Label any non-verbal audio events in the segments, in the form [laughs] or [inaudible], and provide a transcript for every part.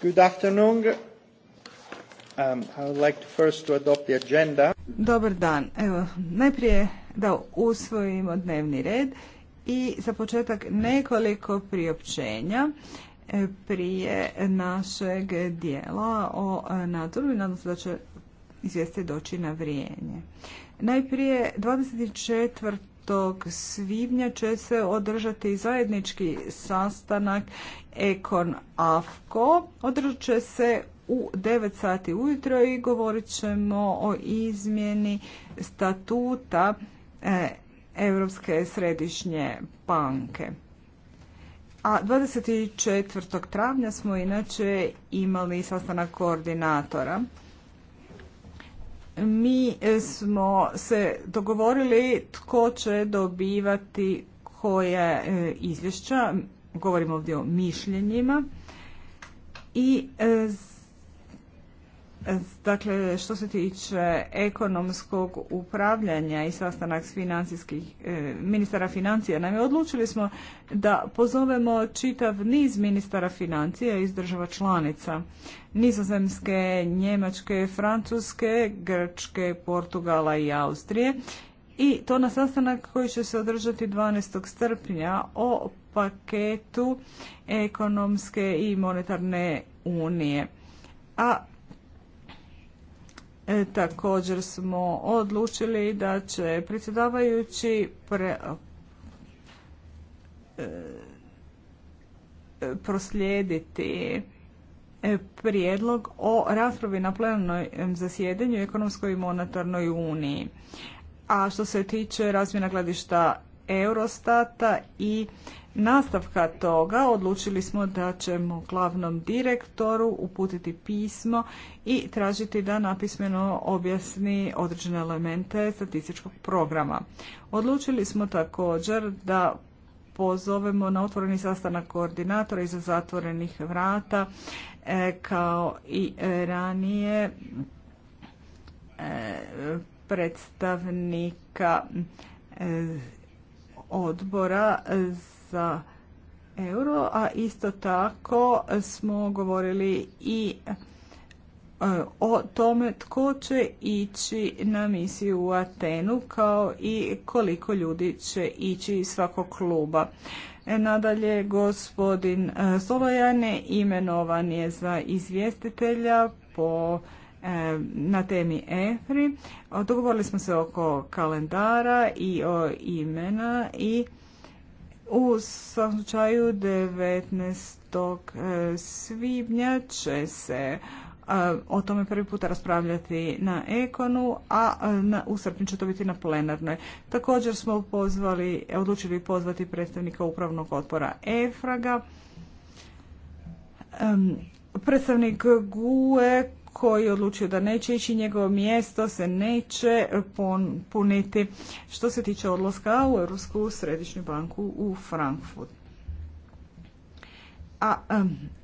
Good afternoon. Um, I would like to first to adopt the agenda. Dobar dan. Evo, najprije da usvojimo dnevni red i za početak nekoliko priopćenja e, prije našeg dijela o e, nadzoru i nadam se da će izvijeste doći na vrijeme. Najprije 24 svibnja će se održati zajednički sastanak Ekon AFKO. Održat će se u 9 sati ujutro i govorit ćemo o izmjeni statuta e, Europske središnje banke. A 24. travnja smo inače imali sastanak koordinatora mi e, smo se dogovorili tko će dobivati koje e, izvješća, govorimo ovdje o mišljenjima i e, Dakle, što se tiče ekonomskog upravljanja i sastanak s financijskih e, ministara financija, naime odlučili smo da pozovemo čitav niz ministara financija iz država članica. Nizozemske, Njemačke, Francuske, Grčke, Portugala i Austrije. I to na sastanak koji će se održati 12. srpnja o paketu ekonomske i monetarne unije. A E, također smo odlučili da će predsjedavajući e, proslijediti e, prijedlog o raspravi na plenarnom zasjedanju ekonomskoj i monetarnoj uniji. A što se tiče razmjena gledišta Eurostata i nastavka toga odlučili smo da ćemo glavnom direktoru uputiti pismo i tražiti da napismeno objasni određene elemente statističkog programa. Odlučili smo također da pozovemo na otvoreni sastanak koordinatora iza zatvorenih vrata e, kao i ranije e, predstavnika e, odbora za euro, a isto tako smo govorili i e, o tome tko će ići na misiju u Atenu kao i koliko ljudi će ići iz svakog kluba. E, nadalje, gospodin e, Solojan je imenovan je za izvjestitelja po na temi EFRI. Dogovorili smo se oko kalendara i o imena i u slučaju 19. E, svibnja će se e, o tome prvi puta raspravljati na Ekonu, a e, na, u srpnju će to biti na plenarnoj. Također smo pozvali, odlučili pozvati predstavnika upravnog odbora EFRAGA, predstavnik GUE koji je odlučio da neće ići, njegovo mjesto se neće puniti što se tiče odlaska u Europsku središnju banku u Frankfurt. A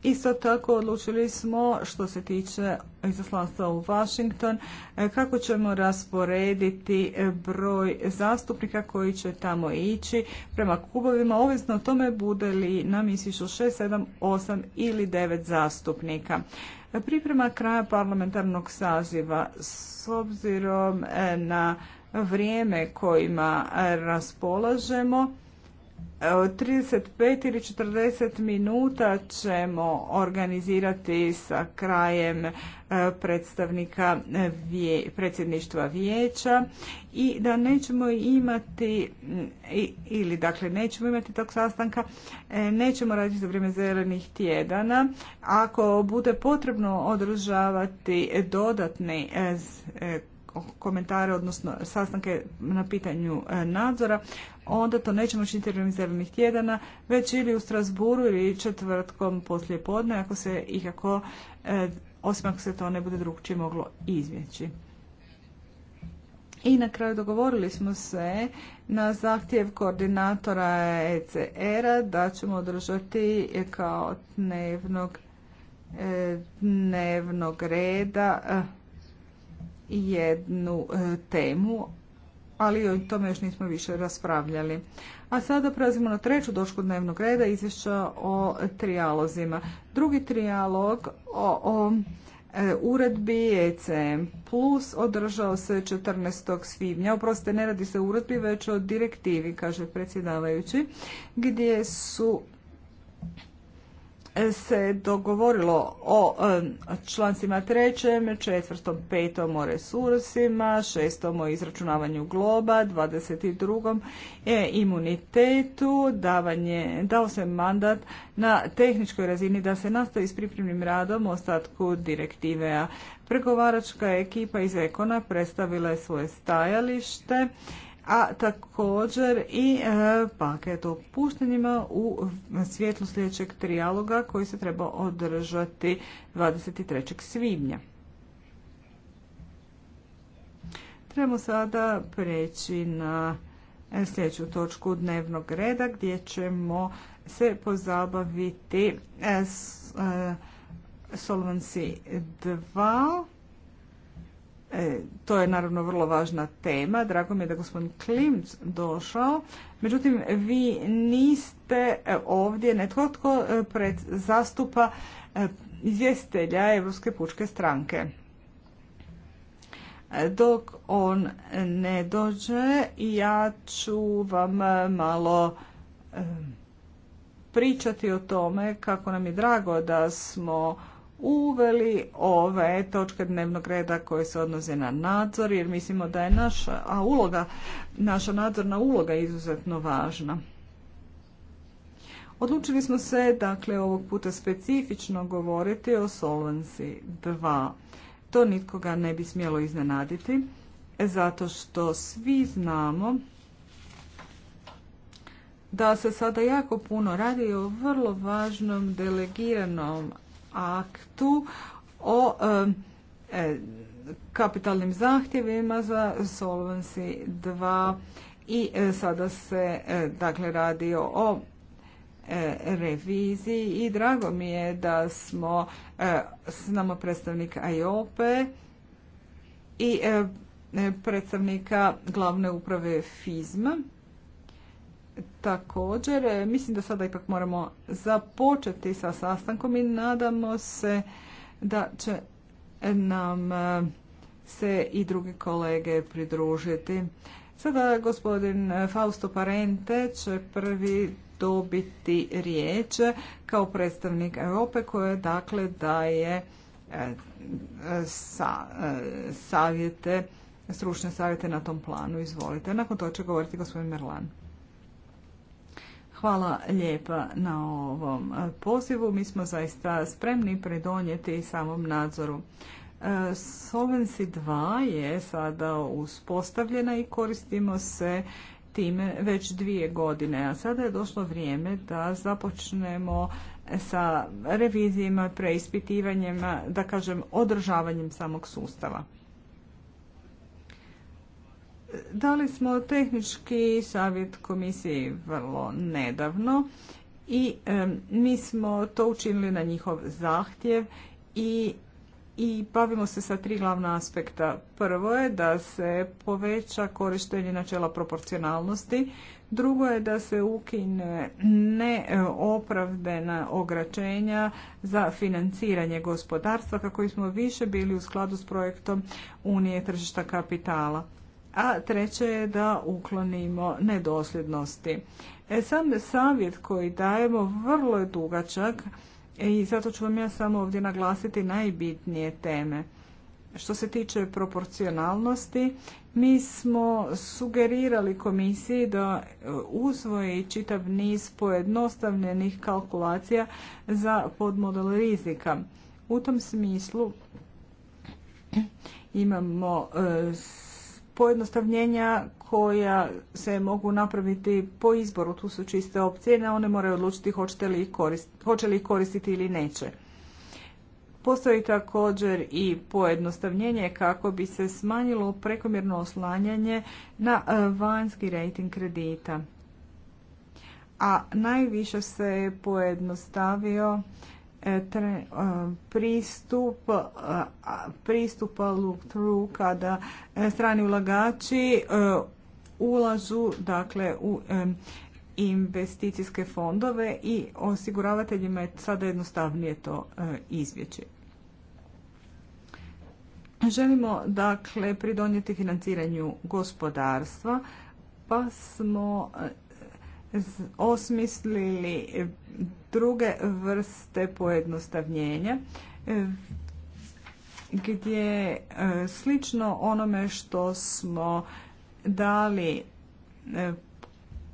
isto tako odlučili smo što se tiče izaslanstva u Washington e, kako ćemo rasporediti e, broj zastupnika koji će tamo ići prema kubovima, ovisno o tome bude li na misiju 6, 7, 8 ili 9 zastupnika. Priprema kraja parlamentarnog saziva s obzirom e, na vrijeme kojima e, raspolažemo 35 ili 40 minuta ćemo organizirati sa krajem e, predstavnika e, predsjedništva vijeća i da nećemo imati ili dakle nećemo imati tog sastanka e, nećemo raditi za vrijeme zelenih tjedana ako bude potrebno održavati dodatne komentare odnosno sastanke na pitanju nadzora onda to nećemo činiti tijekom zelenih tjedana, već ili u Strasburu ili četvrtkom poslije podne, ako se ikako, e, osim ako se to ne bude drugčije moglo izvjeći. I na kraju dogovorili smo se na zahtjev koordinatora ECR-a da ćemo održati kao dnevnog, e, dnevnog reda e, jednu e, temu, ali o tome još nismo više raspravljali. A sada prelazimo na treću točku dnevnog reda, izvješća o trijalozima. Drugi trijalog o, e, uredbi ECM plus održao se 14. svibnja. Oprostite, ne radi se o uredbi, već o direktivi, kaže predsjedavajući, gdje su se dogovorilo o člancima trećem, četvrtom, petom o resursima, šestom o izračunavanju globa, dvadeset drugom e, imunitetu, davanje, dao se mandat na tehničkoj razini da se nastavi s pripremnim radom o ostatku direktive. A pregovaračka ekipa iz Ekona predstavila je svoje stajalište a također i e, paket o puštenjima u svjetlu sljedećeg trijaloga koji se treba održati 23. svibnja. Trebamo sada preći na e, sljedeću točku dnevnog reda gdje ćemo se pozabaviti e, s Solvency 2 E, to je naravno vrlo važna tema. Drago mi je da je gospodin Klimc došao. Međutim, vi niste e, ovdje netko tko e, pred zastupa izvjestitelja Europske pučke stranke. Dok on ne dođe, ja ću vam malo pričati o tome kako nam je drago da smo uveli ove točke dnevnog reda koje se odnose na nadzor jer mislimo da je naša a uloga, naša nadzorna uloga izuzetno važna. Odlučili smo se dakle ovog puta specifično govoriti o Solvency 2. To nitkoga ne bi smjelo iznenaditi zato što svi znamo da se sada jako puno radi o vrlo važnom delegiranom aktu o e, kapitalnim zahtjevima za Solvency 2 i e, sada se e, dakle radi o reviziji i drago mi je da smo s nama predstavnik IOPE i predstavnika glavne uprave FIZMA također. E, mislim da sada ipak moramo započeti sa sastankom i nadamo se da će nam e, se i drugi kolege pridružiti. Sada gospodin Fausto Parente će prvi dobiti riječ kao predstavnik Europe koje dakle daje e, sa, savjete, stručne savjete na tom planu. Izvolite. Nakon to će govoriti gospodin Merlan. Hvala lijepa na ovom e, pozivu. Mi smo zaista spremni pridonijeti samom nadzoru. E, Solvency 2 je sada uspostavljena i koristimo se time već dvije godine, a sada je došlo vrijeme da započnemo sa revizijima, preispitivanjima, da kažem održavanjem samog sustava. Dali smo tehnički savjet komisiji vrlo nedavno i mi smo to učinili na njihov zahtjev i i bavimo se sa tri glavna aspekta. Prvo je da se poveća korištenje načela proporcionalnosti, drugo je da se ukine neopravdana ogračenja za financiranje gospodarstva kako smo više bili u skladu s projektom Unije tržišta kapitala a treće je da uklonimo nedosljednosti. E, sam savjet koji dajemo vrlo je dugačak i zato ću vam ja samo ovdje naglasiti najbitnije teme. Što se tiče proporcionalnosti, mi smo sugerirali komisiji da usvoji čitav niz pojednostavljenih kalkulacija za podmodel rizika. U tom smislu imamo e, pojednostavljenja koja se mogu napraviti po izboru. Tu su čiste opcije, na one moraju odlučiti hoće li ih koristiti, koristiti ili neće. Postoji također i pojednostavljenje kako bi se smanjilo prekomjerno oslanjanje na e, vanjski rejting kredita. A najviše se pojednostavio E, pristup e, pristupa look through kada e, strani ulagači ulažu dakle u investicijske fondove i osiguravateljima je sada jednostavnije to izbjeći. Želimo dakle pridonijeti financiranju gospodarstva pa smo osmislili druge vrste pojednostavljenja gdje e, slično onome što smo dali e,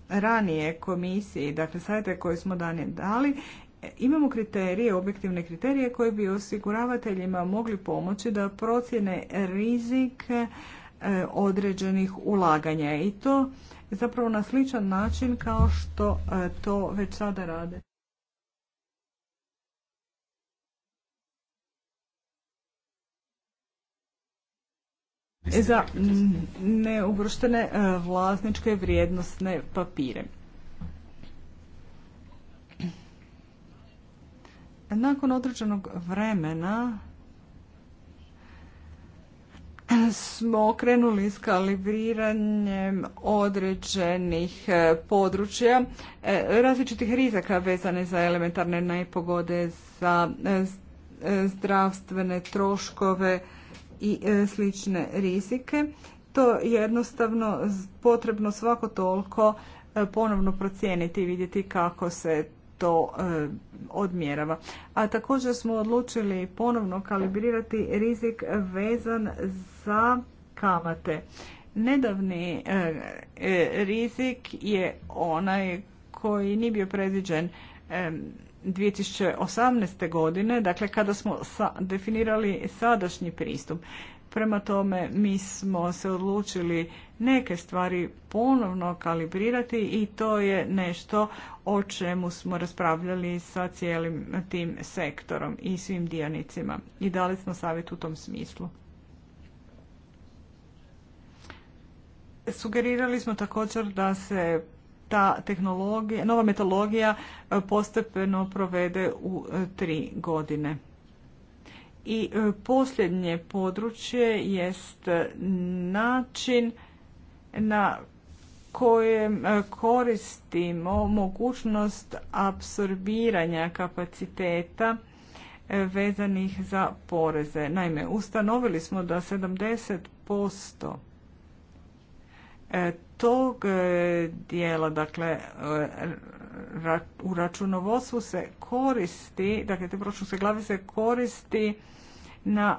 ranije komisiji, dakle sajte koje smo danje dali, e, imamo kriterije, objektivne kriterije koje bi osiguravateljima mogli pomoći da procjene rizik određenih ulaganja i to zapravo na sličan način kao što e, to već sada rade. za neugroštene e, vlasničke vrijednostne papire. Nakon određenog vremena smo krenuli s kalibriranjem određenih e, područja, e, različitih rizaka vezane za elementarne nepogode, za e, zdravstvene troškove i slične rizike. To je jednostavno potrebno svako toliko ponovno procijeniti i vidjeti kako se to odmjerava. A također smo odlučili ponovno kalibrirati rizik vezan za kamate. Nedavni e, e, rizik je onaj koji nije bio predviđen 2018. E, godine, dakle kada smo definirali sadašnji pristup. Prema tome mi smo se odlučili neke stvari ponovno kalibrirati i to je nešto o čemu smo raspravljali sa cijelim tim sektorom i svim dionicima i dali smo savjet u tom smislu. Sugerirali smo također da se ta tehnologija, nova metodologija e, postepeno provede u e, tri godine. I e, posljednje područje jest način na kojem koristimo mogućnost apsorbiranja kapaciteta vezanih za poreze. Naime, ustanovili smo da 70% E, tog e, dijela, dakle, e, u računovodstvu se koristi, dakle, te proračunske glave se koristi na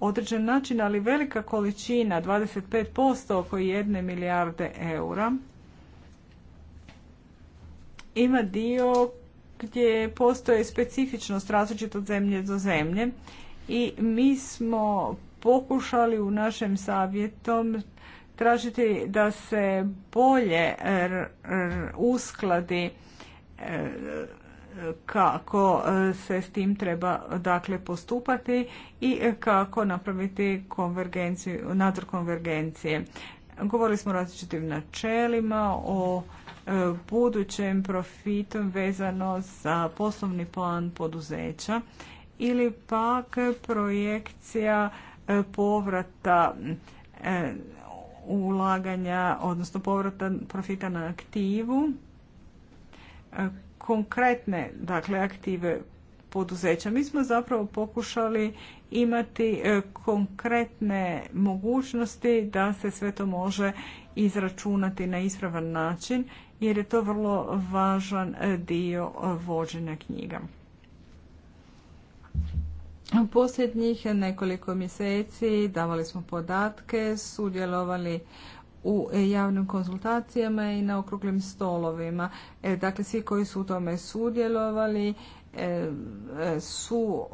određen način, ali velika količina, 25% oko jedne milijarde eura, ima dio gdje postoje specifičnost različit od zemlje do zemlje i mi smo pokušali u našem savjetom tražiti da se bolje uskladi e, kako se s tim treba dakle postupati i kako napraviti konvergenciju, nadzor konvergencije. Govorili smo o različitim načelima, o e, budućem profitom vezano za poslovni plan poduzeća ili pak projekcija e, povrata ulaganja, odnosno povrata profita na aktivu, e, konkretne dakle, aktive poduzeća. Mi smo zapravo pokušali imati e, konkretne mogućnosti da se sve to može izračunati na ispravan način jer je to vrlo važan e, dio vođenja knjiga posljednjih nekoliko mjeseci davali smo podatke, sudjelovali u javnim konzultacijama i na okruglim stolovima. E, dakle, svi koji su u tome sudjelovali e, su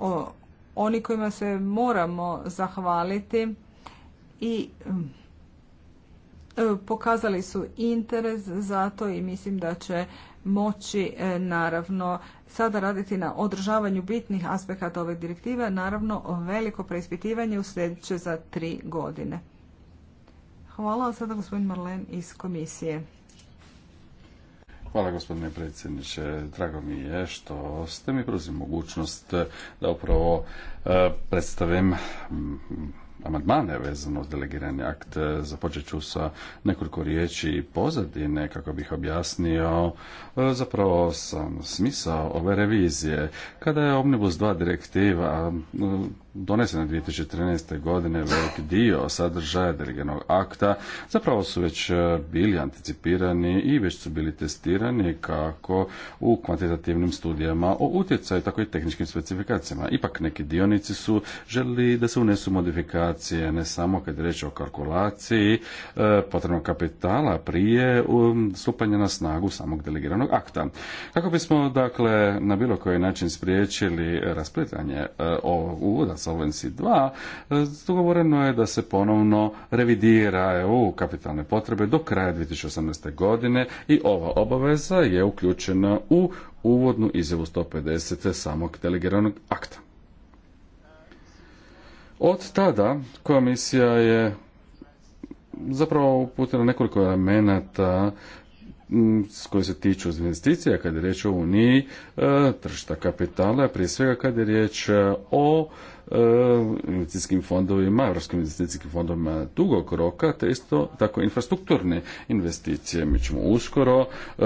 oni kojima se moramo zahvaliti i mm, e, pokazali su interes za to i mislim da će moći e, naravno sada raditi na održavanju bitnih aspekata ove direktive, naravno veliko preispitivanje u sljedeće za tri godine. Hvala, vam sada gospodin Marlen iz komisije. Hvala gospodine predsjedniče. Drago mi je što ste mi prozili mogućnost da upravo e, predstavim amandmane vezano uz delegirani akt. E, započet ću sa nekoliko riječi i pozadine kako bih objasnio e, zapravo sam smisao ove revizije. Kada je Omnibus 2 direktiva e, donesena 2013. godine veliki dio sadržaja delegiranog akta zapravo su već e, bili anticipirani i već su bili testirani kako u kvantitativnim studijama o utjecaju, tako i tehničkim specifikacijama. Ipak neki dionici su želi da se unesu modifikacije ne samo kad je o kalkulaciji e, potrebnog kapitala prije um, stupanja na snagu samog delegiranog akta. Kako bismo dakle na bilo koji način spriječili raspletanje e, o uvoda Solvency 2 e, dogovoreno je da se ponovno revidira EU kapitalne potrebe do kraja 2018. godine i ova obaveza je uključena u uvodnu izjavu 150 samog delegiranog akta. Od tada komisija je zapravo uputila nekoliko elemenata koje se tiču investicija kad je riječ o Uniji, e, tržišta kapitala, prije svega kad je riječ e, o E, investicijskim fondovima, europskim investicijskim fondovima dugog roka, te isto tako infrastrukturne investicije. Mi ćemo uskoro e,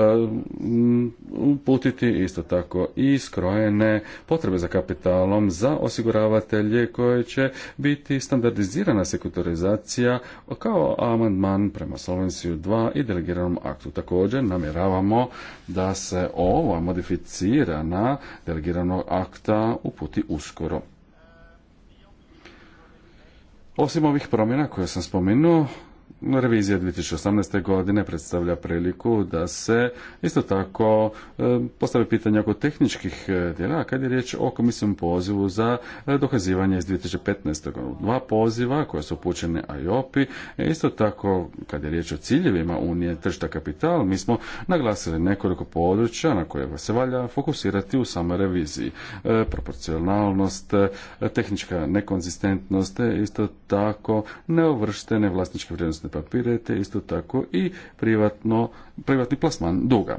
uputiti isto tako i skrojene potrebe za kapitalom za osiguravatelje koje će biti standardizirana sekutorizacija kao amandman prema Solvenciju 2 i delegiranom aktu. Također namjeravamo da se ova modificirana delegiranog akta uputi uskoro. Osim ovih promjena koje sam spomenuo, Revizija 2018. godine predstavlja priliku da se isto tako e, postave pitanje oko tehničkih e, djela, kad je riječ o komisijom pozivu za e, dokazivanje iz 2015. godine. Dva poziva koja su upućene IOPI, isto tako kad je riječ o ciljevima Unije tržišta kapital, mi smo naglasili nekoliko područja na koje se valja fokusirati u samoj reviziji. Proporcionalnost, tehnička nekonzistentnost, isto tako neovrštene vlasničke vrijednosti papirete, papire, te isto tako i privatno, privatni plasman duga.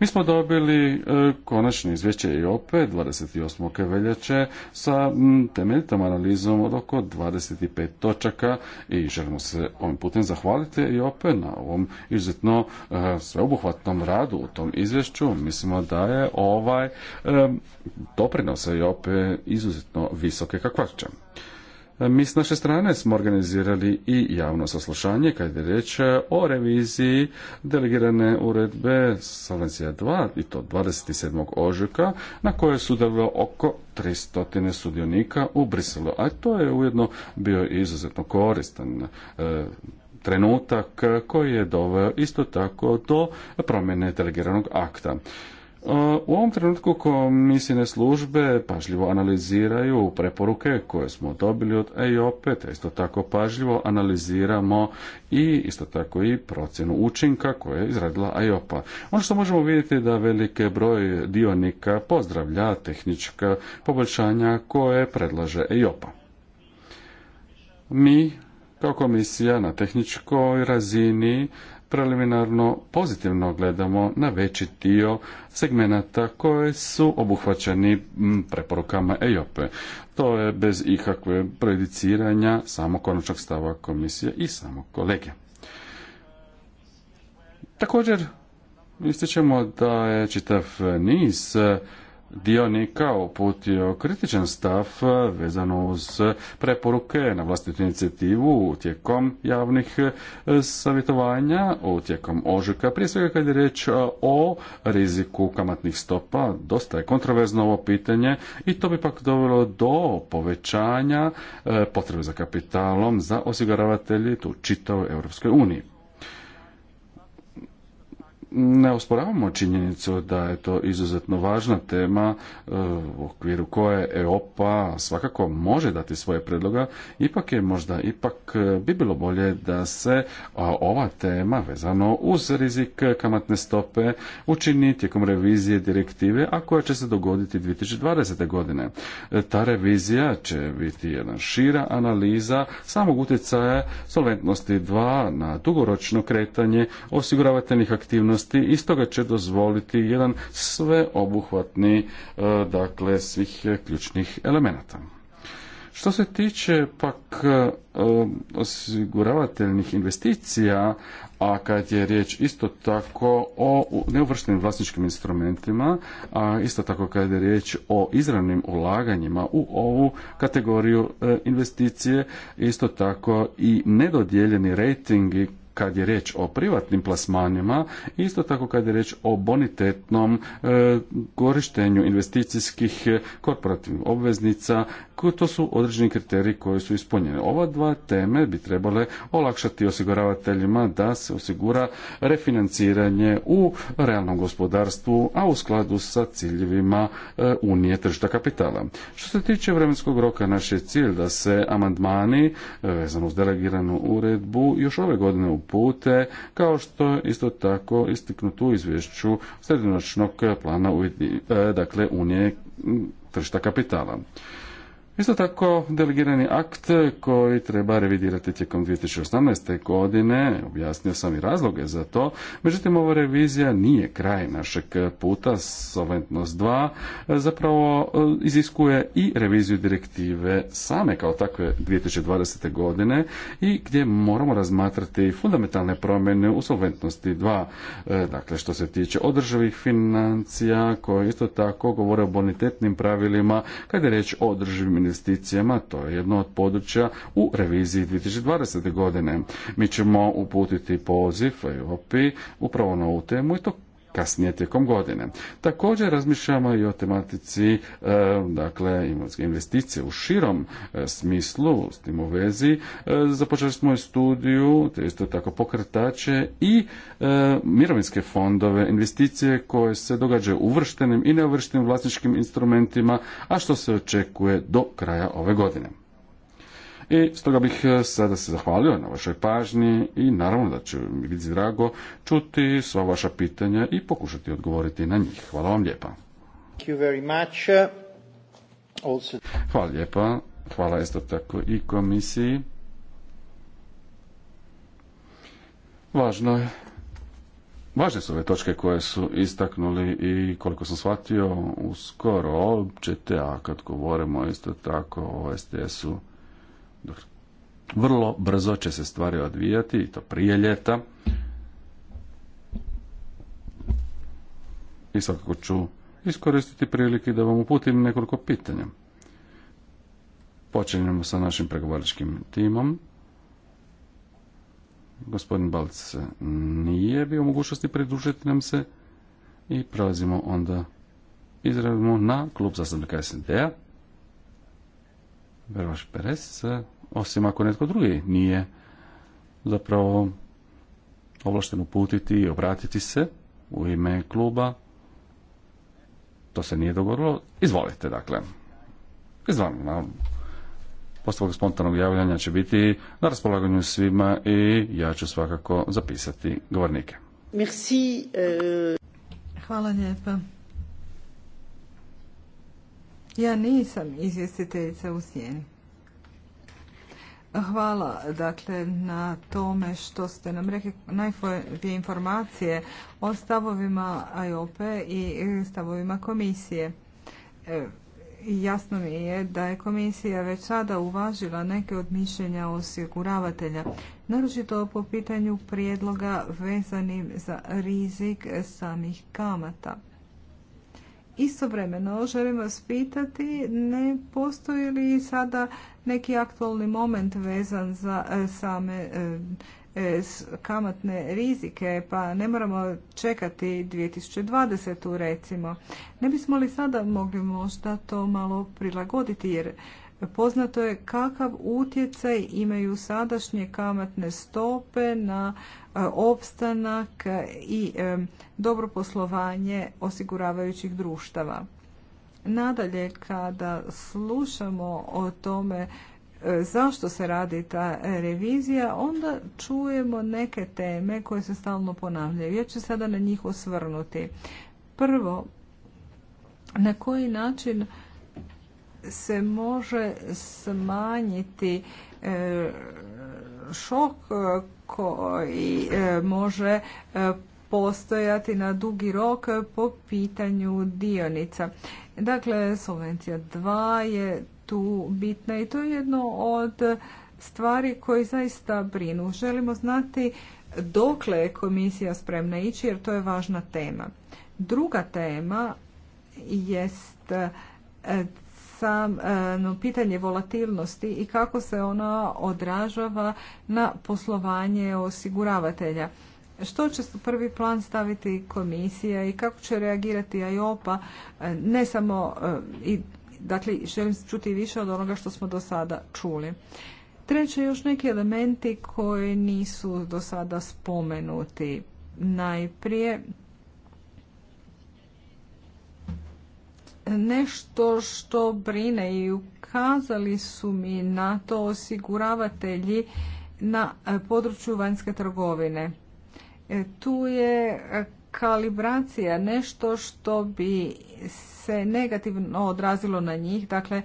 Mi smo dobili e, konačno izvješće i opet 28. veljače sa temeljitom analizom od oko 25 točaka i želimo se ovim putem zahvaliti i e opet na ovom izuzetno e, sveobuhvatnom radu u tom izvješću. Mislimo da je ovaj doprinose i opet izuzetno visoke kakvače. E, mi s naše strane smo organizirali i javno saslušanje kad je riječ o reviziji delegirane uredbe Salencija 2 i to 27. ožujka na kojoj su davilo oko 300 sudionika u Briselu, a to je ujedno bio izuzetno koristan e, trenutak koji je doveo isto tako do promjene delegiranog akta. U ovom trenutku komisijne službe pažljivo analiziraju preporuke koje smo dobili od EJOP-e, te isto tako pažljivo analiziramo i isto tako i procjenu učinka koje je izradila EJOP-a. Ono što možemo vidjeti je da velike broj dionika pozdravlja tehnička poboljšanja koje predlaže EIOPA. Mi kao komisija na tehničkoj razini preliminarno pozitivno gledamo na veći dio segmenata koji su obuhvaćeni preporukama EIOPE. To je bez ikakve prejudiciranja samo konačnog stava komisije i samog kolege. Također, ističemo da je čitav niz dionika uputio kritičan stav vezano uz preporuke na vlastitu inicijativu tijekom javnih e, savjetovanja, tijekom ožujka, prije svega kad je riječ o riziku kamatnih stopa. Dosta je kontroverzno ovo pitanje i to bi pak dovelo do povećanja e, potrebe za kapitalom za osiguravatelji tu čitavoj Europskoj uniji ne osporavamo činjenicu da je to izuzetno važna tema e, u okviru koje EOPA svakako može dati svoje predloga, ipak je možda ipak e, bi bilo bolje da se e, ova tema vezano uz rizik kamatne stope učini tijekom revizije direktive, a koja će se dogoditi 2020. godine. Ta revizija će biti jedna šira analiza samog utjecaja solventnosti 2 na dugoročno kretanje osiguravateljnih aktivnosti i i stoga će dozvoliti jedan sveobuhvatni e, dakle svih ključnih elemenata. Što se tiče pak e, osiguravateljnih investicija, a kad je riječ isto tako o neuvrštenim vlasničkim instrumentima, a isto tako kad je riječ o izravnim ulaganjima u ovu kategoriju e, investicije, isto tako i nedodijeljeni rejtingi kad je riječ o privatnim plasmanima, isto tako kad je riječ o bonitetnom e, korištenju investicijskih e, korporativnih obveznica, to su određeni kriteriji koji su ispunjeni. Ova dva teme bi trebale olakšati osiguravateljima da se osigura refinanciranje u realnom gospodarstvu, a u skladu sa ciljevima e, Unije tržišta kapitala. Što se tiče vremenskog roka, naš je cilj da se amandmani e, vezano uz delegiranu uredbu još ove godine u pute kao što isto tako u izvješću srednjoročnog plana e, dakle, Unije tržišta kapitala. Isto tako, delegirani akt koji treba revidirati tijekom 2018. godine, objasnio sam i razloge za to, međutim ova revizija nije kraj našeg puta, Solventnost 2 e, zapravo e, iziskuje i reviziju direktive same kao takve 2020. godine i gdje moramo razmatrati fundamentalne promjene u Solventnosti 2, e, dakle što se tiče održavih financija koje isto tako govore o bonitetnim pravilima kada je reč o održivim investicijama, to je jedno od područja u reviziji 2020. godine. Mi ćemo uputiti poziv Europi upravo na ovu temu i to kasnije tijekom godine. Također razmišljamo i o tematici e, dakle investicije u širom e, smislu s tim u vezi. E, započeli smo i studiju, te isto tako pokretače i mirovinske fondove, investicije koje se događaju uvrštenim i neuvrštenim vlasničkim instrumentima, a što se očekuje do kraja ove godine. I stoga bih e, sada se zahvalio na vašoj pažnji i naravno da će mi biti drago čuti sva vaša pitanja i pokušati odgovoriti na njih. Hvala vam lijepa. Hvala lijepa. Hvala isto tako i komisiji. Važno je Važne su ove točke koje su istaknuli i koliko sam shvatio uskoro ćete, a kad govorimo isto tako o STS-u, vrlo brzo će se stvari odvijati i to prije ljeta. I svakako ću iskoristiti prilike da vam uputim nekoliko pitanja. Počinjemo sa našim pregovaračkim timom. Gospodin Balc nije bio mogućnosti pridružiti nam se i prelazimo onda izravimo na klub zastupnika SND-a. Peres osim ako netko drugi nije zapravo ovlašten uputiti i obratiti se u ime kluba. To se nije dogodilo. Izvolite, dakle. Izvolite, Postavog spontanog javljanja će biti na raspolaganju svima i ja ću svakako zapisati govornike. Merci. Eh. Hvala lijepa. Ja nisam izvjestiteljica u sjeni. Hvala dakle na tome što ste nam rekli najbolje informacije o stavovima IOP i stavovima komisije. E, jasno mi je da je komisija već sada uvažila neke od mišljenja osiguravatelja, naročito po pitanju prijedloga vezanim za rizik samih kamata. Istovremeno želim vas pitati ne postoji li sada neki aktualni moment vezan za e, same e, e, kamatne rizike, pa ne moramo čekati 2020. recimo. Ne bismo li sada mogli možda to malo prilagoditi, jer Poznato je kakav utjecaj imaju sadašnje kamatne stope na e, opstanak i e, dobro poslovanje osiguravajućih društava. Nadalje, kada slušamo o tome e, zašto se radi ta revizija, onda čujemo neke teme koje se stalno ponavljaju. Ja ću sada na njih osvrnuti. Prvo, na koji način se može smanjiti e, šok e, koji e, može postojati na dugi rok po pitanju dionica. Dakle, Solvencija 2 je tu bitna i to je jedno od stvari koje zaista brinu. Želimo znati dokle je komisija spremna ići jer to je važna tema. Druga tema jest sa pitanje volatilnosti i kako se ona odražava na poslovanje osiguravatelja. Što će prvi plan staviti komisija i kako će reagirati IOPA, ne samo, e, i, dakle želim čuti više od onoga što smo do sada čuli. Treće, još neki elementi koji nisu do sada spomenuti. Najprije, nešto što brine i ukazali su mi na to osiguravatelji na e, području vanjske trgovine. E, tu je e, kalibracija nešto što bi se negativno odrazilo na njih. Dakle,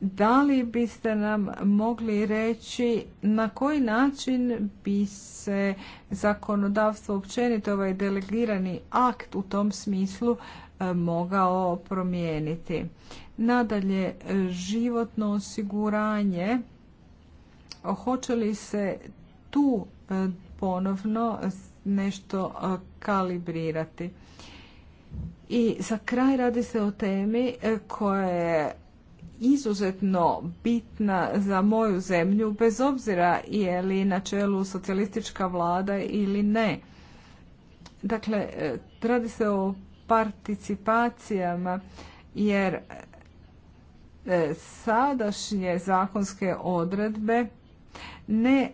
da li biste nam mogli reći na koji način bi se zakonodavstvo općenito ovaj delegirani akt u tom smislu E, mogao promijeniti. Nadalje, životno osiguranje. Hoće li se tu e, ponovno nešto e, kalibrirati? I za kraj radi se o temi koja je izuzetno bitna za moju zemlju, bez obzira je li na čelu socijalistička vlada ili ne. Dakle, radi se o participacijama jer e, sadašnje zakonske odredbe ne e,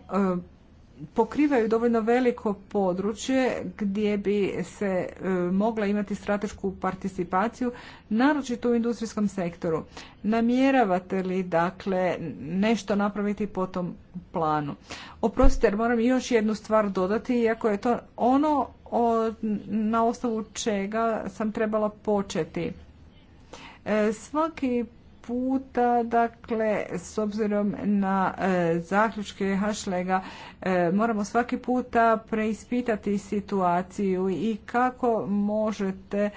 pokrivaju dovoljno veliko područje gdje bi se e, mogla imati stratešku participaciju, naročito u industrijskom sektoru. Namjeravate li dakle nešto napraviti po tom planu? Oprostite, jer moram još jednu stvar dodati, iako je to ono na osnovu čega sam trebala početi. E, svaki puta, dakle, s obzirom na e, zaključke Hašlega, e, moramo svaki puta preispitati situaciju i kako možete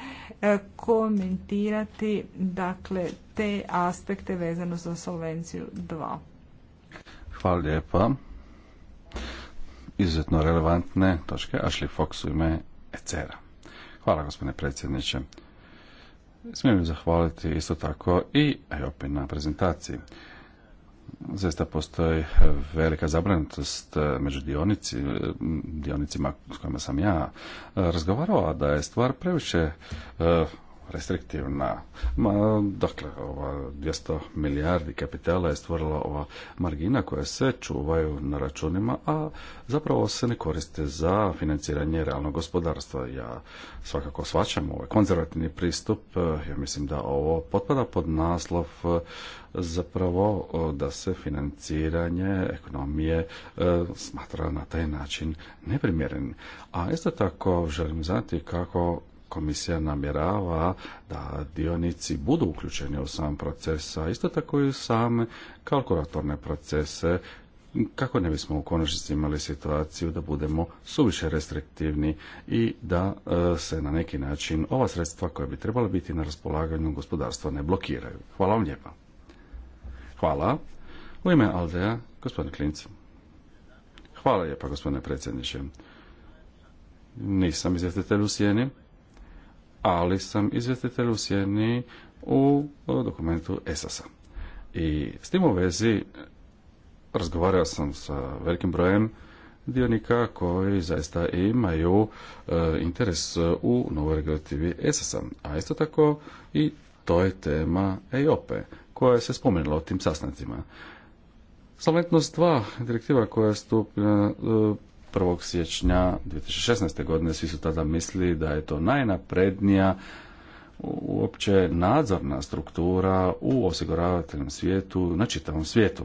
e, komentirati, dakle, te aspekte vezano za solvenciju 2. Hvala lijepa. Izuzetno relevantne točke. Ashley Fox u ime ECR-a. Hvala gospodine predsjedniče. Smijem zahvaliti isto tako i e opet na prezentaciji. Zaista postoji velika zabrinutost e, među dionici, e, dionicima s kojima sam ja razgovarao, a da je stvar previše restriktivna. Ma, dakle, ova 200 milijardi kapitala je stvorila ova margina koja se čuvaju na računima, a zapravo se ne koriste za financiranje realnog gospodarstva. Ja svakako svačam ovaj konzervativni pristup. Ja mislim da ovo potpada pod naslov e, zapravo da se financiranje ekonomije e, smatra na taj način neprimjeren. A isto tako želim znati kako komisija namjerava da dionici budu uključeni u sam proces, a isto tako i u same kalkulatorne procese, kako ne bismo u konačnici imali situaciju da budemo suviše restriktivni i da e, se na neki način ova sredstva koja bi trebala biti na raspolaganju gospodarstva ne blokiraju. Hvala vam lijepa. Hvala. U ime Aldeja, gospodin Klinc. Hvala lijepa, gospodine predsjedniče. Nisam izvjestitelj u sjeni ali sam izvjestitelj u sjeni u e, dokumentu ESAS-a. I s tim u vezi e, razgovarao sam sa velikim brojem dionika koji zaista imaju e, interes u novoj regulativi ESAS-a. A isto tako i to je tema EJOP-e koja se spomenula o tim sastancima. Solventnost 2 direktiva koja je stupila 1. siječnja 2016. godine. Svi su tada mislili da je to najnaprednija uopće nadzorna struktura u osiguravateljnom svijetu, na čitavom svijetu.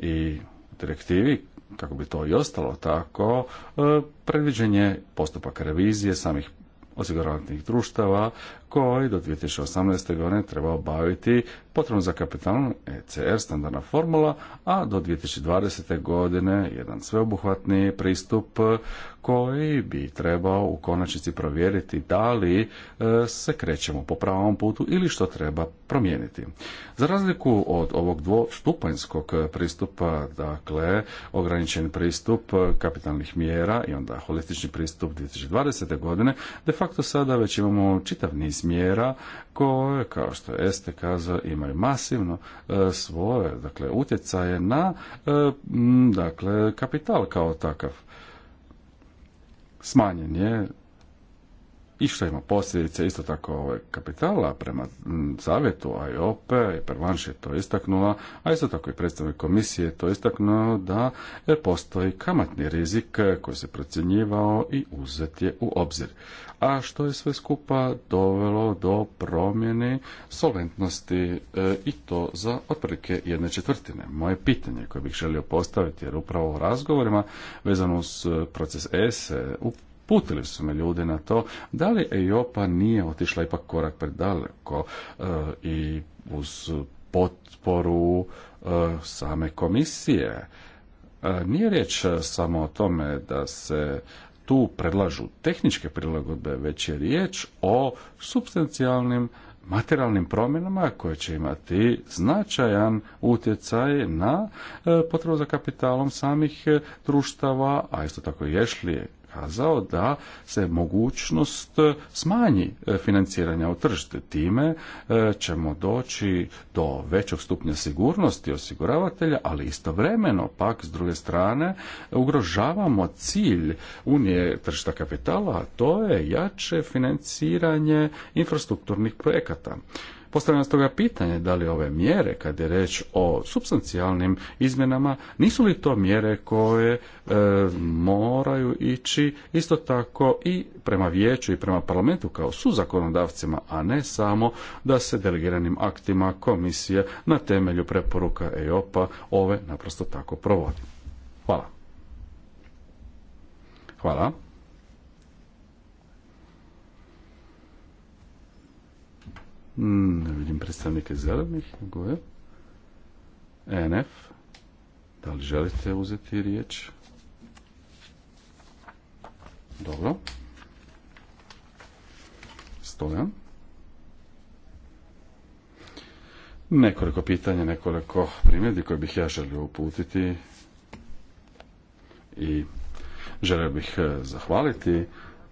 I u direktivi, kako bi to i ostalo tako, e, predviđen je postupak revizije samih osiguravateljnih društava koji do 2018. godine treba obaviti potrebno za kapitalnu ECR standardna formula, a do 2020. godine jedan sveobuhvatni pristup koji bi trebao u konačnici provjeriti da li e, se krećemo po pravom putu ili što treba promijeniti. Za razliku od ovog dvostupanjskog pristupa, dakle ograničen pristup kapitalnih mjera i onda holistični pristup 2020. godine, de facto sada već imamo čitav niz mjera koje, kao što je Este kazao, imaju masivno e, svoje dakle, utjecaje na e, dakle, kapital kao takav. Smanjen je i što ima posljedice isto tako ovaj, kapitala prema mm, savjetu IOP, i Pervanš je to istaknula, a isto tako i predstavnik komisije to istaknuo da e, postoji kamatni rizik e, koji se procjenjivao i uzet je u obzir. A što je sve skupa dovelo do promjene solventnosti e, i to za otprilike jedne četvrtine. Moje pitanje koje bih želio postaviti jer upravo u razgovorima vezano s proces ESE u Putili su me ljudi na to da li Ejopa nije otišla ipak korak predaleko e, i uz potporu e, same komisije. E, nije riječ samo o tome da se tu predlažu tehničke prilagodbe, već je riječ o substancijalnim materijalnim promjenama koje će imati značajan utjecaj na potrebu za kapitalom samih društava, a isto tako i ješlije kazao da se mogućnost e, smanji e, financiranja u tržište. Time e, ćemo doći do većog stupnja sigurnosti osiguravatelja, ali istovremeno pak s druge strane ugrožavamo cilj Unije tržišta kapitala, a to je jače financiranje infrastrukturnih projekata. Postavljam toga pitanje da li ove mjere, kad je reč o substancijalnim izmjenama, nisu li to mjere koje e, moraju ići isto tako i prema vijeću i prema parlamentu kao su zakonodavcima, a ne samo da se delegiranim aktima komisije na temelju preporuka EOPA ove naprosto tako provodi. Hvala. Hvala. Mm, ne vidim predstavnike zelenih, nego e NF. Da li želite uzeti riječ? Dobro. Stojan. Nekoliko pitanja, nekoliko primjedbi koje bih ja želio uputiti i želio bih eh, zahvaliti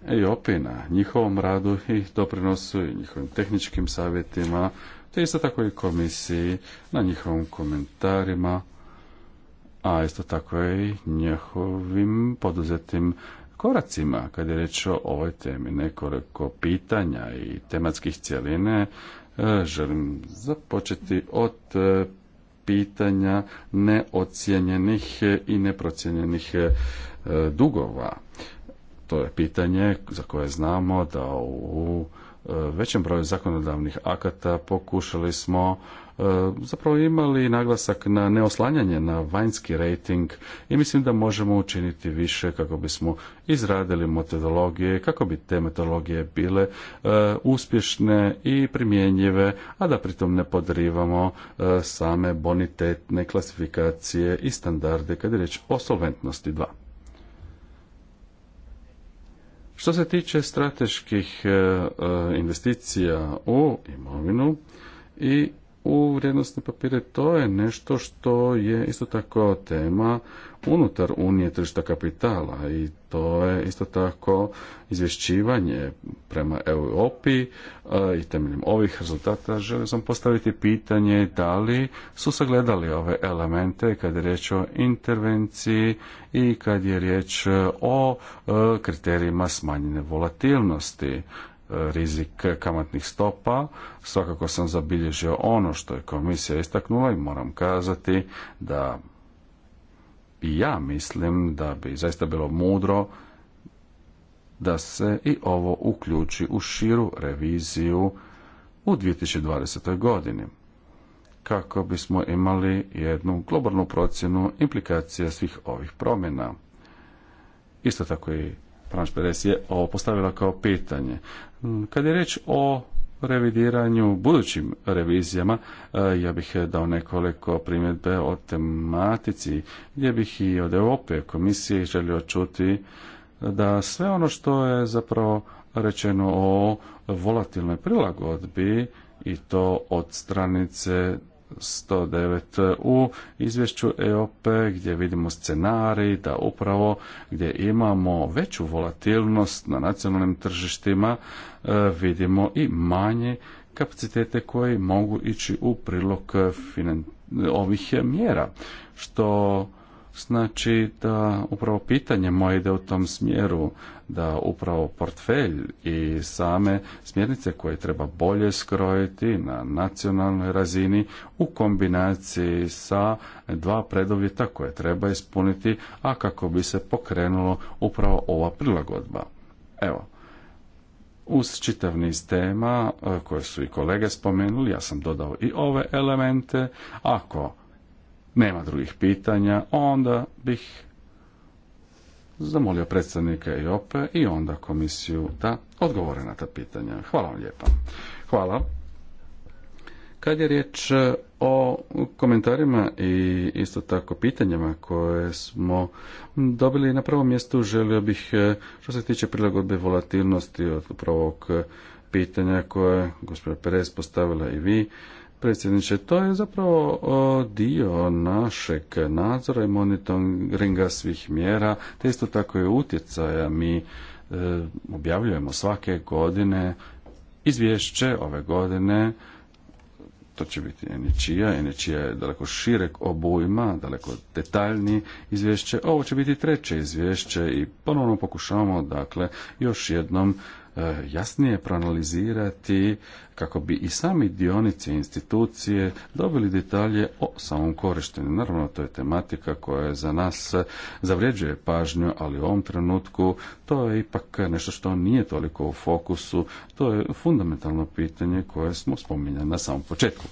i na njihovom radu i doprinosu i njihovim tehničkim savjetima, te isto tako i komisiji na njihovim komentarima, a isto tako i njihovim poduzetim koracima kad je reč o ovoj temi. Nekoliko pitanja i tematskih cijeline e, želim započeti od e, pitanja neocijenjenih i neprocijenjenih e, dugova. To je pitanje za koje znamo da u e, većem broju zakonodavnih akata pokušali smo e, zapravo imali naglasak na neoslanjanje na vanjski rating i mislim da možemo učiniti više kako bismo izradili metodologije, kako bi te metodologije bile e, uspješne i primjenjive, a da pritom ne podrivamo same bonitetne klasifikacije i standarde kad je riječ o solventnosti 2. Što se tiče strateških e, e, investicija u imovinu i u vrijednostne papire, to je nešto što je isto tako tema unutar Unije tržišta kapitala i to je isto tako izvješćivanje prema Europi e, i temeljem ovih rezultata želim sam postaviti pitanje da li su sagledali ove elemente kad je riječ o intervenciji i kad je riječ o e, kriterijima smanjene volatilnosti rizik kamatnih stopa. Svakako sam zabilježio ono što je komisija istaknula i moram kazati da i ja mislim da bi zaista bilo mudro da se i ovo uključi u širu reviziju u 2020. godini kako bismo imali jednu globalnu procjenu implikacija svih ovih promjena. Isto tako i Franš Peres je ovo postavila kao pitanje. Kad je reč o revidiranju, budućim revizijama, e, ja bih dao nekoliko primjedbe o tematici gdje bih i od Europe komisije želio čuti da sve ono što je zapravo rečeno o volatilnoj prilagodbi i to od stranice 109 u izvješću EOP gdje vidimo scenarij da upravo gdje imamo veću volatilnost na nacionalnim tržištima e, vidimo i manje kapacitete koji mogu ići u prilog ovih mjera što Znači da upravo pitanje moje ide u tom smjeru da upravo portfelj i same smjernice koje treba bolje skrojiti na nacionalnoj razini u kombinaciji sa dva predovjeta koje treba ispuniti, a kako bi se pokrenulo upravo ova prilagodba. Evo, uz čitav niz tema e, koje su i kolege spomenuli, ja sam dodao i ove elemente. Ako nema drugih pitanja, onda bih zamolio predstavnika EOPE i onda komisiju da odgovore na ta pitanja. Hvala vam lijepa. Hvala. Kad je riječ e, o komentarima i isto tako pitanjama koje smo dobili na prvom mjestu, želio bih e, što se tiče prilagodbe volatilnosti od prvog e, pitanja koje je gospođa Perez postavila i vi, predsjedniče. To je zapravo dio našeg nadzora i monitoringa svih mjera, te isto tako je utjecaja. Mi e, objavljujemo svake godine izvješće ove godine to će biti Eničija. Eničija je daleko šireg obujma, daleko detaljni izvješće. Ovo će biti treće izvješće i ponovno pokušavamo dakle još jednom E, jasnije proanalizirati kako bi i sami dionici institucije dobili detalje o samom korištenju. Naravno, to je tematika koja je za nas e, zavređuje pažnju, ali u ovom trenutku to je ipak nešto što nije toliko u fokusu. To je fundamentalno pitanje koje smo spominjali na samom početku.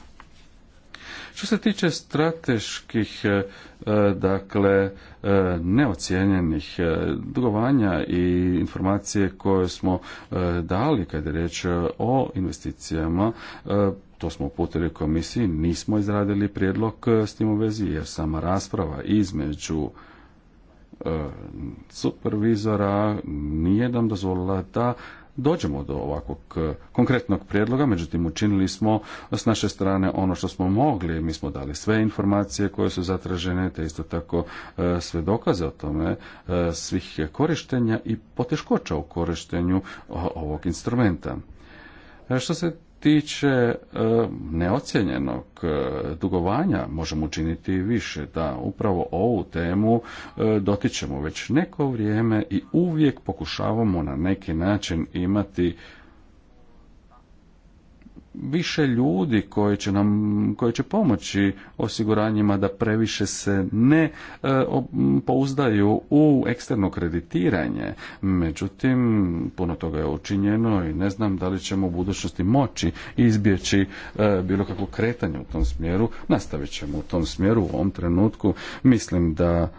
Što se tiče strateških e, e, dakle e, neocijenjenih dugovanja i informacije koje smo dali kada je reč o investicijama to smo uputili komisiji, nismo izradili prijedlog s tim u vezi jer sama rasprava između supervizora nije nam dozvolila da dođemo do ovakvog eh, konkretnog prijedloga, međutim učinili smo s naše strane ono što smo mogli, mi smo dali sve informacije koje su zatražene, te isto tako eh, sve dokaze o tome eh, svih korištenja i poteškoća u korištenju ovog instrumenta. Što se tiče e, neocijenjenog e, dugovanja možemo učiniti više da upravo ovu temu e, dotičemo već neko vrijeme i uvijek pokušavamo na neki način imati više ljudi koji će nam koji će pomoći osiguranjima da previše se ne e, pouzdaju u eksterno kreditiranje međutim puno toga je učinjeno i ne znam da li ćemo u budućnosti moći izbjeći e, bilo kakvo kretanje u tom smjeru nastavit ćemo u tom smjeru u ovom trenutku mislim da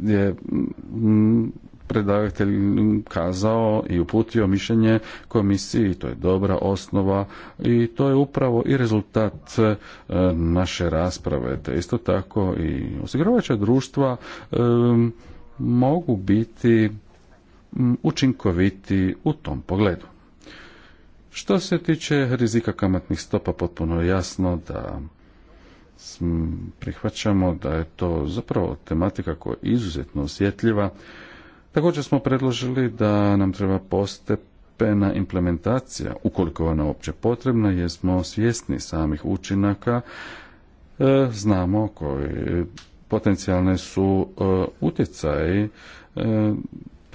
je predavatelj kazao i uputio mišljenje komisiji, to je dobra osnova i to je upravo i rezultat e, naše rasprave, te isto tako i osiguravajuća društva e, mogu biti učinkoviti u tom pogledu. Što se tiče rizika kamatnih stopa, potpuno jasno da prihvaćamo da je to zapravo tematika koja je izuzetno osjetljiva Također smo predložili da nam treba postepena implementacija, ukoliko ona uopće potrebna, jer smo svjesni samih učinaka, e, znamo koji potencijalne su e, utjecaji e,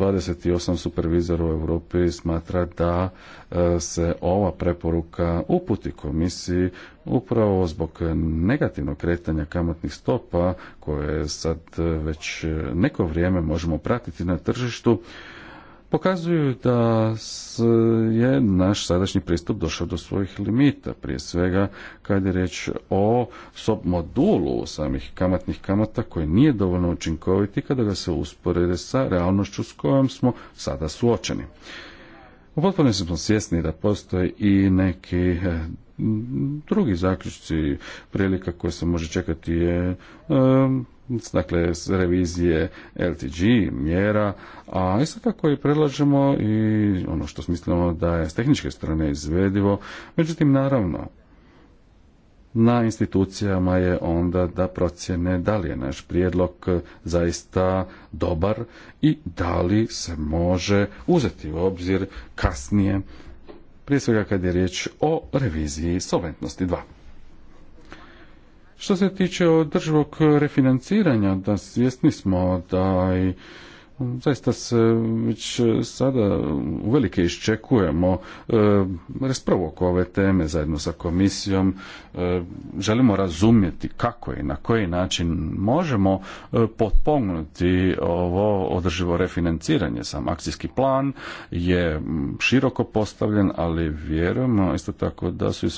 28 supervizora u Europi smatra da e, se ova preporuka uputi komisiji upravo zbog negativnog kretanja kamatnih stopa koje sad već neko vrijeme možemo pratiti na tržištu pokazuju da je naš sadašnji pristup došao do svojih limita, prije svega kad je riječ o modulu samih kamatnih kamata koji nije dovoljno učinkoviti kada ga se usporede sa realnošću s kojom smo sada suočeni. U potpunosti smo svjesni da postoje i neki eh, drugi zaključci prilika koje se može čekati je eh, dakle revizije LTG mjera, a isto tako i predlažemo i ono što smislimo da je s tehničke strane izvedivo, međutim naravno na institucijama je onda da procjene da li je naš prijedlog zaista dobar i da li se može uzeti u obzir kasnije, prije svega kad je riječ o reviziji solventnosti 2. Što se tiče održivog refinanciranja, da svjesni smo da i Zaista se već sada uvelike iščekujemo e, raspravu oko ove teme zajedno sa komisijom. E, želimo razumjeti kako i na koji način možemo e, potpognuti ovo održivo refinanciranje. Sam akcijski plan je široko postavljen, ali vjerujemo isto tako da su i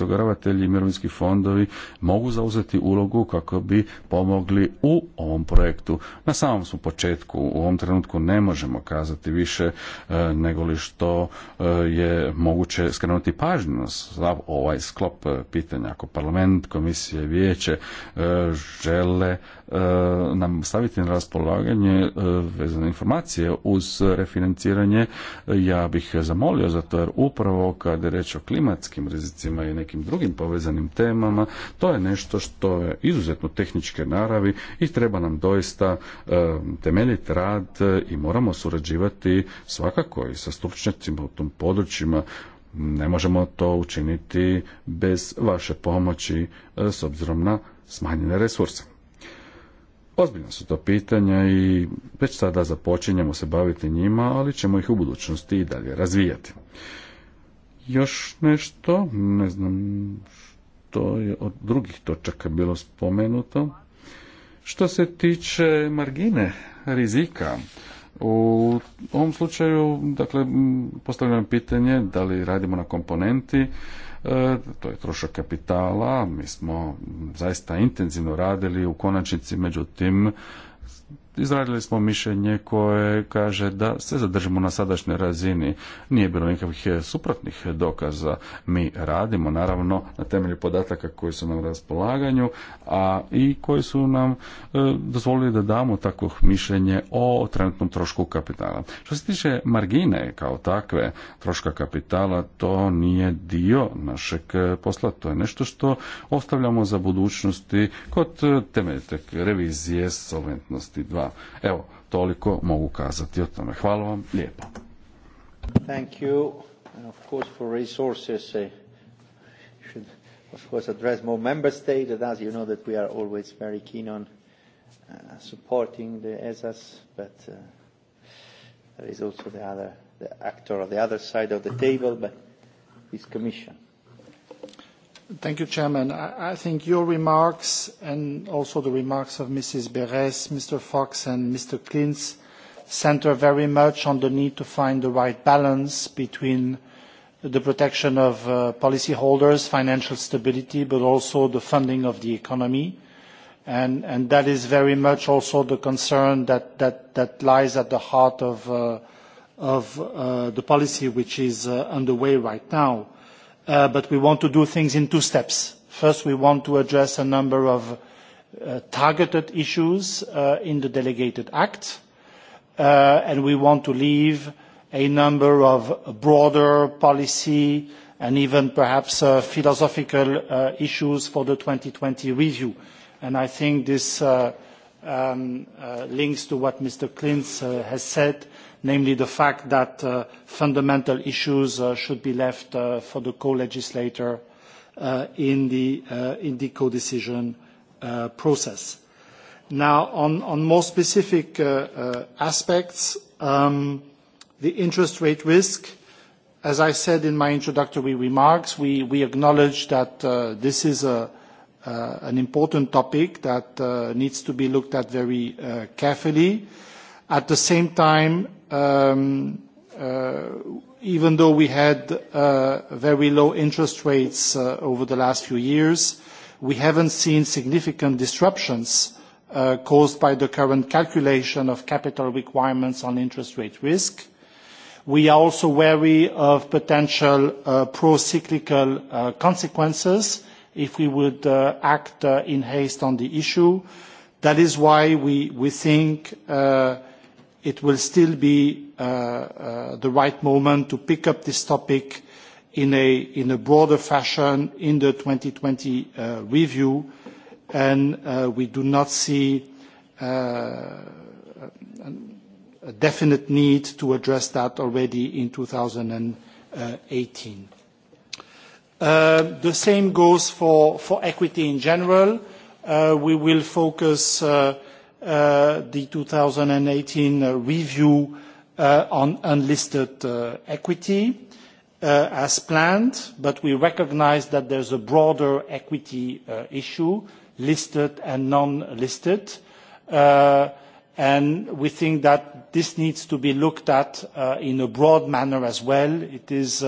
i mirovinski fondovi mogu zauzeti ulogu kako bi pomogli u ovom projektu. Na samom smo početku u ovom trenutku trenutku ne možemo kazati više e, nego li što e, je moguće skrenuti pažnju za ovaj sklop e, pitanja. Ako parlament, komisije, vijeće žele nam staviti na raspolaganje vezane informacije uz refinanciranje, ja bih zamolio za to jer upravo kad je reč o klimatskim rizicima i nekim drugim povezanim temama, to je nešto što je izuzetno tehničke naravi i treba nam doista temeljiti rad i moramo surađivati svakako i sa stručnjacima u tom područjima. Ne možemo to učiniti bez vaše pomoći e, s obzirom na smanjene resurse. Ozbiljno su to pitanja i već sada započinjemo se baviti njima, ali ćemo ih u budućnosti i dalje razvijati. Još nešto, ne znam što je od drugih točaka bilo spomenuto. Što se tiče margine rizika, u ovom slučaju dakle, postavljam pitanje da li radimo na komponenti, e, to je trošak kapitala, mi smo zaista intenzivno radili u konačnici, međutim izradili smo mišljenje koje kaže da se zadržimo na sadašnjoj razini. Nije bilo nikakvih suprotnih dokaza. Mi radimo naravno na temelju podataka koji su nam u raspolaganju, a i koji su nam e, dozvolili da damo takvo mišljenje o trenutnom trošku kapitala. Što se tiče margine kao takve troška kapitala, to nije dio našeg posla. To je nešto što ostavljamo za budućnosti kod temeljite revizije solventnosti 2022. Evo, toliko mogu kazati o tome. Hvala vam lijepo. Thank you. And of course for resources, uh, should of course address more member states. And as you know that we are always very keen on uh, supporting the ESAS, but uh, there is also the other, the actor on the other side of the table, but this commission. Thank you, Chairman. I, think your remarks and also the remarks of Mrs. Beres, Mr. Fox, and Mr. Klinz, center very much on the need to find the right balance between the protection of uh, policyholders, financial stability, but also the funding of the economy. And, that is very much also the concern that, that, that lies at the heart of, uh, of uh, the policy which is underway right now. Uh, but we want to do things in two steps. First, we want to address a number of uh, targeted issues uh, in the delegated act, and we want to leave a number of broader policy and even perhaps philosophical issues for the 2020 review. And I think this um, links to what Mr. Klinz has said namely the fact that uh, fundamental issues uh, should be left uh, for the co-legislator in the, in the co-decision process. Now, on, on more specific aspects, um, the interest rate risk, as I said in my introductory remarks, we, we acknowledge that this is an important topic that needs to be looked at very carefully. At the same time, Um, uh, even though we had uh, very low interest rates uh, over the last few years, we haven't seen significant disruptions caused by the current calculation of capital requirements on interest rate risk. We are also wary of potential pro-cyclical consequences if we would act in haste on the issue. That is why we, we think it will still be uh, uh, the right moment to pick up this topic in a, broader fashion in the 2020 uh, review, and we do not see a definite need to address that already in 2018. The same goes for, for equity in general. We will focus Uh, the 2018 uh, review uh, on unlisted equity as planned, but we recognize that there's a broader equity issue, listed and non-listed. And we think that this needs to be looked at in a broad manner as well. It is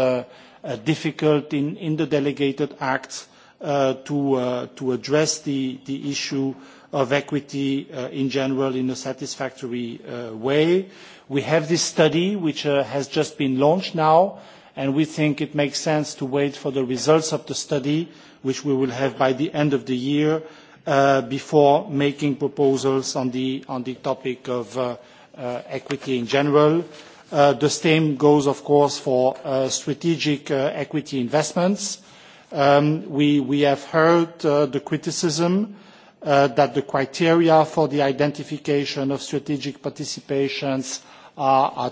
difficult in, the delegated acts to, address the issue of equity uh, in general in a satisfactory uh, way. We have this study which uh, has just been launched now, and we think it makes sense to wait for the results of the study, which we will have by the end of the year, before making proposals on the, topic of equity in general. The same goes, of course, for strategic equity investments. Um, we have heard the criticism Uh, that the criteria for the identification of strategic participations uh, are,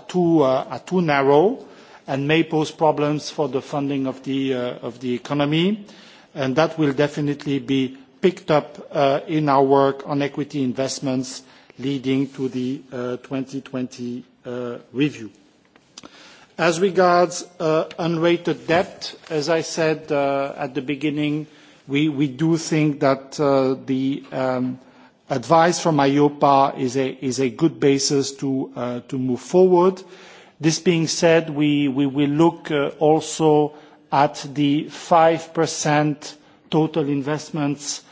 too, narrow and may pose problems for the funding of the, uh, economy. And that will definitely be picked up in our work on equity investments leading to the 2020 review. As regards unrated debt, as I said at the beginning, we, do think that uh, the um, advice from EIOPA is a, good basis uh, to, move forward. This being said, we, will look uh, also at the 5% total investments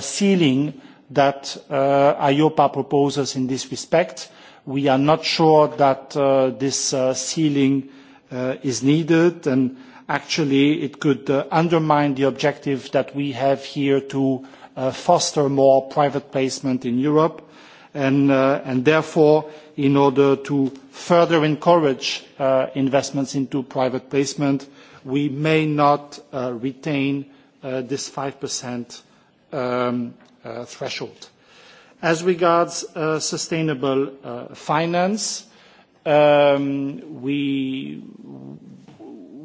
ceiling that EIOPA proposes in this respect. We are not sure that this ceiling is needed, and actually it could uh, undermine the objective that we have here to uh, foster more private placement in Europe and, uh, therefore in order to further encourage investments into private placement we may not retain this 5% um, threshold. As regards sustainable finance um, we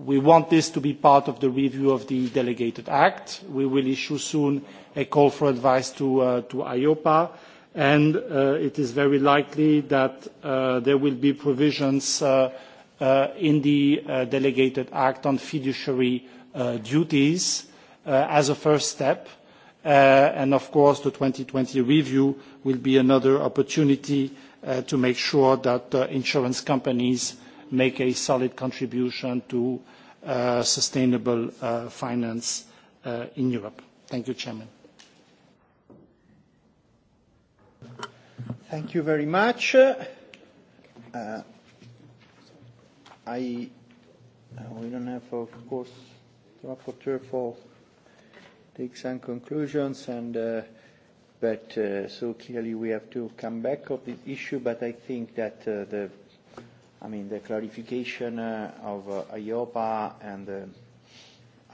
We want this to be part of the review of the Delegated Act. We will issue soon a call for advice to, uh, IOPA, and uh, it is very likely that uh, there will be provisions in the Delegated Act on fiduciary duties as a first step. And of course, the 2020 review will be another opportunity to make sure that insurance companies make a solid contribution to Uh, sustainable uh, finance uh, in Europe. Thank you, Chairman. Thank you very much. I we don't have, of course, the rapporteur for take some conclusions, and but so clearly we have to come back of this issue. But I think that the i mean, the clarification uh, of uh, IOPA and the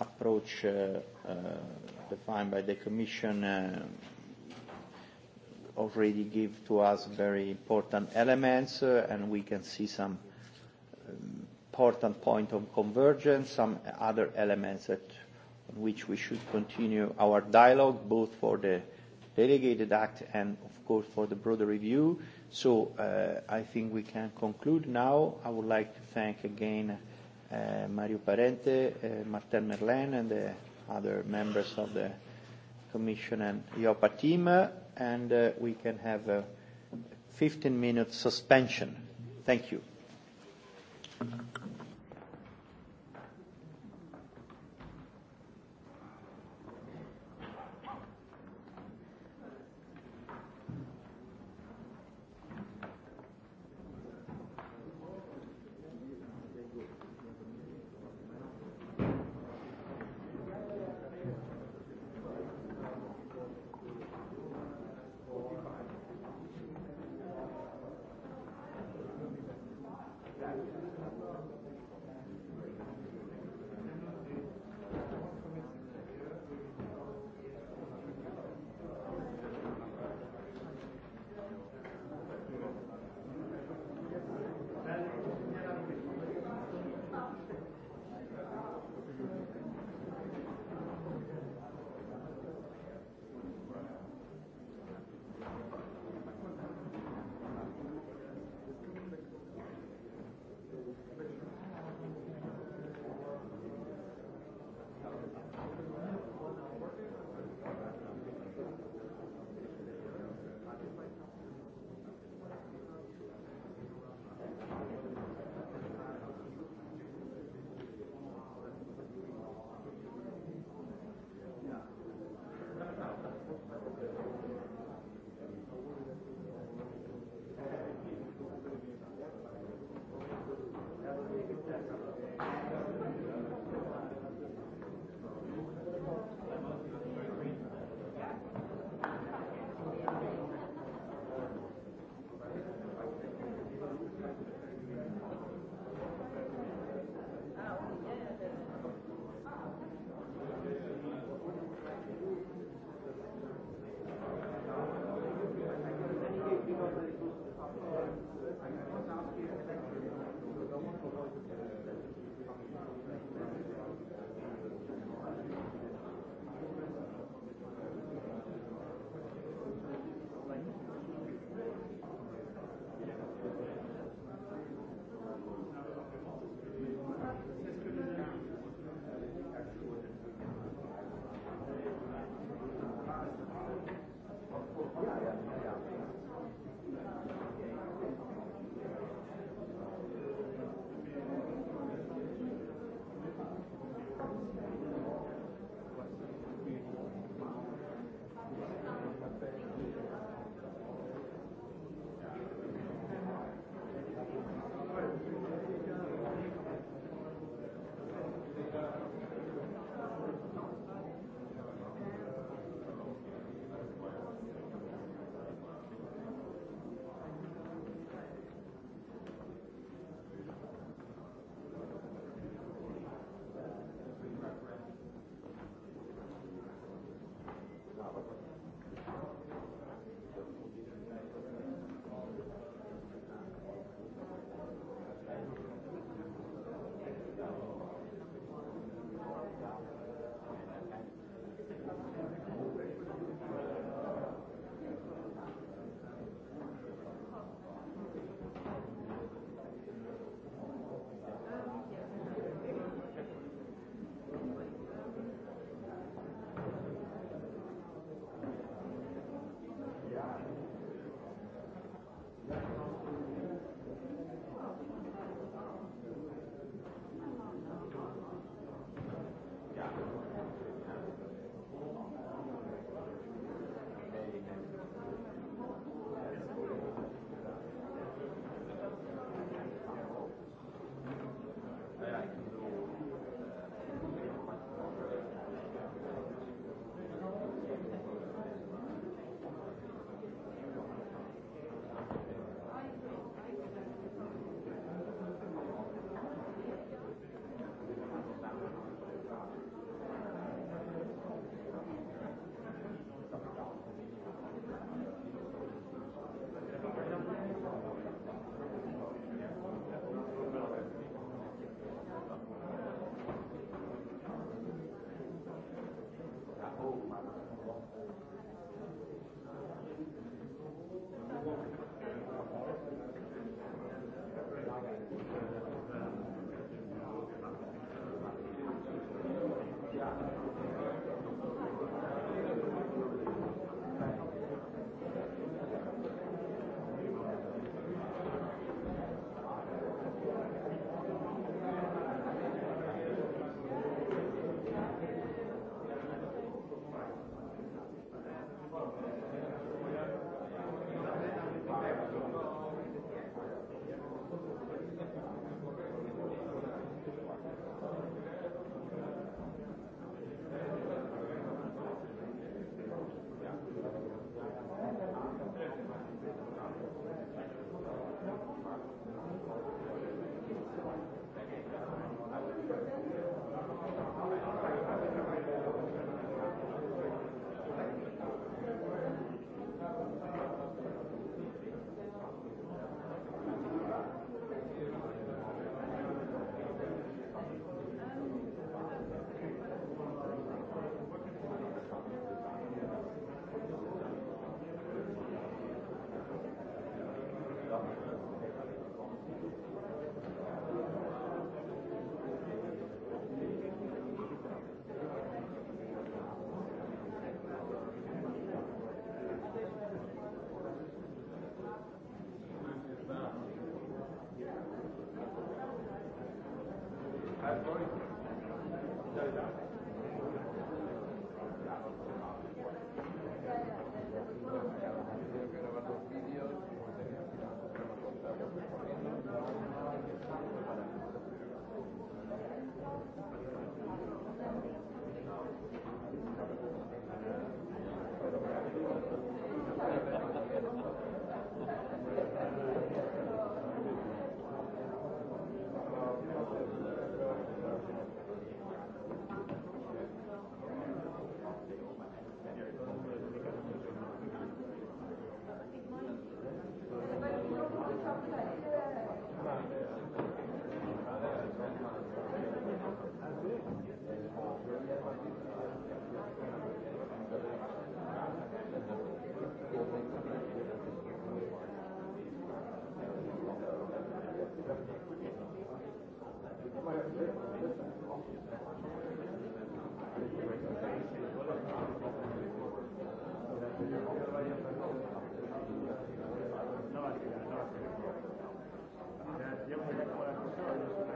approach uh, uh, defined by the Commission uh, already give to us very important elements, uh, and we can see some um, important point of convergence, some other elements that on which we should continue our dialogue, both for the delegated act and, of course, for the broader review. So uh, I think we can conclude now. I would like to thank again uh, Mario Parente, uh, Martin Merlin, and the other members of the Commission and IOPA team, uh, and uh, we can have a 15-minute suspension. Thank you. Ja, ja, ja,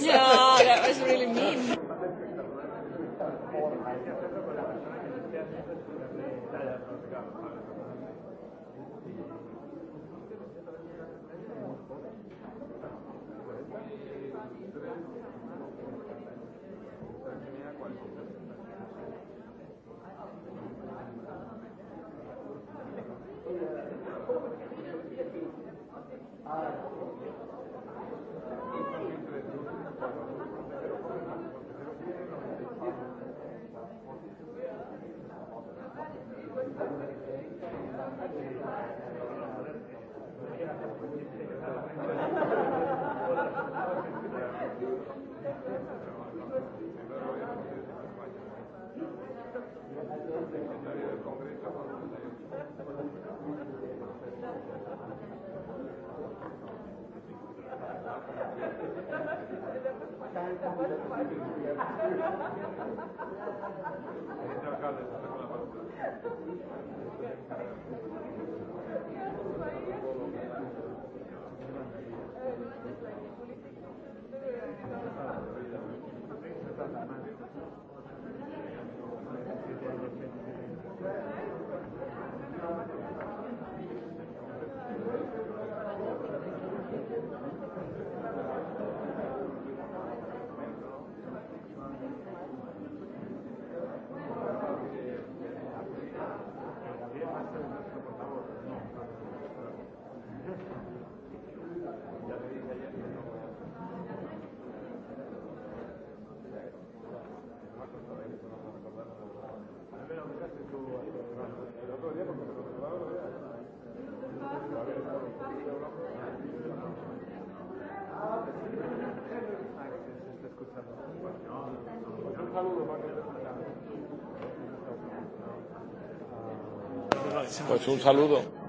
yeah, that was [laughs] really mean. Hvala Pues un saludo.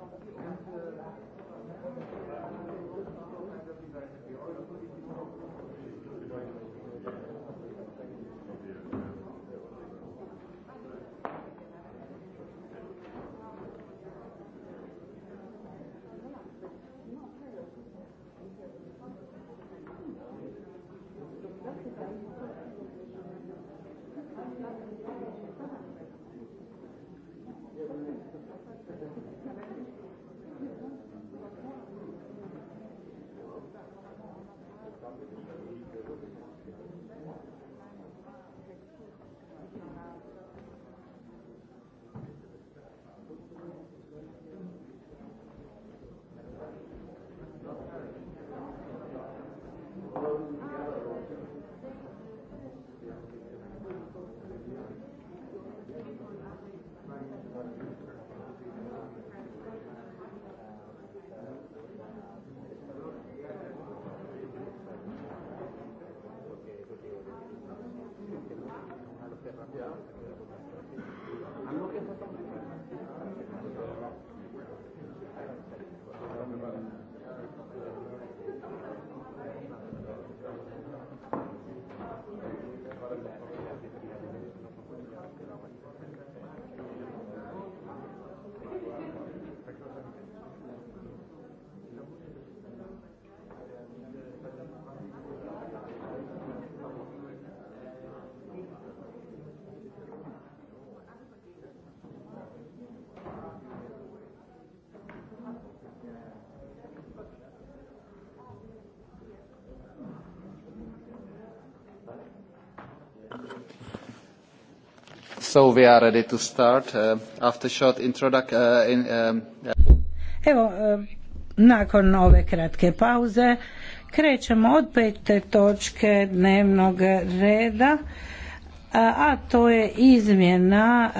pa So we are ready to start uh, after short uh, um, uh, Evo, uh, nakon ove kratke pauze krećemo od pete točke dnevnog reda, a to je izmjena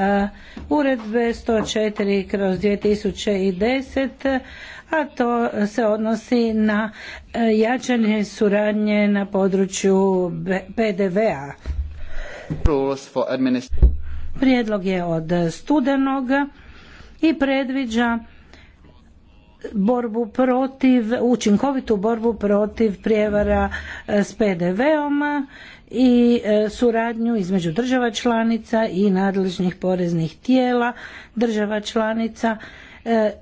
uredbe 104 kroz 2010, a to se odnosi na jačanje suradnje na području PDV-a. Prijedlog je od studenog i predviđa borbu protiv, učinkovitu borbu protiv prijevara e, s PDV-om i e, suradnju između država članica i nadležnih poreznih tijela država članica e,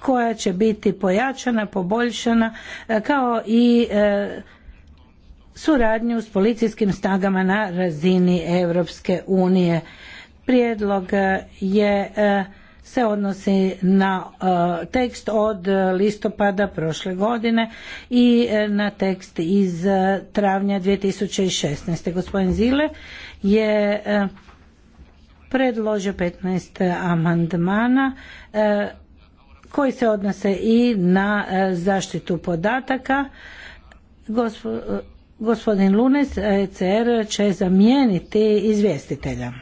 koja će biti pojačana, poboljšana kao i suradnju s policijskim snagama na razini Europske unije prijedlog e, je e, se odnosi na e, tekst od listopada prošle godine i na tekst iz travnja 2016. Gospodin Zile je predložio 15 amandmana koji se odnose i na zaštitu podataka. Gospodin Lunes, ECR, će zamijeniti izvjestitelja.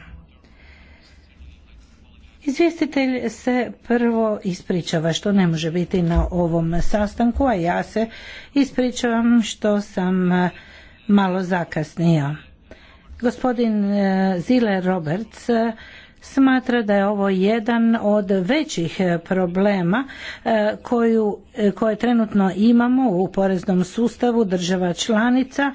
Izvjestitelj se prvo ispričava što ne može biti na ovom sastanku, a ja se ispričavam što sam e, malo zakasnija. Gospodin e, Zile Roberts e, smatra da je ovo jedan od većih problema koje trenutno imamo u poreznom sustavu država članica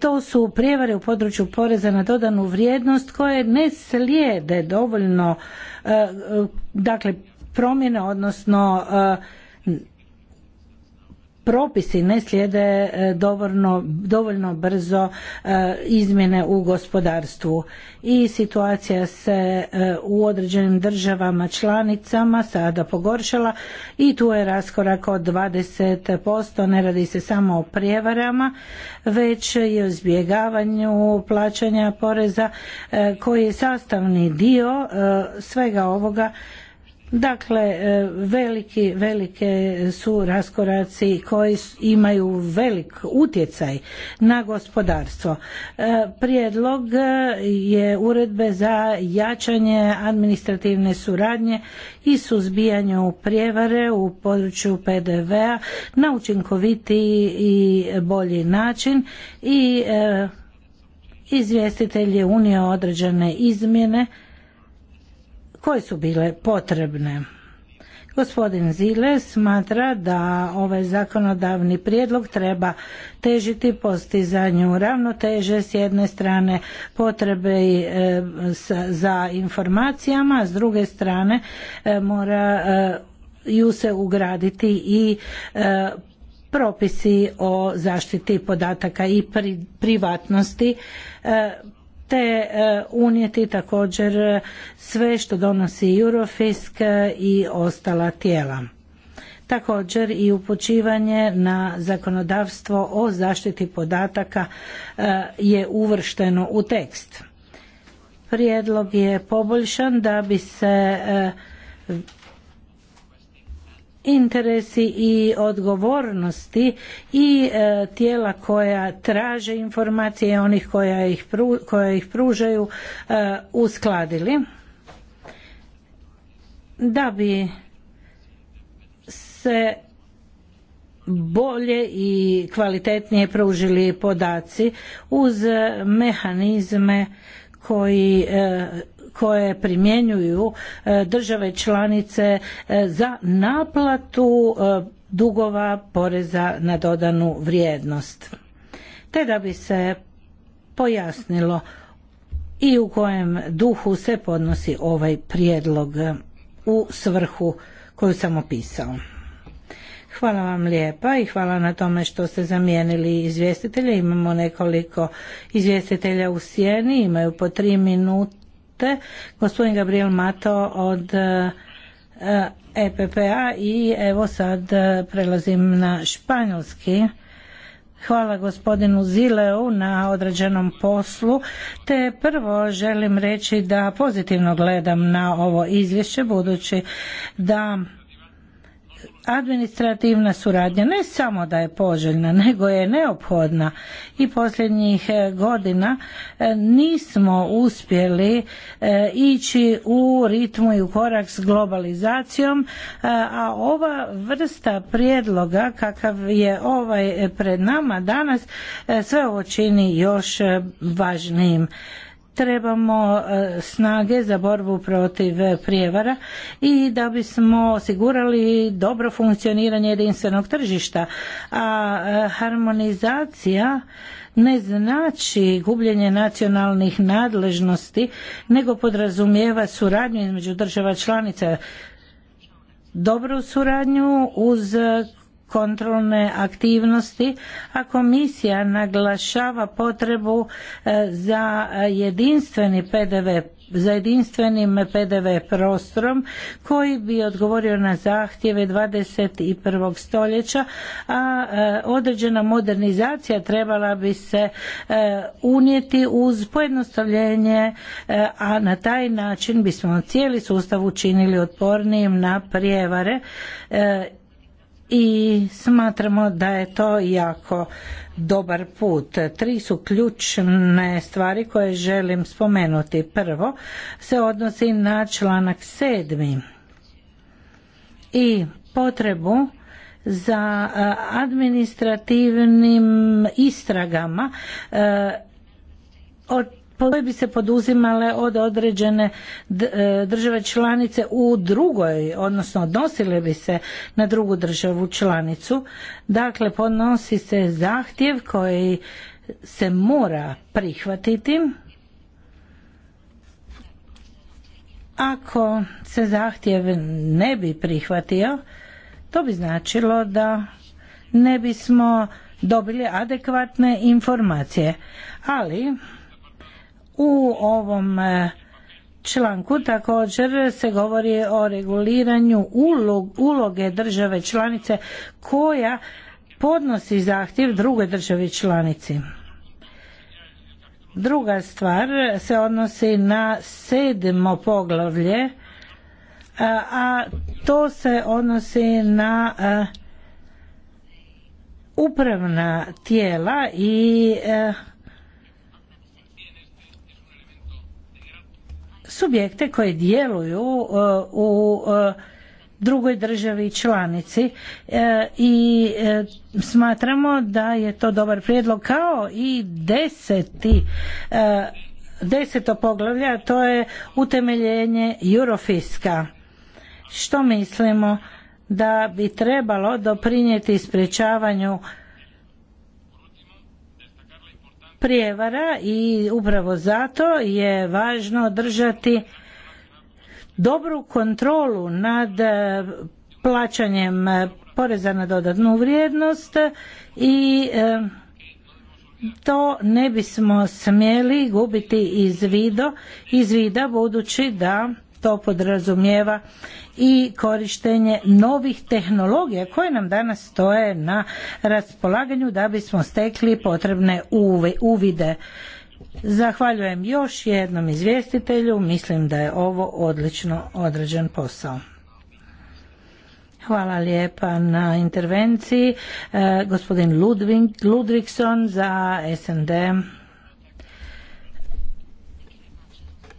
to su prijevare u području poreza na dodanu vrijednost koje ne slijede dovoljno e, e, dakle promjene odnosno e, propisi ne slijede e, dovoljno, brzo e, izmjene u gospodarstvu i situacija se e, u određenim državama članicama sada pogoršala i tu je raskorak od 20%, ne radi se samo o prijevarama, već i o izbjegavanju plaćanja poreza koji je sastavni dio svega ovoga Dakle, e, veliki, velike su raskoraci koji imaju velik utjecaj na gospodarstvo. E, prijedlog e, je uredbe za jačanje administrativne suradnje i suzbijanju prijevare u području PDV-a na učinkovitiji i bolji način i izvjestitelj je unio određene izmjene koje su bile potrebne. Gospodin Zile smatra da ovaj zakonodavni prijedlog treba težiti postizanju ravnoteže s jedne strane potrebe e, za informacijama, a s druge strane e, mora e, ju se ugraditi i propisi o zaštiti podataka i privatnosti te e, unijeti također e, sve što donosi Eurofisk e, i ostala tijela. Također i upućivanje na zakonodavstvo o zaštiti podataka je uvršteno u tekst. Prijedlog je poboljšan da bi se interesi i odgovornosti i e, tijela koja traže informacije i onih koja ih, koja ih pružaju e, uskladili da bi se bolje i kvalitetnije pružili podaci uz mehanizme koji e, koje primjenjuju e, države članice e, za naplatu e, dugova poreza na dodanu vrijednost. Te da bi se pojasnilo i u kojem duhu se podnosi ovaj prijedlog u svrhu koju sam opisao. Hvala vam lijepa i hvala na tome što ste zamijenili izvjestitelje. Imamo nekoliko izvjestitelja u sjeni, imaju po tri minute te gospodin Gabriel Mato od EPPA e, e i evo sad e, prelazim na španjolski. Hvala gospodinu Zileu na određenom poslu, te prvo želim reći da pozitivno gledam na ovo izvješće budući da administrativna suradnja ne samo da je poželjna [laughs] nego je neophodna i posljednjih e, godina e, nismo uspjeli e, ići u ritmu i u korak s globalizacijom a ova vrsta prijedloga kakav je ovaj pred nama danas sve ovo čini još važnijim trebamo e, snage za borbu protiv prijevara i da bismo osigurali dobro funkcioniranje jedinstvenog tržišta. A e, harmonizacija ne znači gubljenje nacionalnih nadležnosti, nego podrazumijeva suradnju između država članica dobru suradnju uz kontrolne aktivnosti, a komisija naglašava potrebu e, za jedinstveni PDV za jedinstvenim PDV prostorom koji bi odgovorio na zahtjeve 21. stoljeća, a e, određena modernizacija trebala bi se e, unijeti uz pojednostavljenje, a na taj način bismo cijeli sustav učinili otpornijim na prijevare i smatramo da je to jako dobar put. Tri su ključne stvari koje želim spomenuti. Prvo se odnosi na članak sedmi i potrebu za administrativnim istragama od bi se poduzimale od određene e, države članice u drugoj, odnosno odnosile bi se na drugu državu članicu. Dakle, podnosi se zahtjev koji se mora prihvatiti ako se zahtjev ne bi prihvatio to bi značilo da ne bismo dobili adekvatne informacije ali u ovom e, članku također se govori o reguliranju uloge države članice koja podnosi zahtjev drugoj državi članici. Druga stvar se odnosi na sedmo poglavlje, e, a to se odnosi na e, upravna tijela i subjekte koje djeluju uh, u uh, drugoj državi članici uh, i smatramo da je to dobar prijedlog kao i deseti deseto poglavlje, to je utemeljenje Eurofiska. Što mislimo da bi trebalo doprinijeti sprječavanju prijevara i upravo zato je važno držati dobru kontrolu nad e, plaćanjem poreza na dodatnu vrijednost i e, to ne bismo smjeli gubiti iz vida budući da to podrazumijeva i korištenje novih tehnologija koje nam danas stoje na raspolaganju da bismo stekli potrebne uvide. Zahvaljujem još jednom izvjestitelju, mislim da je ovo odlično odrađen posao. Hvala lijepa na intervenciji. E, gospodin Ludvigson za SND.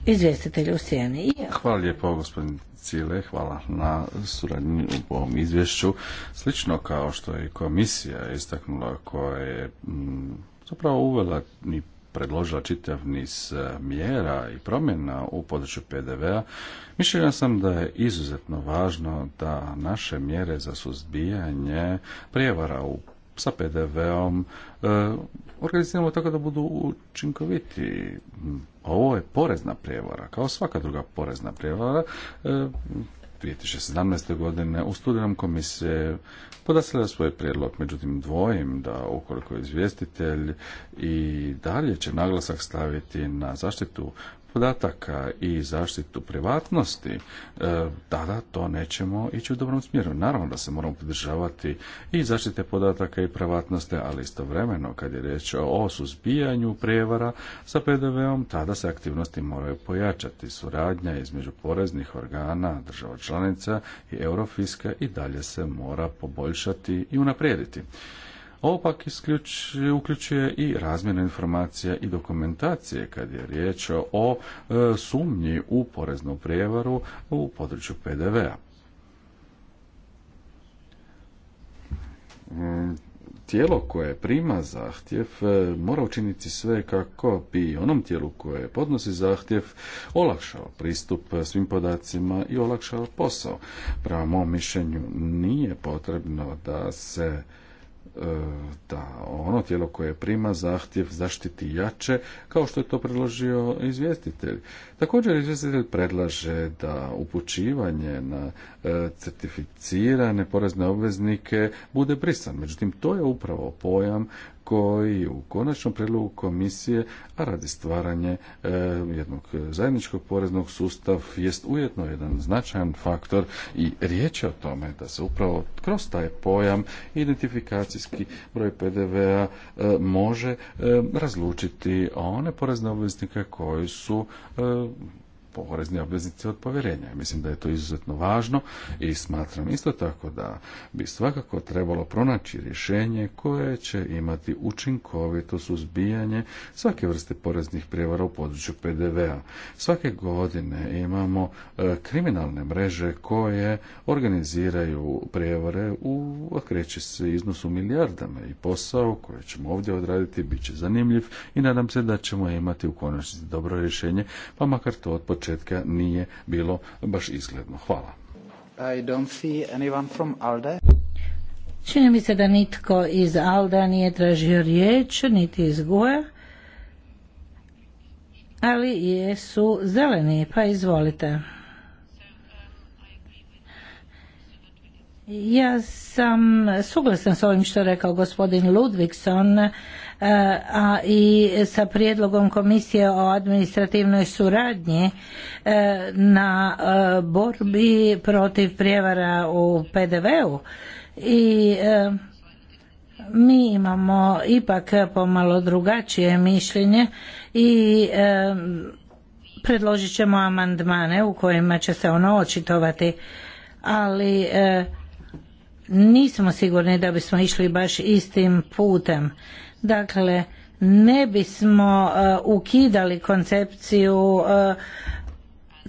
izvjestitelju u sjeni. Hvala lijepo gospodin Cile, hvala na suradnju u ovom izvješću. Slično kao što je i komisija istaknula koja je mm, zapravo uvela i predložila čitav niz e, mjera i promjena u području PDV-a, mišljenja sam da je izuzetno važno da naše mjere za suzbijanje prijevara u sa PDV-om e, organiziramo tako da budu učinkoviti ovo je porezna prijevara, kao svaka druga porezna prijevara. 2017. E, godine u studijom komisije podasila svoj prijedlog, međutim dvojim da ukoliko izvjestitelj i dalje će naglasak staviti na zaštitu podataka i zaštitu privatnosti, e, tada to nećemo ići u dobrom smjeru. Naravno da se moramo podržavati i zaštite podataka i privatnosti, ali istovremeno kad je riječ o suzbijanju prijevara sa PDV-om, tada se aktivnosti moraju pojačati. Suradnja između poreznih organa, država članica i eurofiska i dalje se mora poboljšati i unaprijediti. Ovo pak uključuje i razmjenu informacija i dokumentacije kad je riječ o e, sumnji u poreznu prijevaru u području PDV-a. Mm, tijelo koje prima zahtjev e, mora učiniti sve kako bi onom tijelu koje podnosi zahtjev olakšao pristup svim podacima i olakšao posao. Prema mom mišljenju nije potrebno da se E, da ono tijelo koje prima zahtjev zaštiti jače, kao što je to predložio izvjestitelj. Također izvjestitelj predlaže da upućivanje na e, certificirane porezne obveznike bude brisan. Međutim, to je upravo pojam koji u konačnom prijedlogu komisije, a radi stvaranje e, jednog zajedničkog poreznog sustav jest ujedno jedan značajan faktor i riječ je o tome da se upravo kroz taj pojam identifikacijski broj PDV-a e, može e, razlučiti one porezne obveznike koji su porezni obveznici od povjerenja. Mislim da je to izuzetno važno i smatram isto tako da bi svakako trebalo pronaći rješenje koje će imati učinkovito suzbijanje svake vrste poreznih prijevara u području PDV-a. Svake godine imamo e, kriminalne mreže koje organiziraju prijevare u okreće se iznosu milijardama i posao koje ćemo ovdje odraditi bit će zanimljiv i nadam se da ćemo imati u konačnici dobro rješenje, pa makar to od početka nije bilo baš izgledno. Hvala. I don't see anyone from Alde. Čini mi se da nitko iz Alda nije tražio riječ, niti iz Guja, ali jesu zeleni, pa izvolite. Ja sam suglasan s ovim što je rekao gospodin Ludvigson E, a i sa prijedlogom komisije o administrativnoj suradnji e, na e, borbi protiv prijevara u PDV-u i mi imamo ipak pomalo drugačije mišljenje i predložit ćemo amandmane u kojima će se ono očitovati ali nismo sigurni da bismo išli baš istim putem Dakle, ne bismo uh, ukidali koncepciju uh,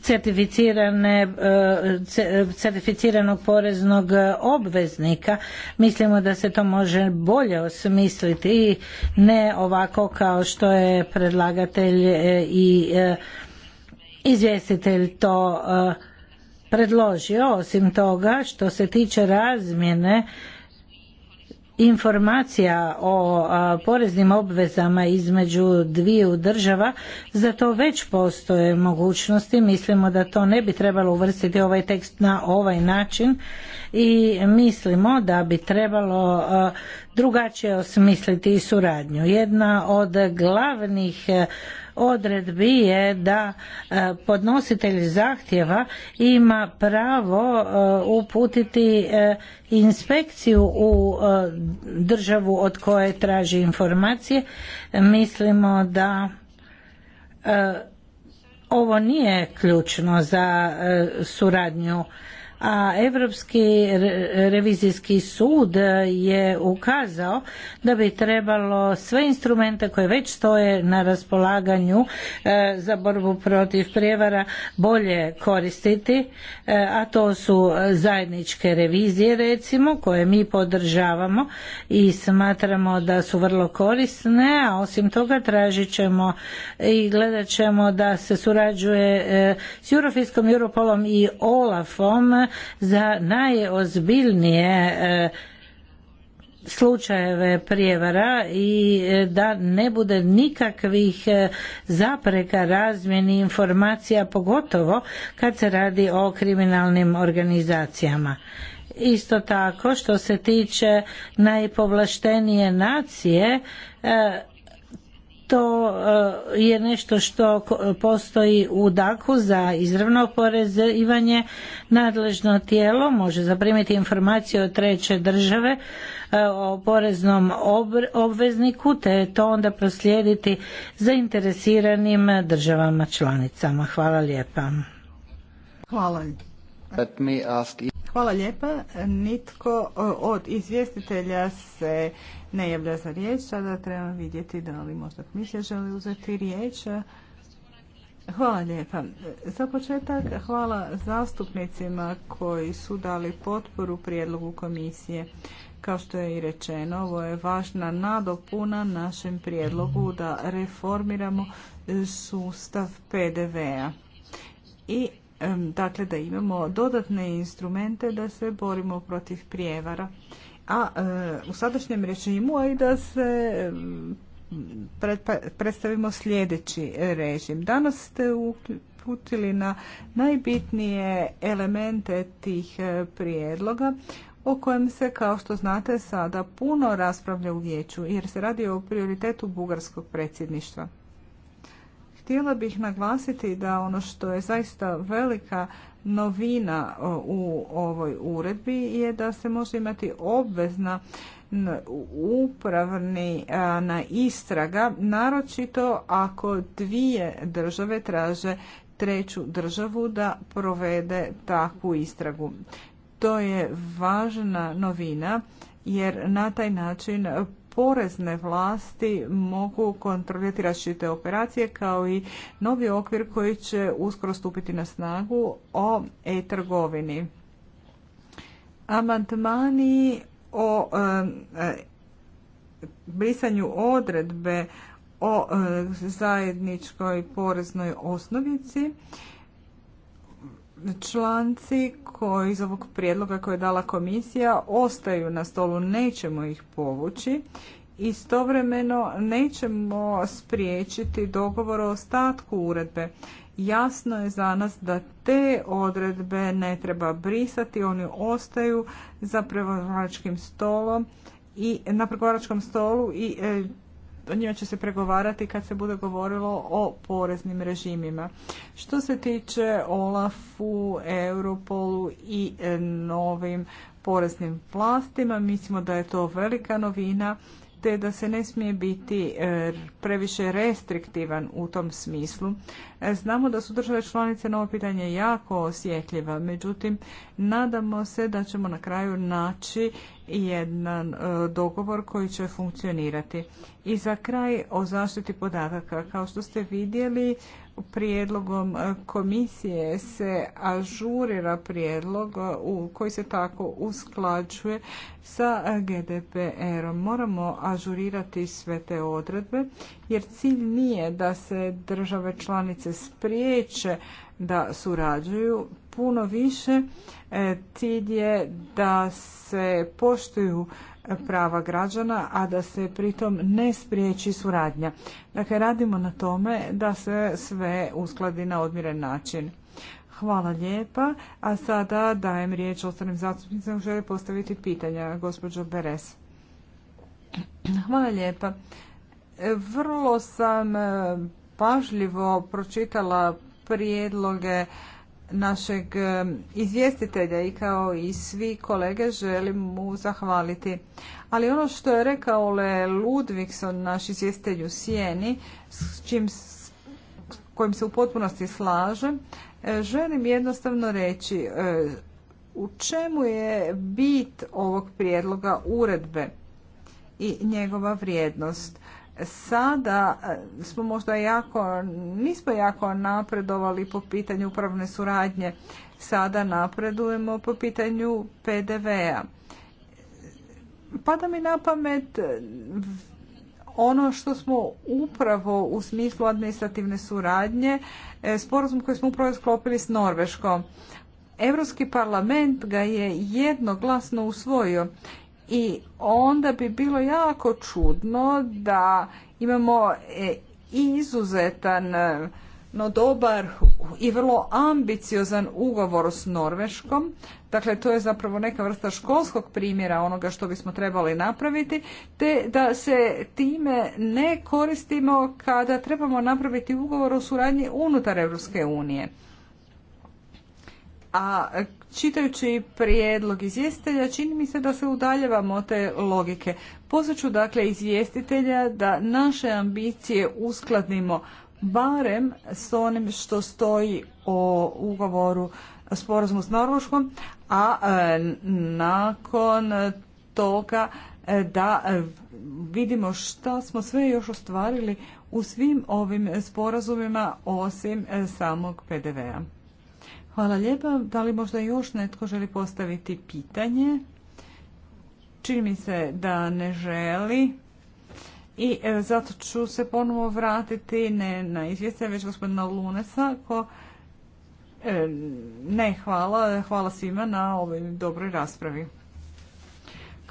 certificirane uh, certificiranog poreznog obveznika mislimo da se to može bolje osmisliti i ne ovako kao što je predlagatelj i izvjestitelj to predložio osim toga što se tiče razmjene informacija o poreznim obvezama između dviju država, za to već postoje mogućnosti. Mislimo da to ne bi trebalo uvrstiti ovaj tekst na ovaj način i mislimo da bi trebalo drugačije osmisliti i suradnju. Jedna od glavnih odredbi je da e, podnositelj zahtjeva ima pravo e, uputiti e, inspekciju u državu od koje traži informacije. Mislimo da ovo nije ključno za suradnju a Europski revizijski sud je ukazao da bi trebalo sve instrumente koje već stoje na raspolaganju e, za borbu protiv prijevara bolje koristiti, e, a to su zajedničke revizije recimo koje mi podržavamo i smatramo da su vrlo korisne, a osim toga tražit ćemo i gledat ćemo da se surađuje e, s Eurofiskom, Europolom i Olafom za najozbiljnije e, slučajeve prijevara i e, da ne bude nikakvih e, zapreka razmjeni informacija pogotovo kad se radi o kriminalnim organizacijama. Isto tako što se tiče najpovlaštenije nacije to e, je nešto što postoji u daku za izravno porezivanje. Nadležno tijelo može zaprimiti informaciju od treće države e, o poreznom obvezniku te to onda proslijediti zainteresiranim državama članicama. Hvala lijepa. Hvala. Hvala lijepa. Nitko e, od izvjestitelja se ne javlja za riječ. Sada trebamo vidjeti da li možda komisija želi uzeti riječ. Hvala lijepa. Za početak hvala zastupnicima koji su dali potporu prijedlogu komisije. Kao što je i rečeno, ovo je važna nadopuna našem prijedlogu da reformiramo sustav PDV-a. I dakle da imamo dodatne instrumente da se borimo protiv prijevara a e, u sadašnjem režimu, a i da se mm, predstavimo sljedeći režim. Danas ste uputili na najbitnije elemente tih e, prijedloga o kojem se, kao što znate, sada puno raspravlja u vijeću, jer se radi o prioritetu bugarskog predsjedništva. Htjela bih naglasiti da ono što je zaista velika novina u ovoj uredbi je da se može imati obvezna upravni na istraga, naročito ako dvije države traže treću državu da provede takvu istragu. To je važna novina jer na taj način porezne vlasti mogu kontrolirati različite operacije kao i novi okvir koji će uskoro stupiti na snagu o e-trgovini. Amandmani o e, brisanju odredbe o e, zajedničkoj poreznoj osnovici članci koji iz ovog prijedloga koje je dala komisija ostaju na stolu, nećemo ih povući. Istovremeno nećemo spriječiti dogovor o ostatku uredbe. Jasno je za nas da te odredbe ne treba brisati, oni ostaju za pregovaračkim stolom i na pregovaračkom stolu i e, o njima će se pregovarati kad se bude govorilo o poreznim režimima. Što se tiče Olafu, Europolu i e, novim poreznim vlastima, mislimo da je to velika novina te da se ne smije biti e, previše restriktivan u tom smislu. E, znamo da su države članice na ovo pitanje jako osjetljiva, međutim nadamo se da ćemo na kraju naći jedan e, dogovor koji će funkcionirati. I za kraj o zaštiti podataka. Kao što ste vidjeli, prijedlogom e, komisije se ažurira prijedlog e, u koji se tako usklađuje sa e, GDPR-om. Moramo ažurirati sve te odredbe jer cilj nije da se države članice spriječe da surađuju puno više. Cilj je da se poštuju prava građana, a da se pritom ne spriječi suradnja. Dakle, radimo na tome da se sve uskladi na odmjeren način. Hvala lijepa. A sada dajem riječ ostalim zastupnicima žele postaviti pitanja. Gospođo Beres. Hvala lijepa. Vrlo sam eh, pažljivo pročitala prijedloge našeg e, izvjestitelja i kao i svi kolege želim mu zahvaliti. Ali ono što je rekao Le Ludvigson, naš izvjestitelj u Sijeni, s čim s kojim se u potpunosti slažem, e, želim jednostavno reći e, u čemu je bit ovog prijedloga uredbe i njegova vrijednost sada e, smo možda jako, nismo jako napredovali po pitanju upravne suradnje, sada napredujemo po pitanju PDV-a. Pada mi na pamet e, ono što smo upravo u smislu administrativne suradnje, e, sporazum koji smo upravo sklopili s Norveškom. Europski parlament ga je jednoglasno usvojio i onda bi bilo jako čudno da imamo e, izuzetan e, no dobar i vrlo ambiciozan ugovor s Norveškom. Dakle, to je zapravo neka vrsta školskog primjera onoga što bismo trebali napraviti, te da se time ne koristimo kada trebamo napraviti ugovor o suradnji unutar Europske unije. A čitajući prijedlog izvjestitelja, čini mi se da se udaljevamo od te logike. Pozvaću dakle izvjestitelja da naše ambicije uskladimo barem s onim što stoji o ugovoru sporazumu s Norveškom, a e, nakon toga e, da vidimo što smo sve još ostvarili u svim ovim sporazumima osim e, samog PDV-a. Hvala lijepa. Da li možda još netko želi postaviti pitanje? Čini mi se da ne želi. I e, zato ću se ponovo vratiti ne na izvješće već gospodina Lunesa ko e, ne hvala, hvala svima na ovoj dobroj raspravi.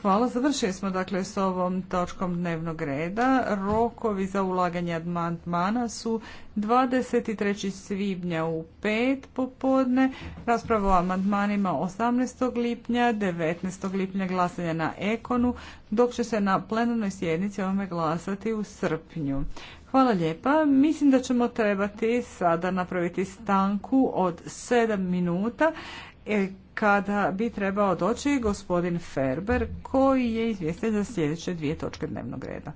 Hvala. Završili smo dakle s ovom točkom dnevnog reda. Rokovi za ulaganje amandmana su 23. svibnja u 5 popodne, rasprava o amandmanima 18. lipnja, 19. lipnja glasanje na Ekonu, dok će se na plenarnoj sjednici ovome glasati u srpnju. Hvala lijepa. Mislim da ćemo trebati sada napraviti stanku od 7 minuta e, kada bi trebao doći gospodin Ferber koji je izvjestitelj za sljedeće dvije točke dnevnog reda.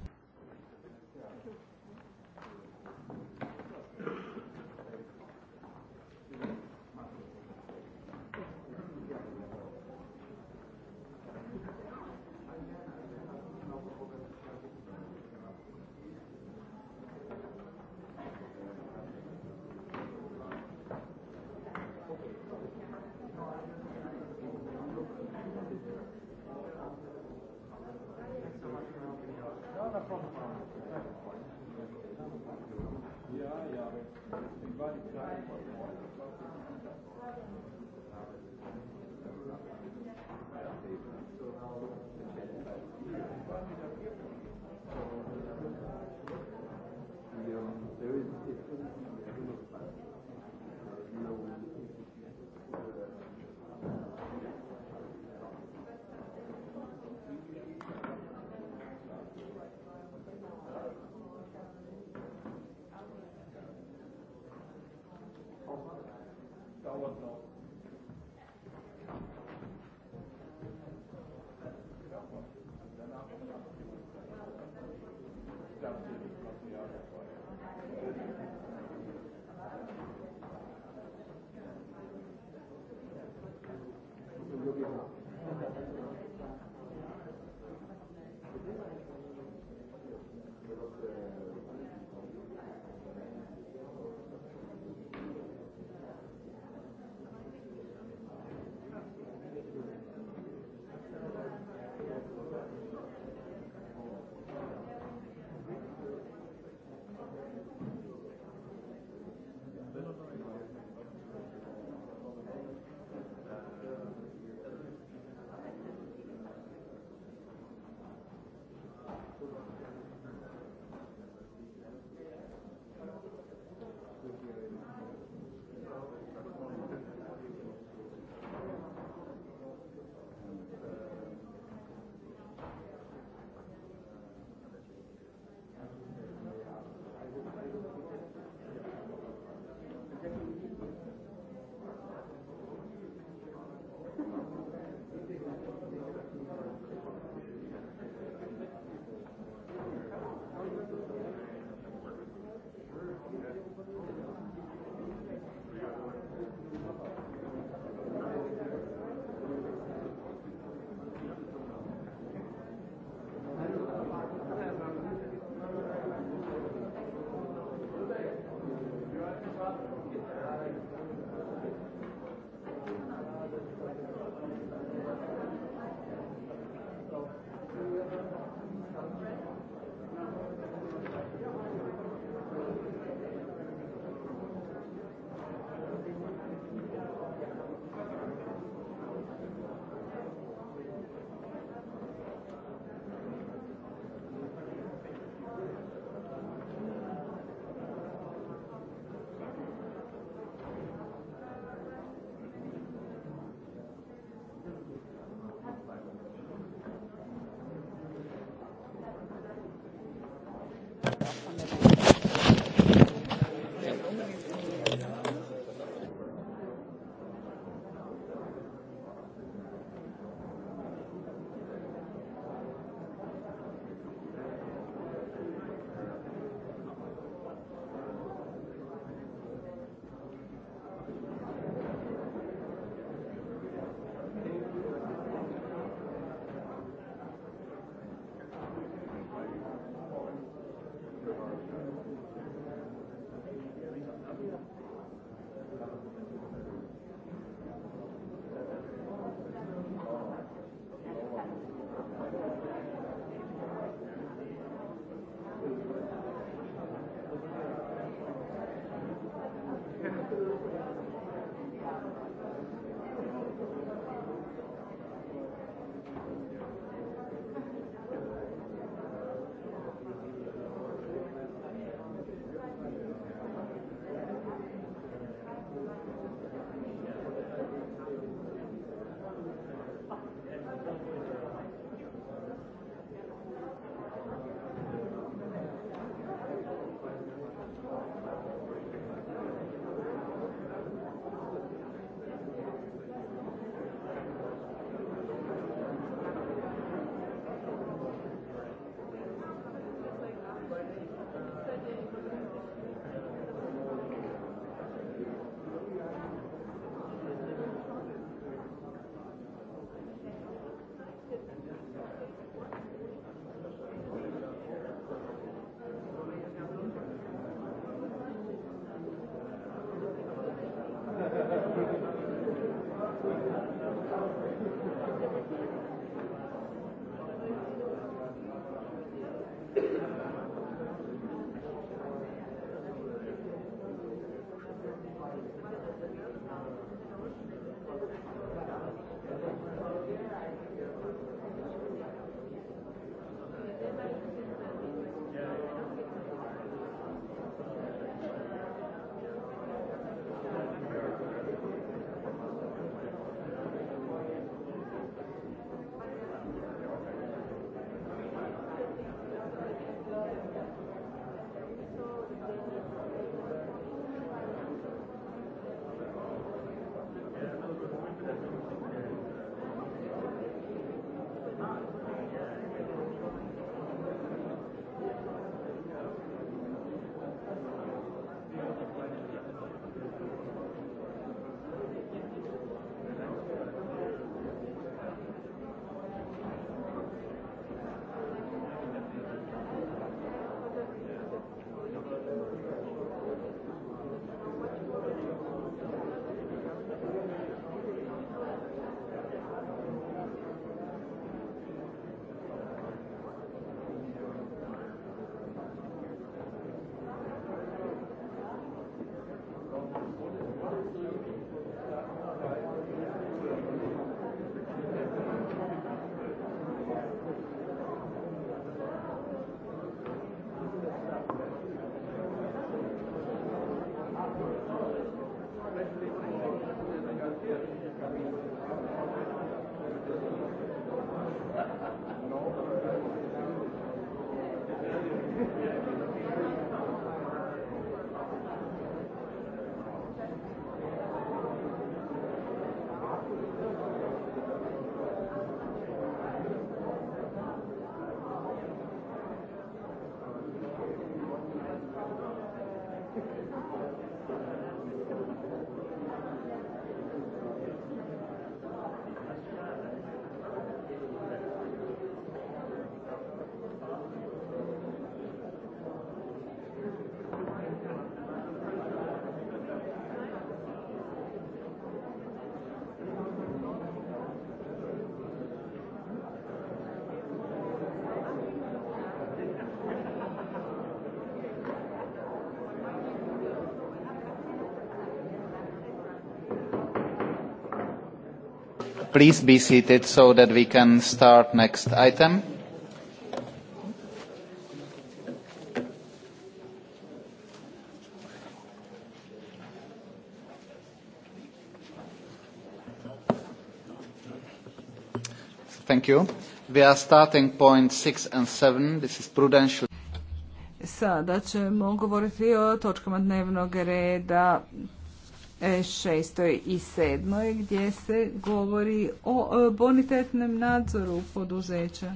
Please be seated so that we can start next item. Thank you. We are starting point six and seven. This is prudential. Sada ćemo govoriti o točkama dnevnog reda 6. i 7. gdje se govori o e, bonitetnom nadzoru poduzeća.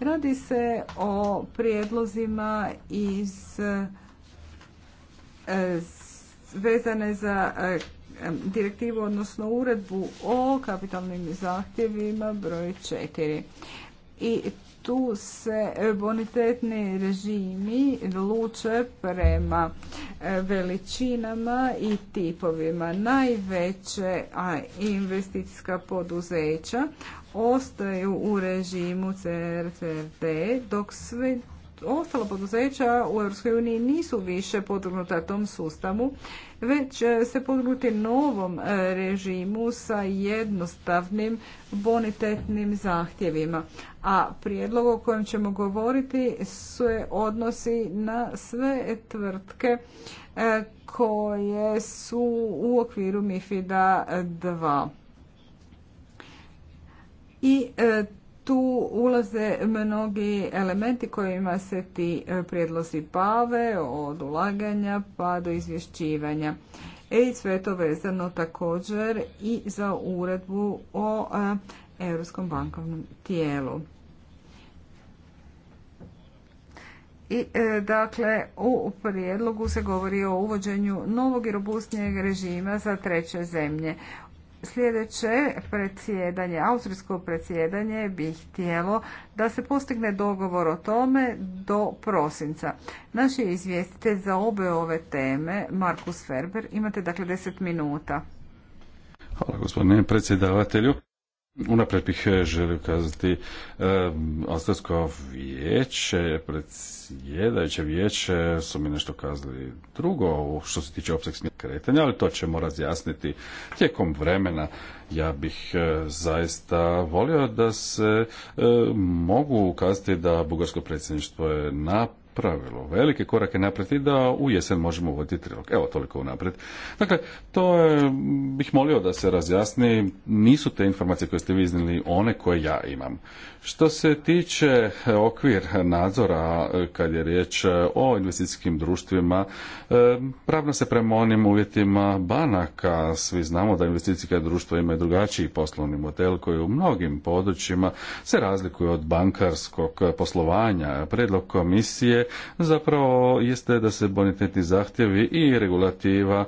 radi se o prijedlozima iz e, vezane za e, direktivu, odnosno uredbu o kapitalnim zahtjevima broj 4. I tu se e, bonitetni režimi luče prema e, veličinama i tipovima. Najveće investicijska poduzeća ostaju u režimu CRTD, dok sve ostala poduzeća u EU nisu više podvrgnuta tom sustavu, već e, se podvrgnuti novom e, režimu sa jednostavnim bonitetnim zahtjevima. A prijedlog o kojem ćemo govoriti se odnosi na sve tvrtke e, koje su u okviru MIFID-a 2. I tu ulaze mnogi elementi kojima se ti e, prijedlozi bave, od ulaganja pa do izvješćivanja. E i sve je to vezano također i za uredbu o e, Europskom bankovnom tijelu. I e, dakle, u prijedlogu se govori o uvođenju novog i robustnijeg režima za treće zemlje. Sljedeće predsjedanje, austrijsko predsjedanje bi htjelo da se postigne dogovor o tome do prosinca. Naš je izvjestitelj za obe ove teme, Markus Ferber. Imate dakle 10 minuta. Hvala gospodine predsjedavatelju. Unaprijed bih e, želio kazati, e, vijeće, predsjedajuće vijeće su mi nešto kazali drugo što se tiče opseg kretanja, ali to ćemo razjasniti tijekom vremena. Ja bih e, zaista volio da se e, mogu ukazati da bugarsko predsjedništvo je na pravilo. velike korake naprijed i da u jesen možemo uvoditi trilog. Evo, toliko unaprijed. Dakle, to je, bih molio da se razjasni, nisu te informacije koje ste vi iznijeli one koje ja imam. Što se tiče e, okvir nadzora e, kad je riječ e, o investicijskim društvima, pravno se prema onim uvjetima banaka, svi znamo da investicijska društva imaju drugačiji poslovni model koji u mnogim područjima se razlikuje od bankarskog poslovanja. Predlog komisije zapravo jeste da se bonitetni zahtjevi i regulativa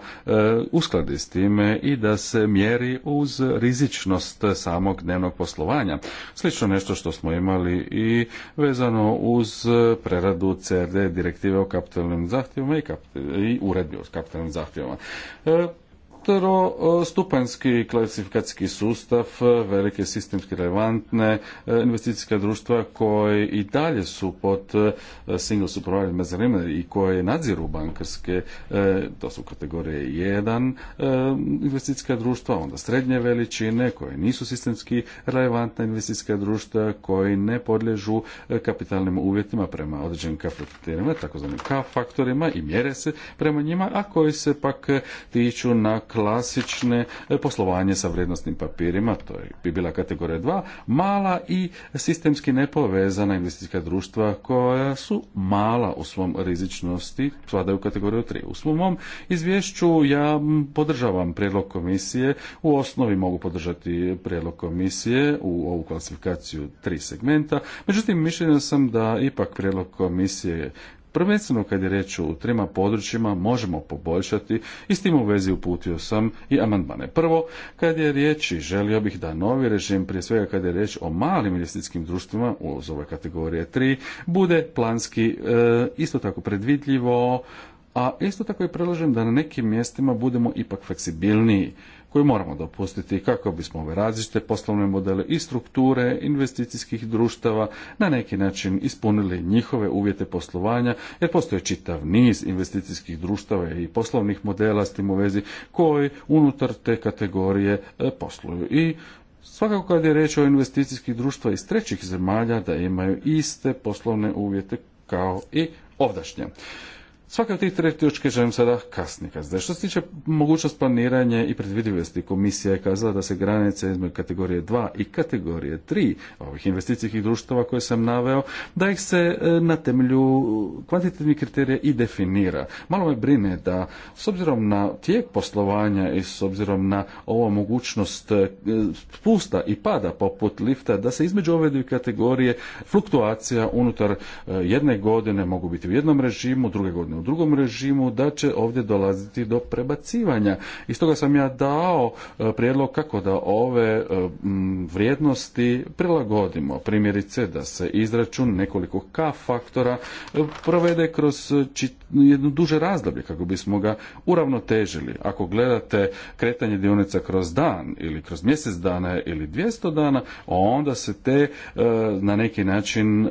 uskladi s time i da se mjeri uz rizičnost samog dnevnog poslovanja. Slično nešto što što smo imali i vezano uz preradu CRD direktive o kapitalnim zahtjevima i, i uredbi o kapitalnim zahtjevima. E, stupanski klasifikacijski sustav, e, velike sistemski relevantne e, investicijska društva koje i dalje su pod e, single supervised mezzanine i koje nadziru bankarske, to su kategorije 1 investicijska društva, onda srednje veličine koje nisu sistemski relevantna investicijska društva koji ne podliježu kapitalnim uvjetima prema određenim tako takozvanim K faktorima i mjere se prema njima, a koji se pak tiču na klasične e, poslovanje sa vrijednostnim papirima, to bi bila kategorija dva, mala i sistemski nepovezana investicijska društva koja su mala u svom rizičnosti, spadaju u kategoriju tri. U svom mom izvješću ja podržavam prijedlog komisije, u osnovi mogu podržati prijedlog komisije u ovu klasifikaciju tri segmenta, međutim mišljenja sam da ipak prijedlog komisije Prvenstveno kad je reč o trima područjima možemo poboljšati i s tim u vezi uputio sam i amandmane. Prvo, kad je riječ želio bih da novi režim, prije svega kad je riječ o malim investicijskim društvima uz ove kategorije 3, bude planski e, isto tako predvidljivo, a isto tako i predlažem da na nekim mjestima budemo ipak fleksibilniji koju moramo dopustiti kako bismo ove različite poslovne modele i strukture investicijskih društava na neki način ispunili njihove uvjete poslovanja, jer postoje čitav niz investicijskih društava i poslovnih modela s tim u vezi koji unutar te kategorije e, posluju. I Svakako kad je reč o investicijskih društva iz trećih zemalja da imaju iste poslovne uvjete kao i ovdašnje. Svaka od tih tri točke želim sada kasnije kazati. Što se tiče mogućnost planiranja i predvidivosti, komisija je kazala da se granice između kategorije 2 i kategorije 3 ovih investicijskih društava koje sam naveo, da ih se e, na temelju kvantitativnih kriterija i definira. Malo me brine da s obzirom na tijek poslovanja i s obzirom na ovu mogućnost e, spusta i pada poput lifta, da se između ove dvije kategorije fluktuacija unutar e, jedne godine mogu biti u jednom režimu, druge godine u drugom režimu da će ovdje dolaziti do prebacivanja. I stoga sam ja dao e, prijedlog kako da ove e, vrijednosti prilagodimo. Primjerice da se izračun nekoliko K faktora e, provede kroz jedno duže razdoblje kako bismo ga uravnotežili. Ako gledate kretanje dionica kroz dan ili kroz mjesec dana ili 200 dana, onda se te na neki način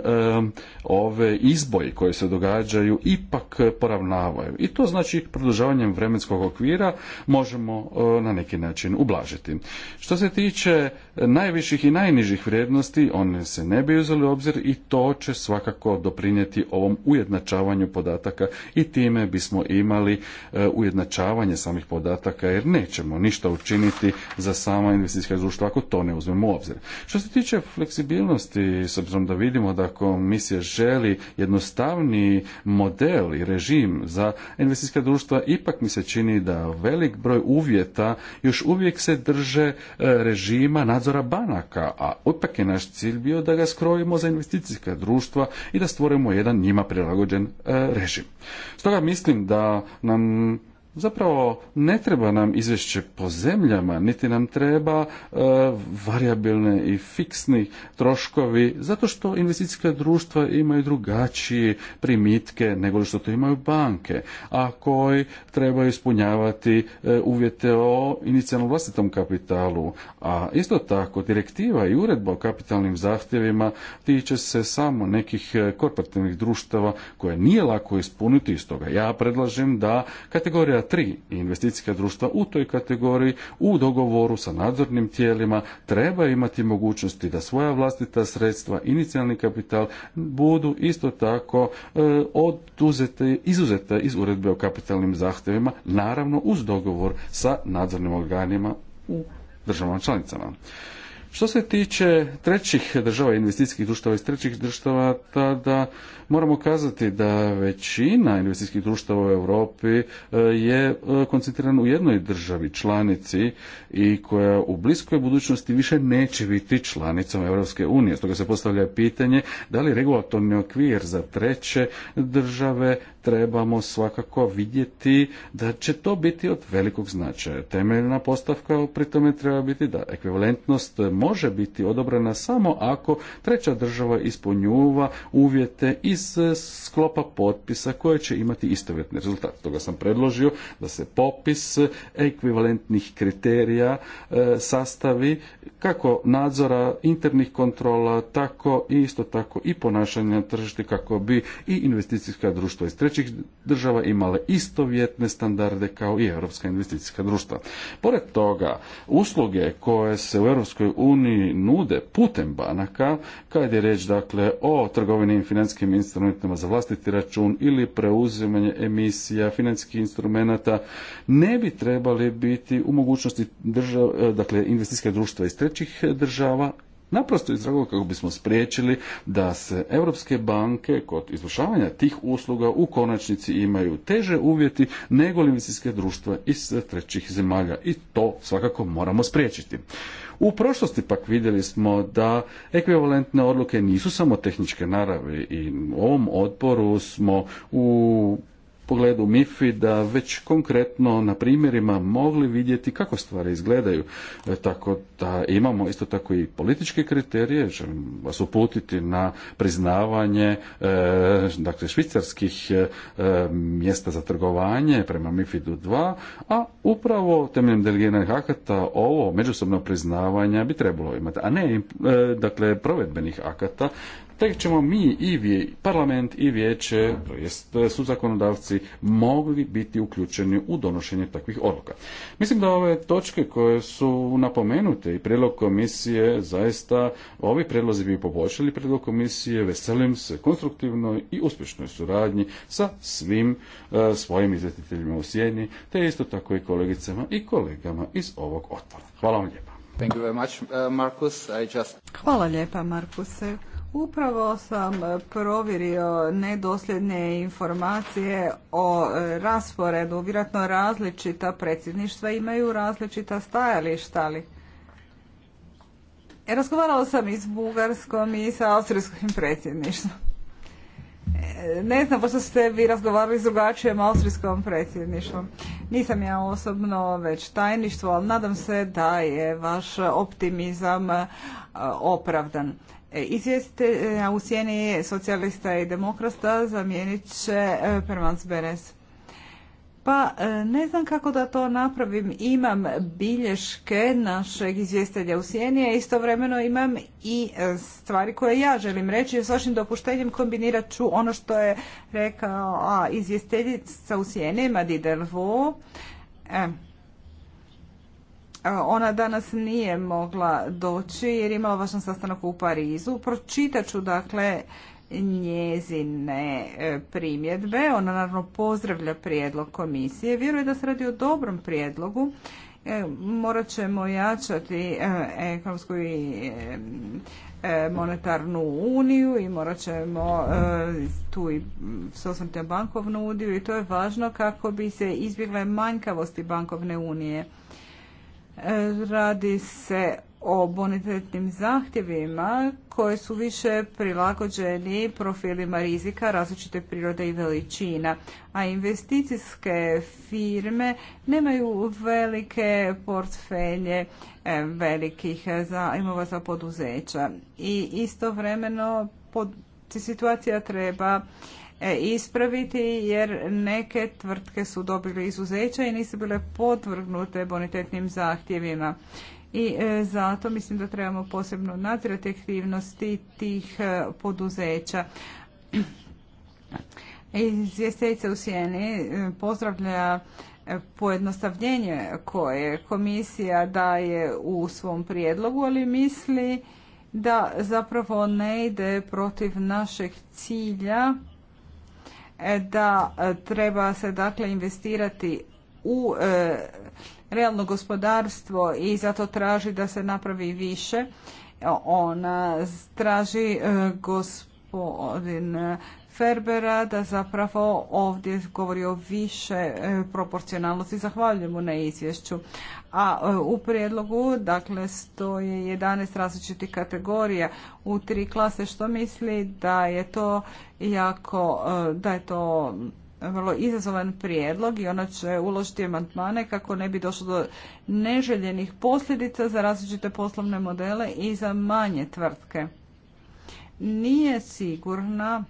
ove izboji koji se događaju ipak poravnavaju. I to znači produžavanjem vremenskog okvira možemo e, na neki način ublažiti. Što se tiče e, najviših i najnižih vrijednosti, one se ne bi uzeli u obzir i to će svakako doprinijeti ovom ujednačavanju podataka i time bismo imali e, ujednačavanje samih podataka jer nećemo ništa učiniti za sama investicijska društva ako to ne uzmemo u obzir. Što se tiče fleksibilnosti, s obzirom da vidimo da komisija želi jednostavni model i režim režim za investicijska društva, ipak mi se čini da velik broj uvjeta još uvijek se drže e, režima nadzora banaka, a ipak je naš cilj bio da ga skrojimo za investicijska društva i da stvorimo jedan njima prilagođen e, režim. Stoga mislim da nam Zapravo ne treba nam izvješće po zemljama, niti nam treba e, variabilne i fiksni troškovi, zato što investicijska društva imaju drugačije primitke nego što to imaju banke, a koji trebaju ispunjavati e, uvjete o inicijalnom vlastitom kapitalu. A isto tako direktiva i uredba o kapitalnim zahtjevima tiče se samo nekih e, korporativnih društava koje nije lako ispuniti, stoga ja predlažem da kategorija tri investicijska društva u toj kategoriji u dogovoru sa nadzornim tijelima treba imati mogućnosti da svoja vlastita sredstva, inicijalni kapital budu isto tako e, oduzete, izuzete iz uredbe o kapitalnim zahtjevima, naravno uz dogovor sa nadzornim organima u državama članicama. Što se tiče trećih država, investicijskih društava iz trećih država, tada Moramo kazati da većina investicijskih društava u Europi e, je e, koncentrirana u jednoj državi članici i koja u bliskoj budućnosti više neće biti članicom Europske unije. Stoga se postavlja pitanje da li regulatorni okvir za treće države trebamo svakako vidjeti da će to biti od velikog značaja. Temeljna postavka pri tome treba biti da ekvivalentnost može biti odobrena samo ako treća država ispunjuva uvjete i iz e, sklopa potpisa koje će imati istovjetni rezultat. Toga sam predložio da se popis e, ekvivalentnih kriterija e, sastavi kako nadzora, internih kontrola, tako i isto tako i ponašanja na tržišti kako bi i investicijska društva iz trećih država imale istovjetne standarde kao i europska investicijska društva. Pored toga, usluge koje se u Europskoj uniji nude putem banaka, kad je reč dakle o trgovini i financijskim instrumentima za vlastiti račun ili preuzimanje emisija financijskih instrumenata, ne bi trebali biti u mogućnosti dakle investicijska društva iz trećih trećih država naprosto iz razloga kako bismo spriječili da se europske banke kod izvršavanja tih usluga u konačnici imaju teže uvjeti nego investicijske društva iz trećih zemalja i to svakako moramo spriječiti. U prošlosti pak vidjeli smo da ekvivalentne odluke nisu samo tehničke naravi i u ovom odboru smo u pogledu MIFI, da već konkretno na primjerima mogli vidjeti kako stvari izgledaju. E, tako da imamo isto tako i političke kriterije, želim vas uputiti na priznavanje e, dakle švicarskih e, mjesta za trgovanje prema mifid 2, a upravo temeljem delegiranih akata ovo međusobno priznavanje bi trebalo imati, a ne dakle provedbenih akata tek ćemo mi i vi parlament i vijeće, to e, su zakonodavci, mogli biti uključeni u donošenje takvih odluka. Mislim da ove točke koje su napomenute i prijedlog komisije, zaista ovi predlozi bi poboljšali prijedlog komisije, veselim se konstruktivnoj i uspješnoj suradnji sa svim e, svojim izvjetiteljima u Sjeni, te isto tako i kolegicama i kolegama iz ovog otvora. Hvala vam lijepa. Uh, Hvala lijepa, Markuse. Upravo sam provjerio nedosljedne informacije o rasporedu. Vjerojatno različita predsjedništva imaju različita stajališta, ali Razgovarala sam i s bugarskom i sa austrijskim predsjedništvom. Ne znam, pošto ste vi razgovarali s drugačijem austrijskom predsjedništvom. Nisam ja osobno već tajništvo, ali nadam se da je vaš optimizam e, opravdan. E, izvjestitelja e, u sjeni socijalista i demokrasta zamijenit će e, Permans Beres. Pa ne znam kako da to napravim. Imam bilješke našeg izvjestelja u sjeni, a istovremeno imam i stvari koje ja želim reći. S vašim dopuštenjem kombinirat ću ono što je rekao a, izvjesteljica u sjeni, Madi Delvaux. Ona danas nije mogla doći jer je imala važan sastanak u Parizu. Pročitat ću dakle njezine e, primjedbe. Ona naravno pozdravlja prijedlog komisije. Vjeruje da se radi o dobrom prijedlogu. E, morat ćemo jačati e, ekonomsku i monetarnu uniju i morat ćemo tu i s bankovnu uniju i to je važno kako bi se izbjegle manjkavosti bankovne unije. E, radi se o bonitetnim zahtjevima koje su više prilagođeni profilima rizika različite prirode i veličina, a investicijske firme nemaju velike portfelje e, velikih zajmova za poduzeća i istovremeno situacija treba E, ispraviti jer neke tvrtke su dobile izuzeća i nisu bile podvrgnute bonitetnim zahtjevima. I e, zato mislim da trebamo posebno nadzirati aktivnosti tih e, poduzeća. u Sjeni pozdravlja pojednostavljenje koje komisija daje u svom prijedlogu, ali misli da zapravo ne ide protiv našeg cilja E, da e, treba se dakle investirati u e, realno gospodarstvo i zato traži da se napravi više. Ona traži e, gospodin Ferbera da zapravo ovdje govori o više proporcionalnosti. Zahvaljujemo na izvješću a e, u prijedlogu dakle stoje 11 različitih kategorija u tri klase što misli da je to jako e, da je to vrlo izazovan prijedlog i ona će uložiti amandmane kako ne bi došlo do neželjenih posljedica za različite poslovne modele i za manje tvrtke. Nije sigurna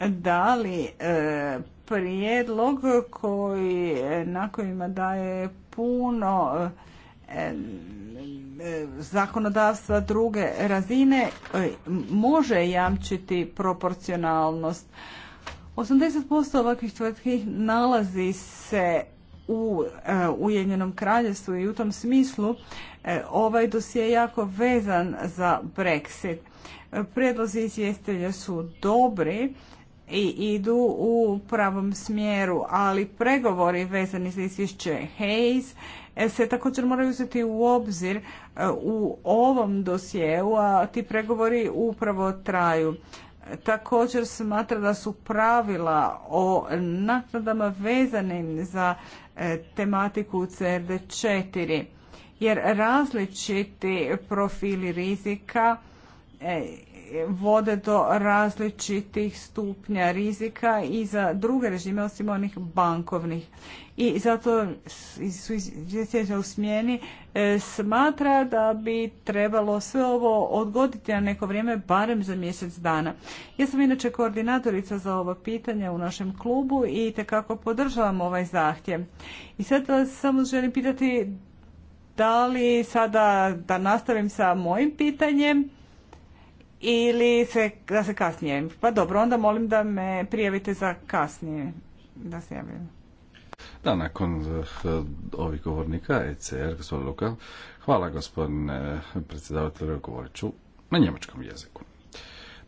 da li e, prijedlog koji na kojima daje puno e, e, zakonodavstva druge razine e, može jamčiti proporcionalnost. 80% ovakvih tvrtki nalazi se u Ujedinjenom kraljevstvu i u tom smislu ovaj dosje je jako vezan za Brexit. Predlozi izvjestitelja su dobri i idu u pravom smjeru, ali pregovori vezani za izvješće Hayes e, se također moraju uzeti u obzir e, u ovom dosjeu, a ti pregovori upravo traju. Također smatra da su pravila o naknadama vezanim za e, tematiku CRD4, jer različiti profili rizika vode do različitih stupnja rizika i za druge režime osim onih bankovnih. I zato su izvjestitelja u smjeni e, smatra da bi trebalo sve ovo odgoditi na neko vrijeme, barem za mjesec dana. Ja sam inače koordinatorica za ovo pitanje u našem klubu i tekako podržavam ovaj zahtjev. I sad vas samo želim pitati da li sada da nastavim sa mojim pitanjem ili se, da se kasnije. Pa dobro, onda molim da me prijavite za kasnije da se javim. Da, nakon eh, ovih govornika, ECR, gospodin Luka, hvala gospodine predsjedavatelju, govorit na njemačkom jeziku.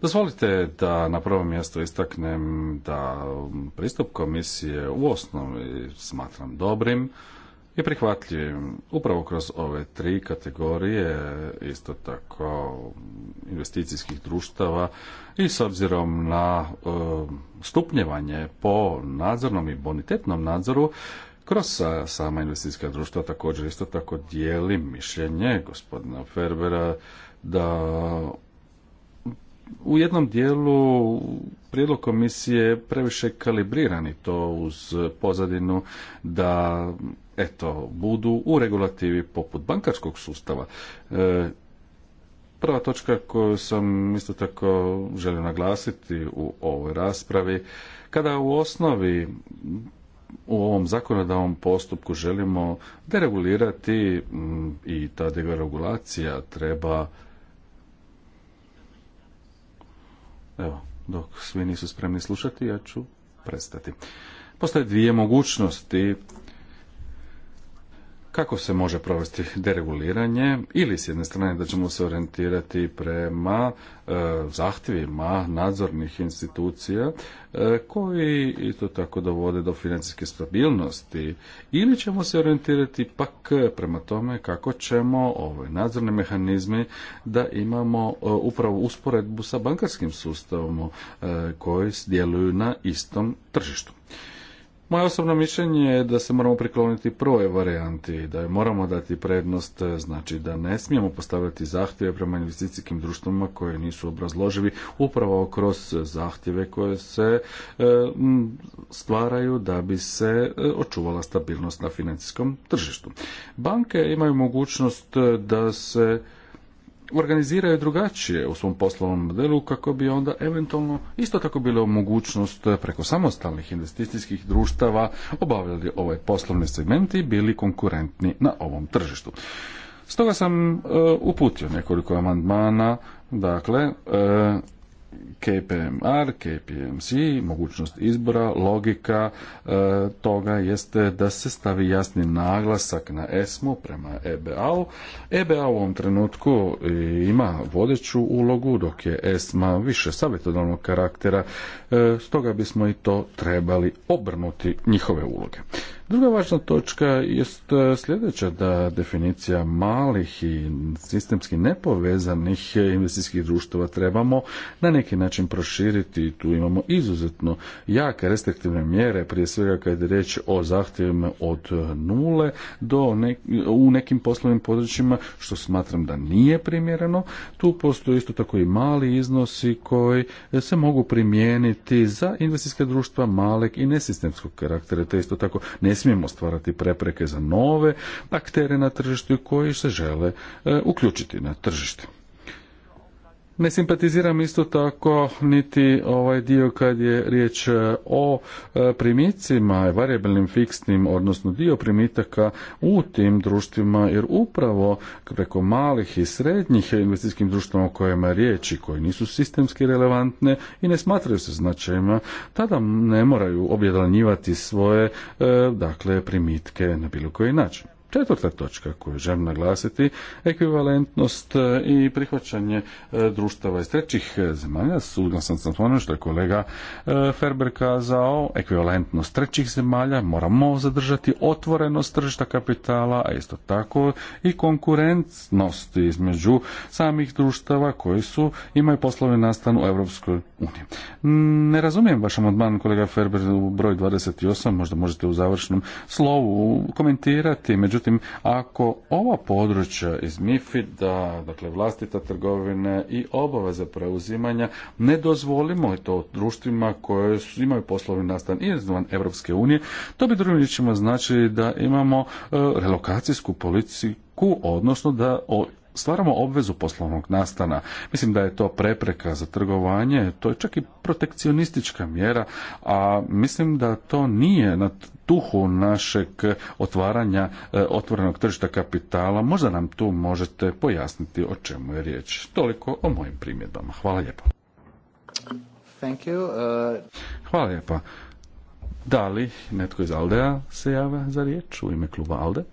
Dozvolite da na prvom mjestu istaknem da mm, pristup komisije u osnovi smatram dobrim, je prihvatljiv upravo kroz ove tri kategorije, isto tako investicijskih društava i s obzirom na e, stupnjevanje po nadzornom i bonitetnom nadzoru, kroz sama investicijska društva također isto tako dijeli mišljenje gospodina Ferbera da u jednom dijelu prijedlog komisije previše kalibrirani to uz pozadinu da eto, budu u regulativi poput bankarskog sustava. E, prva točka koju sam isto tako želio naglasiti u ovoj raspravi, kada u osnovi u ovom zakonodavnom postupku želimo deregulirati i ta deregulacija treba evo, dok svi nisu spremni slušati, ja ću prestati. Postoje dvije mogućnosti kako se može provesti dereguliranje ili s jedne strane da ćemo se orijentirati prema e, zahtjevima nadzornih institucija e, koji to tako dovode do financijske stabilnosti ili ćemo se orijentirati pak prema tome kako ćemo ove nadzorne mehanizme da imamo e, upravo usporedbu sa bankarskim sustavom e, koji djeluju na istom tržištu. Moje osobno mišljenje je da se moramo prikloniti prvoj varijanti, da moramo dati prednost, e, znači da ne smijemo postavljati zahtjeve prema investicijskim društvima koje nisu obrazloživi upravo kroz zahtjeve koje se e, stvaraju da bi se e, očuvala stabilnost na financijskom tržištu. Banke imaju mogućnost da se organiziraju drugačije u svom poslovnom modelu kako bi onda eventualno isto tako bilo mogućnost preko samostalnih investicijskih društava obavljali ovaj poslovni segment i bili konkurentni na ovom tržištu. Stoga sam e, uputio nekoliko amandmana, dakle, e, KPMR, KPMC, mogućnost izbora, logika e, toga jeste da se stavi jasni naglasak na ESMO prema EBA-u. EBA u ovom trenutku e, ima vodeću ulogu, dok je ESMA više savjetodavnog karaktera, e, stoga bismo i to trebali obrnuti njihove uloge. Druga važna točka jest e, sljedeća da definicija malih i sistemski nepovezanih investicijskih društava trebamo na neki način proširiti. Tu imamo izuzetno jake restriktivne mjere, prije svega kad je riječ o zahtjevima od nule do u nekim poslovnim područjima, što smatram da nije primjereno. Tu postoje isto tako i mali iznosi koji se mogu primijeniti za investicijske društva malek i nesistemskog karaktera, te isto tako ne smijemo stvarati prepreke za nove aktere na tržištu koji se žele e, uključiti na tržište. Ne simpatiziram isto tako niti ovaj dio kad je riječ e, o e, primicima, variabilnim fiksnim, odnosno dio primitaka u tim društvima, jer upravo preko malih i srednjih investicijskim društvima o kojima je riječ koji nisu sistemski relevantne i ne smatraju se značajima, tada ne moraju objedanjivati svoje e, dakle primitke na bilo koji način. Četvrta točka koju želim naglasiti, ekvivalentnost e, i prihvaćanje e, društava iz trećih e, zemalja. Suglasan sam s onom što je kolega Ferber kazao, ekvivalentnost trećih zemalja, moramo zadržati otvorenost tržišta kapitala, a isto tako i konkurentnost između samih društava koji su imaju poslovni nastan u Europskoj uniji. Ne razumijem vaš amandman kolega Ferber u broj 28, možda možete u završnom slovu komentirati, međutim ako ova područja iz MIFID-a, dakle vlastita trgovine i obaveze preuzimanja, ne dozvolimo i to društvima koje su, imaju poslovni nastan izvan Europske unije, to bi drugim ličima znači da imamo e, relokacijsku politiku, odnosno da stvaramo obvezu poslovnog nastana. Mislim da je to prepreka za trgovanje, to je čak i protekcionistička mjera, a mislim da to nije na duhu našeg otvaranja e, otvorenog tržišta kapitala. Možda nam tu možete pojasniti o čemu je riječ. Toliko o mojim primjedbama. Hvala lijepo. Thank you. Uh, Hvala lijepo. Da li netko iz Aldea se java za riječ u ime kluba Alde?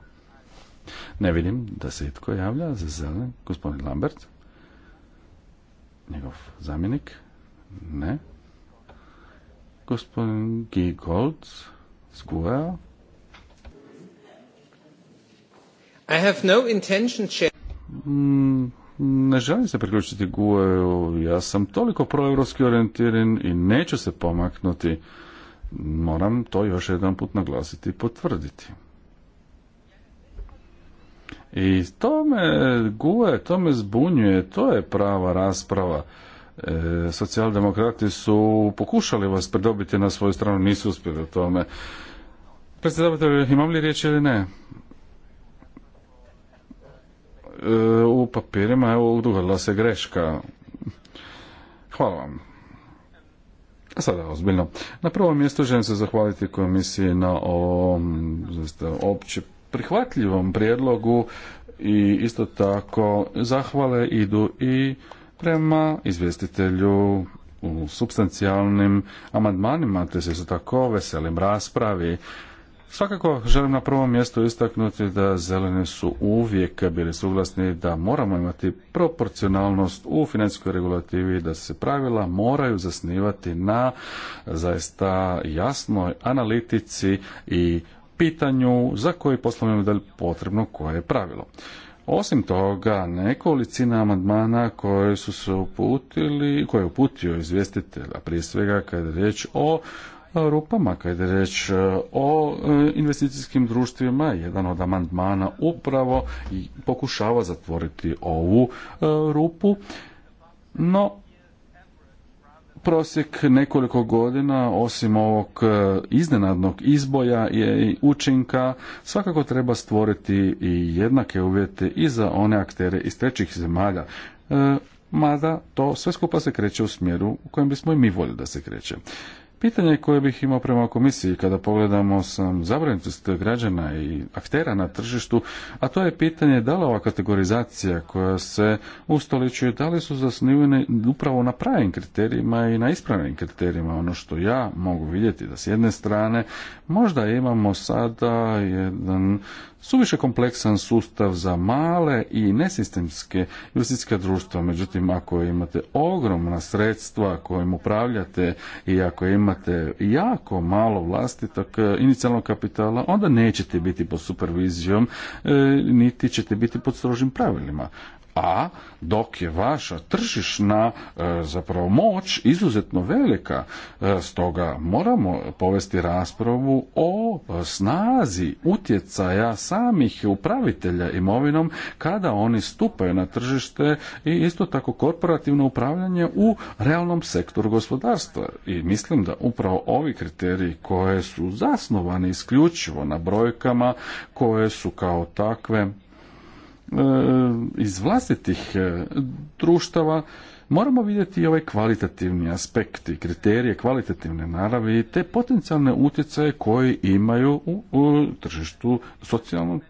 Ne vidim da se itko javlja za zelen. Gospodin Lambert, njegov zamjenik, ne. Gospodin G. Gold, I have no intention mm, ne želim se priključiti guaju ja sam toliko proeuropski orijentiran i neću se pomaknuti. Moram to još jedan put naglasiti i potvrditi. I to me guje, to me zbunjuje, to je prava rasprava. E, socijaldemokrati su pokušali vas pridobiti na svoju stranu, nisu uspjeli u tome. Predsjedavatelj, imam li riječ ili ne? E, u papirima, evo, udogodila se greška. Hvala vam. A sada ozbiljno. Na prvom mjestu želim se zahvaliti komisiji na ovom opće prihvatljivom prijedlogu i isto tako zahvale idu i prema izvjestitelju u substancijalnim amandmanima, te se isto tako veselim raspravi. Svakako želim na prvom mjestu istaknuti da zeleni su uvijek bili suglasni da moramo imati proporcionalnost u financijskoj regulativi, da se pravila moraju zasnivati na zaista jasnoj analitici i pitanju za koji poslovni model potrebno koje je pravilo. Osim toga, nekolicina amandmana koje su se uputili, koje je uputio izvjestitelj, a prije svega kada je riječ o rupama, kada je riječ e, o e, investicijskim društvima, jedan od amandmana upravo pokušava zatvoriti ovu e, rupu, no prosjek nekoliko godina, osim ovog e, iznenadnog izboja i učinka, svakako treba stvoriti i jednake uvjete i za one aktere iz trećih zemalja. E, mada to sve skupa se kreće u smjeru u kojem bismo i mi voljeli da se kreće. Pitanje koje bih imao prema komisiji kada pogledamo sam zabranitost građana i aktera na tržištu, a to je pitanje da li ova kategorizacija koja se ustoličuje, da li su zasnivene upravo na pravim kriterijima i na ispravnim kriterijima. Ono što ja mogu vidjeti da s jedne strane možda imamo sada jedan suviše kompleksan sustav za male i nesistemske investicijska društva. Međutim, ako imate ogromna sredstva kojim upravljate i ako imate jako malo vlastitog e, inicijalnog kapitala, onda nećete biti pod supervizijom, e, niti ćete biti pod strožim pravilima a dok je vaša tržišna e, zapravo moć izuzetno velika. E, stoga moramo povesti raspravu o snazi utjecaja samih upravitelja imovinom kada oni stupaju na tržište i isto tako korporativno upravljanje u realnom sektoru gospodarstva. I mislim da upravo ovi kriteriji koje su zasnovani isključivo na brojkama koje su kao takve E, iz vlastitih e, društava moramo vidjeti i ovaj kvalitativni aspekti, kriterije kvalitativne naravi te potencijalne utjecaje koji imaju u, u tržištu socijalnom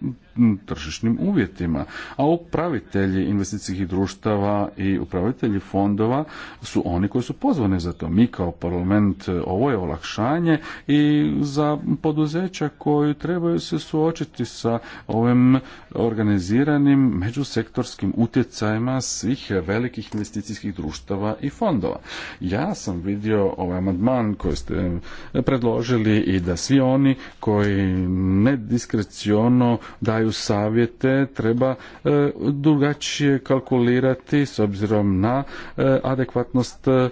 tržišnim uvjetima. A upravitelji investicijskih društava i upravitelji fondova su oni koji su pozvani za to. Mi kao parlament ovo je olakšanje i za poduzeća koji trebaju se suočiti sa ovim organiziranim međusektorskim utjecajima svih velikih investicijskih društava i fondova. Ja sam vidio ovaj amandman koji ste predložili i da svi oni koji nediskrecijono daju daju savjete treba e, drugačije kalkulirati s obzirom na e, adekvatnost e,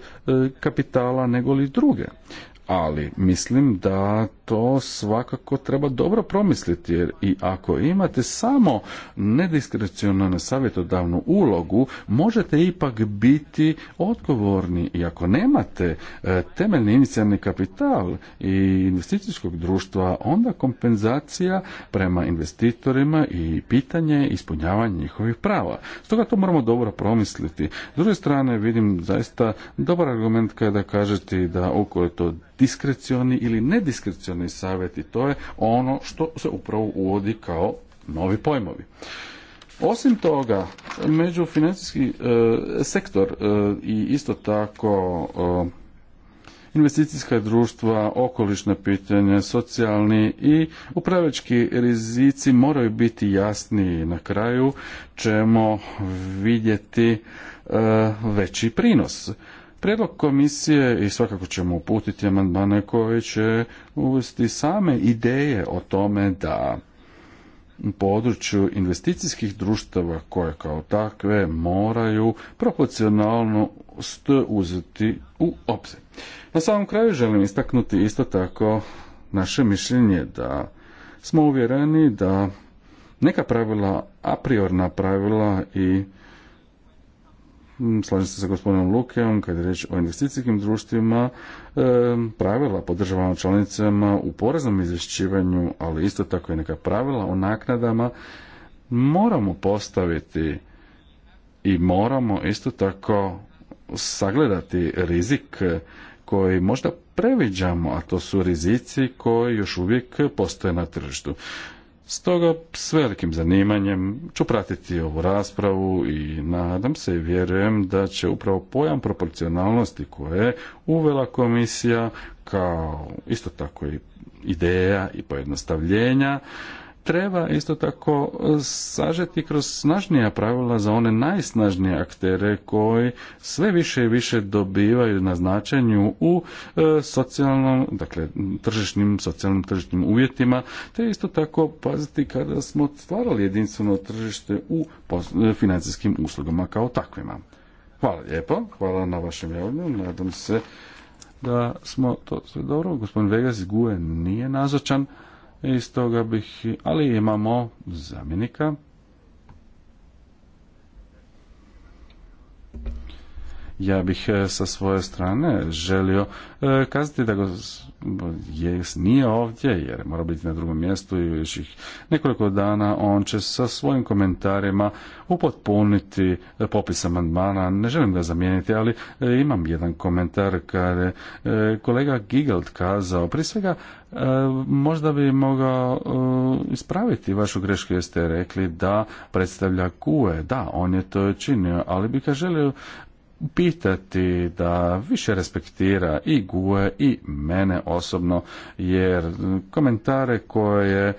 kapitala nego li druge ali mislim da to svakako treba dobro promisliti jer i ako imate samo nediskrecionalnu savjetodavnu ulogu možete ipak biti odgovorni i ako nemate e, temeljni inicijalni kapital i investicijskog društva onda kompenzacija prema investitorima i pitanje ispunjavanja njihovih prava stoga to moramo dobro promisliti s druge strane vidim zaista dobar argument kada kažete da ukoliko to diskrecioni ili nediskrecioni savjet i to je ono što se upravo uvodi kao novi pojmovi. Osim toga, među financijski e, sektor e, i isto tako e, investicijska društva, okolišna pitanja, socijalni i upravljački rizici moraju biti jasni Na kraju ćemo vidjeti veći prinos. Predlog komisije i svakako ćemo uputiti amandmane koji će uvesti same ideje o tome da području investicijskih društava koje kao takve moraju proporcionalno uzeti u obzir. Na samom kraju želim istaknuti isto tako naše mišljenje da smo uvjereni da neka pravila, apriorna pravila i Mm, slažem se sa gospodinom Lukeom kad je reč o investicijskim društvima, e, pravila po članicama u poreznom izvješćivanju, ali isto tako i neka pravila o naknadama moramo postaviti i moramo isto tako sagledati rizik koji možda previđamo, a to su rizici koji još uvijek postoje na tržištu. Stoga s velikim zanimanjem ću pratiti ovu raspravu i nadam se i vjerujem da će upravo pojam proporcionalnosti koje je uvela komisija kao isto tako i ideja i pojednostavljenja treba isto tako e, sažeti kroz snažnija pravila za one najsnažnije aktere koji sve više i više dobivaju na značenju u e, socijalnom, dakle tržišnim, socijalnim tržišnim uvjetima, te isto tako paziti kada smo stvarali jedinstveno tržište u e, financijskim uslugama kao takvima. Hvala lijepo, hvala na vašem javnom, nadam se da smo to sve dobro. Gospodin Vegas iz Guje nije nazočan. I stoga bih, ali imamo zamjenika. Ja bih e, sa svoje strane želio e, kazati da je, nije ovdje jer mora biti na drugom mjestu i već nekoliko dana on će sa svojim komentarima upotpuniti e, popis amandmana. Ne želim ga zamijeniti, ali imam jedan komentar kada je kolega Gigald kazao. Prije svega možda bi mogao ispraviti vašu grešku jer ste rekli da predstavlja kue. Da, on je to činio, ali bi ga želio pitati da više respektira i Gue i mene osobno, jer komentare koje je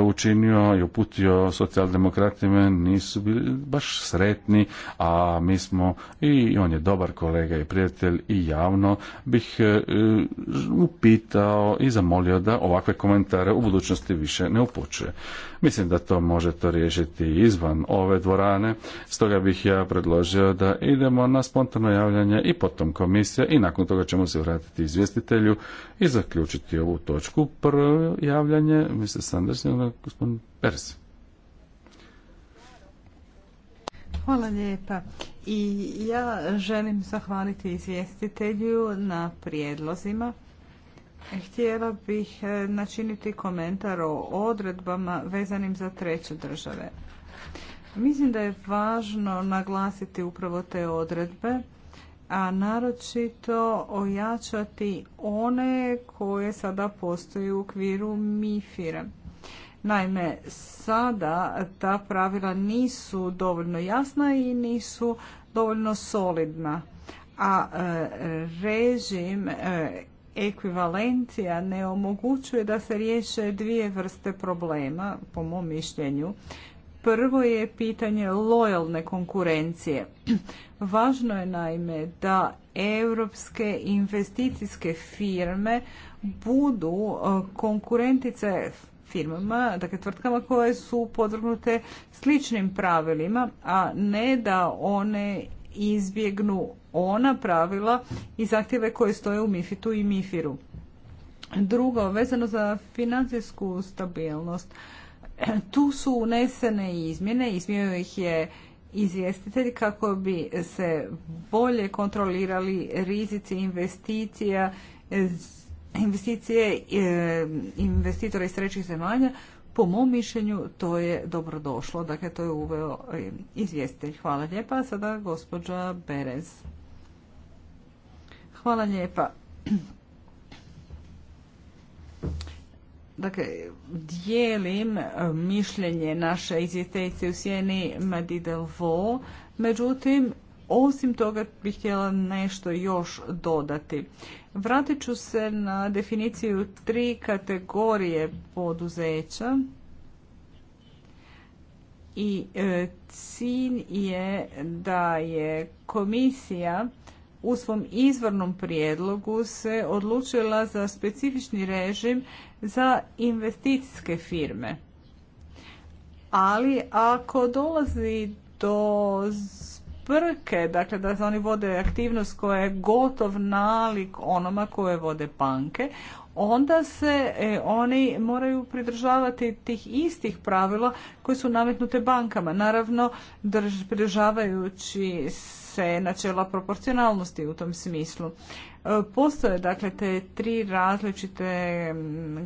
učinio i uputio socijaldemokratima nisu bili baš sretni, a mi smo i on je dobar kolega i prijatelj i javno bih e, upitao i zamolio da ovakve komentare u budućnosti više ne upućuje. Mislim da to može to riješiti izvan ove dvorane, stoga bih ja predložio da idemo na spontano i potom komisija i nakon toga ćemo se vratiti izvjestitelju i zaključiti ovu točku. Prvo javljanje, mislim Sanders i gospodin Persi. Hvala lijepa. I ja želim zahvaliti izvjestitelju na prijedlozima. Htjela bih eh, načiniti komentar o odredbama vezanim za treće države. Mislim da je važno naglasiti upravo te odredbe, a naročito ojačati one koje sada postoje u okviru mifir Naime, sada ta pravila nisu dovoljno jasna i nisu dovoljno solidna, a e, režim e, ekvivalencija ne omogućuje da se riješe dvije vrste problema, po mom mišljenju. Prvo je pitanje lojalne konkurencije. Važno je naime da europske investicijske firme budu e, konkurentice firmama, dakle tvrtkama koje su podvrgnute sličnim pravilima, a ne da one izbjegnu ona pravila i zahtjeve koje stoje u MIFIT-u i MIFIR-u. Drugo, vezano za financijsku stabilnost. Tu su unesene izmjene, izmijenio ih je izvjestitelj kako bi se bolje kontrolirali rizici investicija, investicije e, investitora iz trećih zemalja. Po mom mišljenju to je dobro došlo, dakle to je uveo e, izvjestitelj. Hvala lijepa, sada gospođa Berez. Hvala lijepa. Dakle, dijelim e, mišljenje naše izvjetejce u sjeni Madidelvo, međutim, osim toga bih htjela nešto još dodati. Vratit ću se na definiciju tri kategorije poduzeća i e, cilj je da je komisija u svom izvornom prijedlogu se odlučila za specifični režim za investicijske firme. Ali ako dolazi do sprke, dakle da oni vode aktivnost koja je gotov nalik onoma koje vode banke, onda se e, oni moraju pridržavati tih istih pravila koje su nametnute bankama. Naravno, drž, pridržavajući se načela proporcionalnosti u tom smislu. E, postoje dakle te tri različite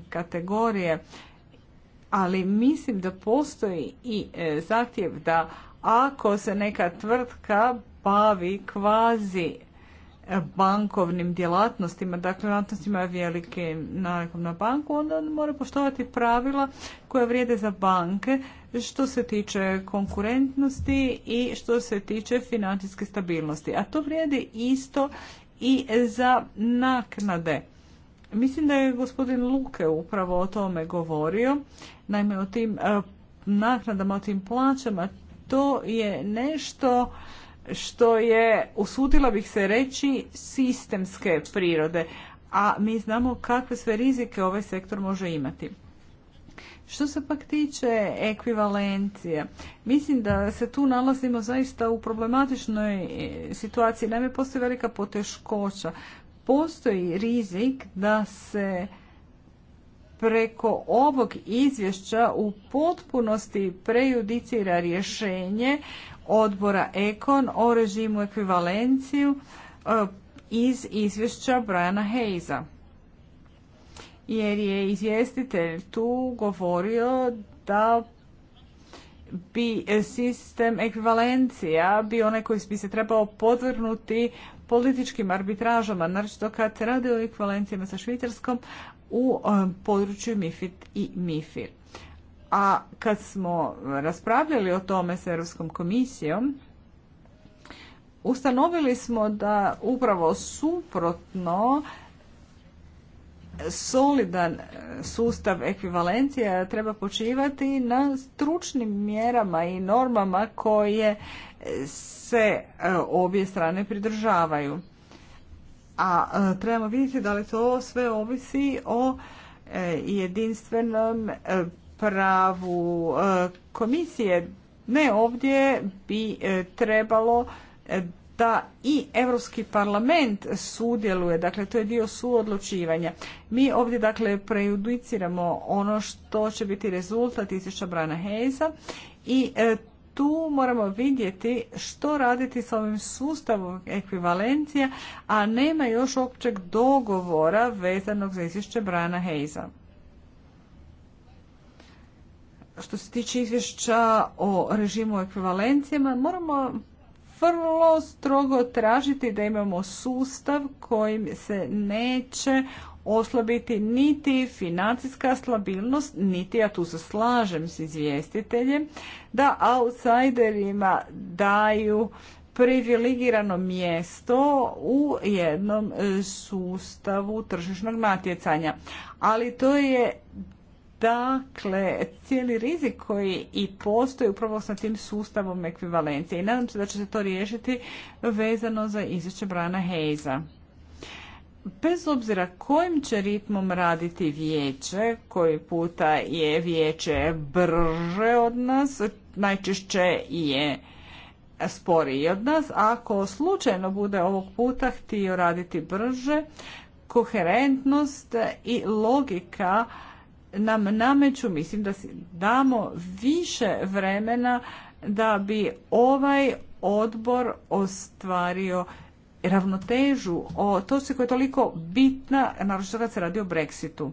kategorije, ali mislim da postoji i e, zahtjev da ako se neka tvrtka bavi kvazi e, bankovnim djelatnostima, dakle djelatnostima velike na banku, onda mora poštovati pravila koja vrijede za banke, što se tiče konkurentnosti i što se tiče financijske stabilnosti. A to vrijedi isto i za naknade. Mislim da je gospodin Luke upravo o tome govorio, naime o tim e, naknadama, o tim plaćama. To je nešto što je, usudila bih se reći, sistemske prirode, a mi znamo kakve sve rizike ovaj sektor može imati. Što se pak tiče ekvivalencije, mislim da se tu nalazimo zaista u problematičnoj e, situaciji. Naime, postoji velika poteškoća. Postoji rizik da se preko ovog izvješća u potpunosti prejudicira rješenje odbora Ekon o režimu ekvivalenciju e, iz izvješća Briana Hayza jer je izvjestitelj tu govorio da bi sistem ekvivalencija bi onaj koji bi se trebao podvrnuti političkim arbitražama, naročito kad se radi o ekvivalencijama sa Švicarskom u um, području MIFID i MIFIR. A kad smo raspravljali o tome s Europskom komisijom, ustanovili smo da upravo suprotno solidan e, sustav ekvivalencija treba počivati na stručnim mjerama i normama koje e, se e, obje strane pridržavaju. A trebamo vidjeti da li to sve ovisi o jedinstvenom pravu komisije. Ne ovdje bi trebalo da i Europski parlament sudjeluje, dakle to je dio suodlučivanja. Mi ovdje dakle prejudiciramo ono što će biti rezultat izvješća Brana Hejza i e, tu moramo vidjeti što raditi s ovim sustavom ekvivalencija, a nema još općeg dogovora vezanog za izvješće Brana Hejza. Što se tiče izvješća o režimu ekvivalencijama, moramo vrlo strogo tražiti da imamo sustav kojim se neće oslabiti niti financijska stabilnost, niti, ja tu se slažem s izvjestiteljem, da outsiderima daju privilegirano mjesto u jednom sustavu tržišnog natjecanja. Ali to je Dakle, cijeli rizik koji i postoji upravo sa tim sustavom ekvivalencije i nadam se da će se to riješiti vezano za izvješće Brana Hejza. Bez obzira kojim će ritmom raditi vijeće, koji puta je vijeće brže od nas, najčešće je sporiji od nas, ako slučajno bude ovog puta htio raditi brže, koherentnost i logika nam nameću, mislim da si damo više vremena da bi ovaj odbor ostvario ravnotežu o to koja je toliko bitna, naročito kad se radi o Brexitu.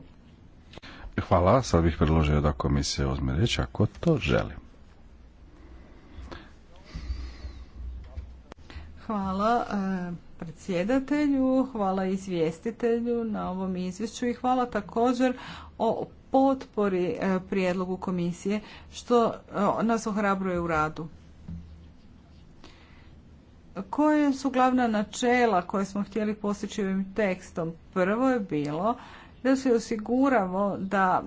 Hvala, sad bih predložio da komisija ozme ako to želi. Hvala e, predsjedatelju, hvala izvjestitelju na ovom izvješću i hvala također o potpori e, prijedlogu komisije što e, nas ohrabruje u radu. Koje su glavna načela koje smo htjeli postići ovim tekstom? Prvo je bilo da se osiguramo da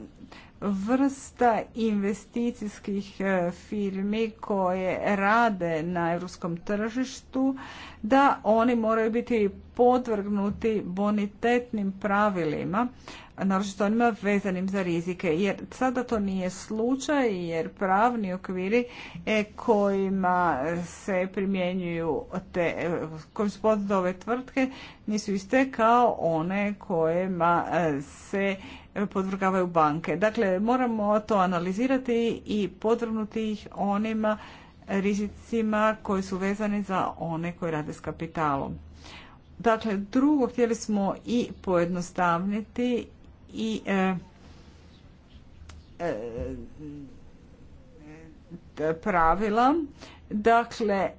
vrsta investicijskih e, firmi koje rade na europskom tržištu, da oni moraju biti podvrgnuti bonitetnim pravilima naročito onima vezanim za rizike. Jer sada to nije slučaj jer pravni okviri e, kojima se primjenjuju te, kojim su ove tvrtke nisu iste kao one kojima e, se podvrgavaju banke. Dakle, moramo to analizirati i podvrgnuti ih onima rizicima koji su vezani za one koji rade s kapitalom. Dakle, drugo, htjeli smo i pojednostavniti i e, e, e, pravila. Dakle,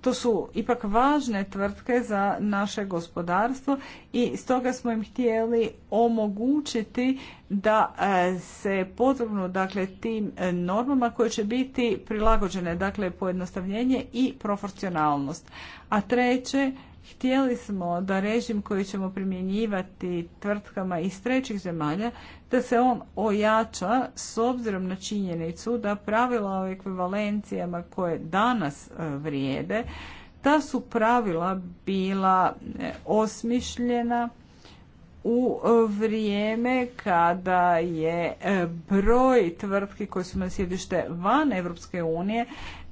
to su ipak važne tvrtke za naše gospodarstvo i stoga smo im htjeli omogućiti da se potrebno dakle, tim normama koje će biti prilagođene, dakle pojednostavljenje i proporcionalnost. A treće, Htjeli smo da režim koji ćemo primjenjivati tvrtkama iz trećih zemalja, da se on ojača s obzirom na činjenicu da pravila o ekvivalencijama koje danas e, vrijede, ta su pravila bila e, osmišljena u e, vrijeme kada je broj tvrtki koje su na sjedište van Europske unije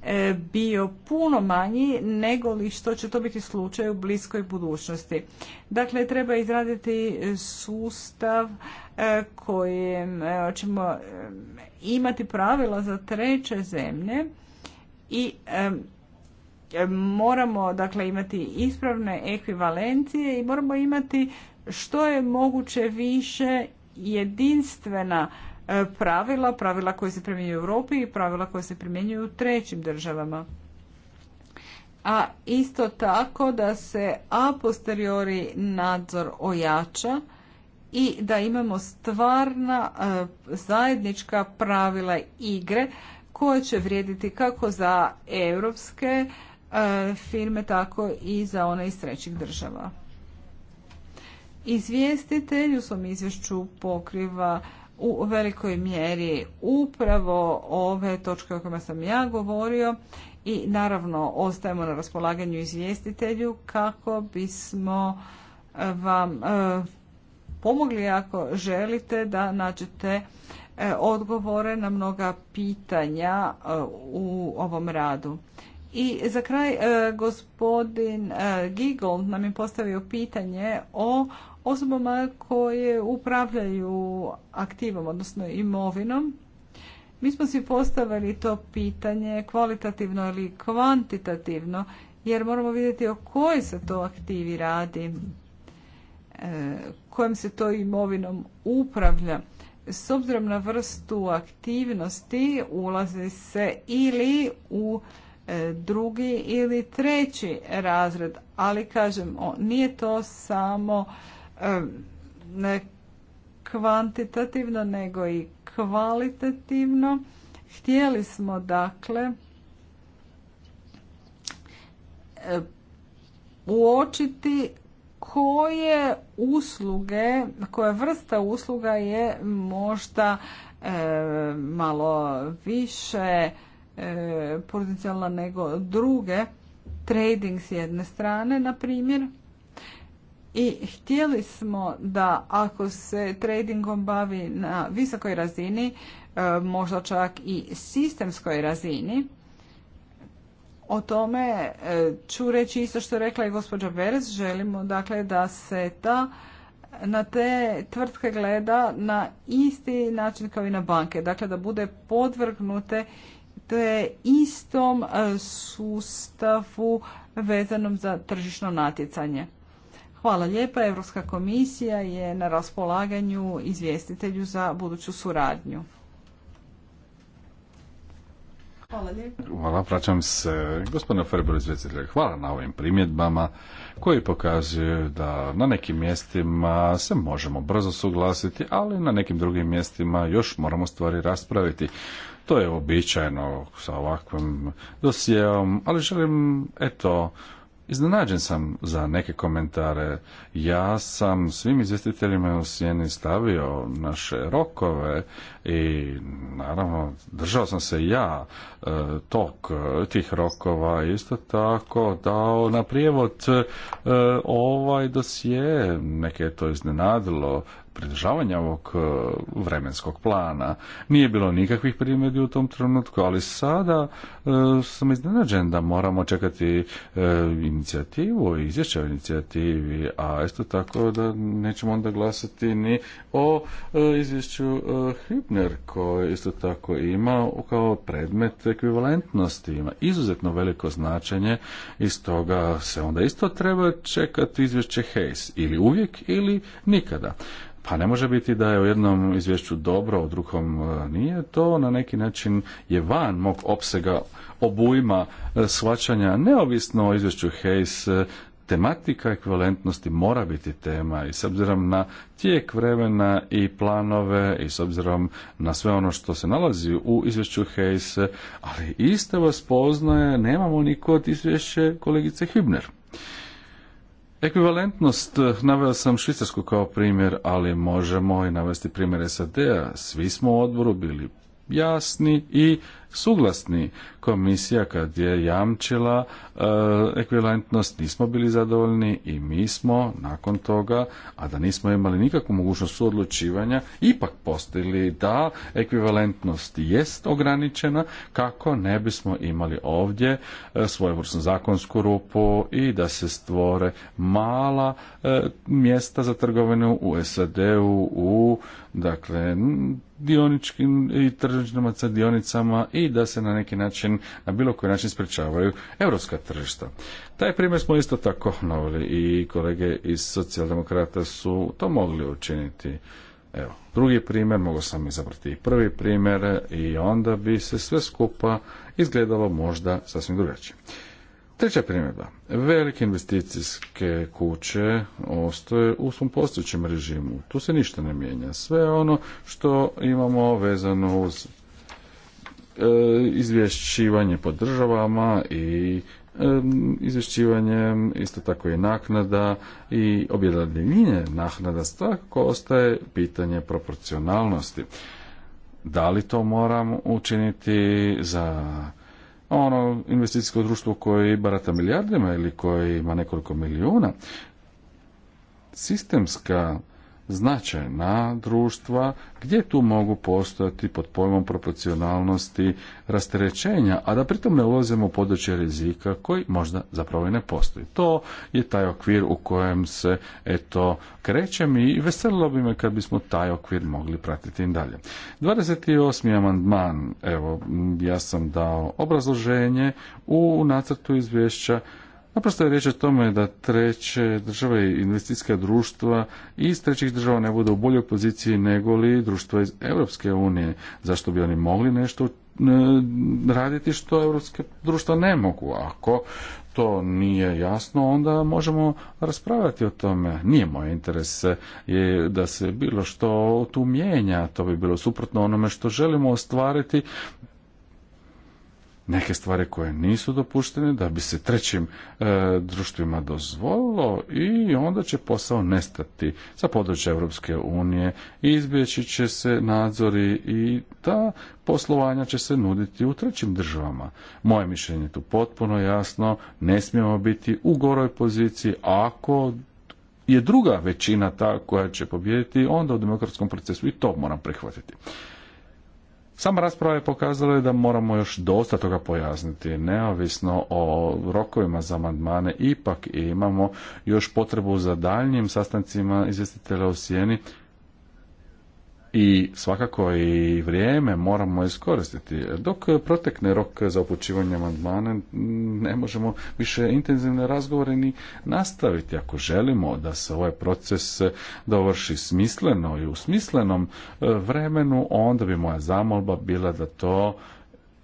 E, bio puno manji nego li što će to biti slučaj u bliskoj budućnosti. Dakle, treba izraditi sustav e, kojem e, ćemo imati pravila za treće zemlje i moramo dakle imati ispravne ekvivalencije i moramo imati što je moguće više jedinstvena E, pravila, pravila koje se primjenjuju u Europi i pravila koje se primjenjuju u trećim državama. A isto tako da se a posteriori nadzor ojača i da imamo stvarna e, zajednička pravila igre koje će vrijediti kako za europske e, firme, tako i za one iz trećih država. Izvjestitelj u svom izvješću pokriva u velikoj mjeri upravo ove točke o kojima sam ja govorio i naravno ostajemo na raspolaganju izvjestitelju kako bismo e, vam e, pomogli ako želite da nađete e, odgovore na mnoga pitanja u ovom radu. I za kraj, e, gospodin e, Gigol nam je postavio pitanje o osobama koje upravljaju aktivom, odnosno imovinom. Mi smo si postavili to pitanje kvalitativno ili kvantitativno, jer moramo vidjeti o kojoj se to aktivi radi, e, kojom se to imovinom upravlja. S obzirom na vrstu aktivnosti ulazi se ili u E, drugi ili treći razred, ali kažem, nije to samo e, ne kvantitativno nego i kvalitativno. Htjeli smo dakle e, uočiti koje usluge, koja vrsta usluga je možda malo više E, potencijalno nego druge, trading s jedne strane, na primjer, i htjeli smo da ako se tradingom bavi na visokoj razini, e, možda čak i sistemskoj razini, o tome e, ću reći isto što je rekla i gospođa Berez. Želimo dakle da se ta na te tvrtke gleda na isti način kao i na banke. Dakle, da bude podvrgnute istom e, sustavu vezanom za tržišno natjecanje. Hvala lijepa. Europska komisija je na raspolaganju izvjestitelju za buduću suradnju. Hvala lijepa. Hvala, vraćam se gospodine Ferberu Hvala na ovim primjedbama koji pokazuju da na nekim mjestima se možemo brzo suglasiti, ali na nekim drugim mjestima još moramo stvari raspraviti. To je običajno sa ovakvim dosijevom, ali želim, eto, Iznenađen sam za neke komentare. Ja sam svim izvjestiteljima u Sjeni stavio naše rokove i naravno držao sam se ja e, tok e, tih rokova isto tako dao na prijevod e, ovaj dosije, Neke je to iznenadilo pridržavanja ovog e, vremenskog plana. Nije bilo nikakvih primjedbi u tom trenutku, ali sada e, sam iznenađen da moramo čekati e, inicijativu, izvješće o inicijativi, a isto tako da nećemo onda glasati ni o izvješću Hübner, koji isto tako ima kao predmet ekvivalentnosti, ima izuzetno veliko značenje i toga se onda isto treba čekati izvješće Hayes ili uvijek ili nikada. Pa ne može biti da je u jednom izvješću dobro, u drugom e, nije. To na neki način je van mog opsega obujma e, svačanja, neovisno o izvješću Hayes, e, tematika ekvivalentnosti mora biti tema i s obzirom na tijek vremena i planove i s obzirom na sve ono što se nalazi u izvješću Hayes, ali iste vas poznaje nemamo ni kod izvješće kolegice Hibner. Ekvivalentnost, eh, naveo sam Švicarsku kao primjer, ali možemo i navesti primjer SAD-a. Svi smo u odboru bili jasni i suglasni. Komisija kad je jamčila e, ekvivalentnost nismo bili zadovoljni i mi smo nakon toga, a da nismo imali nikakvu mogućnost suodlučivanja, ipak postavili da ekvivalentnost jest ograničena kako ne bismo imali ovdje svoju e, svojevrsnu zakonsku rupu i da se stvore mala e, mjesta za trgovinu u SAD-u u dakle dioničkim i tržnicama dionicama i i da se na neki način, na bilo koji način sprečavaju europska tržišta. Taj primjer smo isto tako naveli i kolege iz socijaldemokrata su to mogli učiniti. Evo, drugi primjer, mogu sam izabrati i prvi primjer i onda bi se sve skupa izgledalo možda sasvim drugačije. Treća primjedba. Velike investicijske kuće ostaje u svom postojećem režimu. Tu se ništa ne mijenja. Sve ono što imamo vezano uz E, izvješćivanje po državama i e, izvješćivanje, isto tako i naknada i objedanjenje naknada tako ostaje pitanje proporcionalnosti. Da li to moram učiniti za ono investicijsko društvo koje barata milijardima ili koje ima nekoliko milijuna? Sistemska značajna društva gdje tu mogu postojati pod pojmom proporcionalnosti rasterećenja, a da pritom ne ulazimo u područje rizika koji možda zapravo i ne postoji. To je taj okvir u kojem se eto krećem i veselilo bi me kad bismo taj okvir mogli pratiti i dalje. 28. amandman, evo ja sam dao obrazloženje u nacrtu izvješća Naprosto je riječ o tome da treće države i investicijska društva iz trećih država ne bude u boljoj poziciji nego li društva iz Europske unije. Zašto bi oni mogli nešto e, raditi što europske društva ne mogu. Ako to nije jasno, onda možemo raspravljati o tome. Nije moj interes je da se bilo što tu mijenja. To bi bilo suprotno onome što želimo ostvariti neke stvari koje nisu dopuštene da bi se trećim e, društvima dozvolilo i onda će posao nestati sa područja Europske unije izbjeći će se nadzori i ta poslovanja će se nuditi u trećim državama. Moje mišljenje je tu potpuno jasno, ne smijemo biti u goroj poziciji ako je druga većina ta koja će pobijediti onda u demokratskom procesu i to moram prihvatiti. Sama rasprava je pokazala da moramo još dosta toga pojasniti. Neovisno o rokovima za amandmane, ipak imamo još potrebu za daljnjim sastancima izvjestitelja u Sijeni i svakako i vrijeme moramo iskoristiti. Dok protekne rok za upućivanje amandmana ne možemo više intenzivne razgovore ni nastaviti. Ako želimo da se ovaj proces dovrši smisleno i u smislenom e, vremenu, onda bi moja zamolba bila da to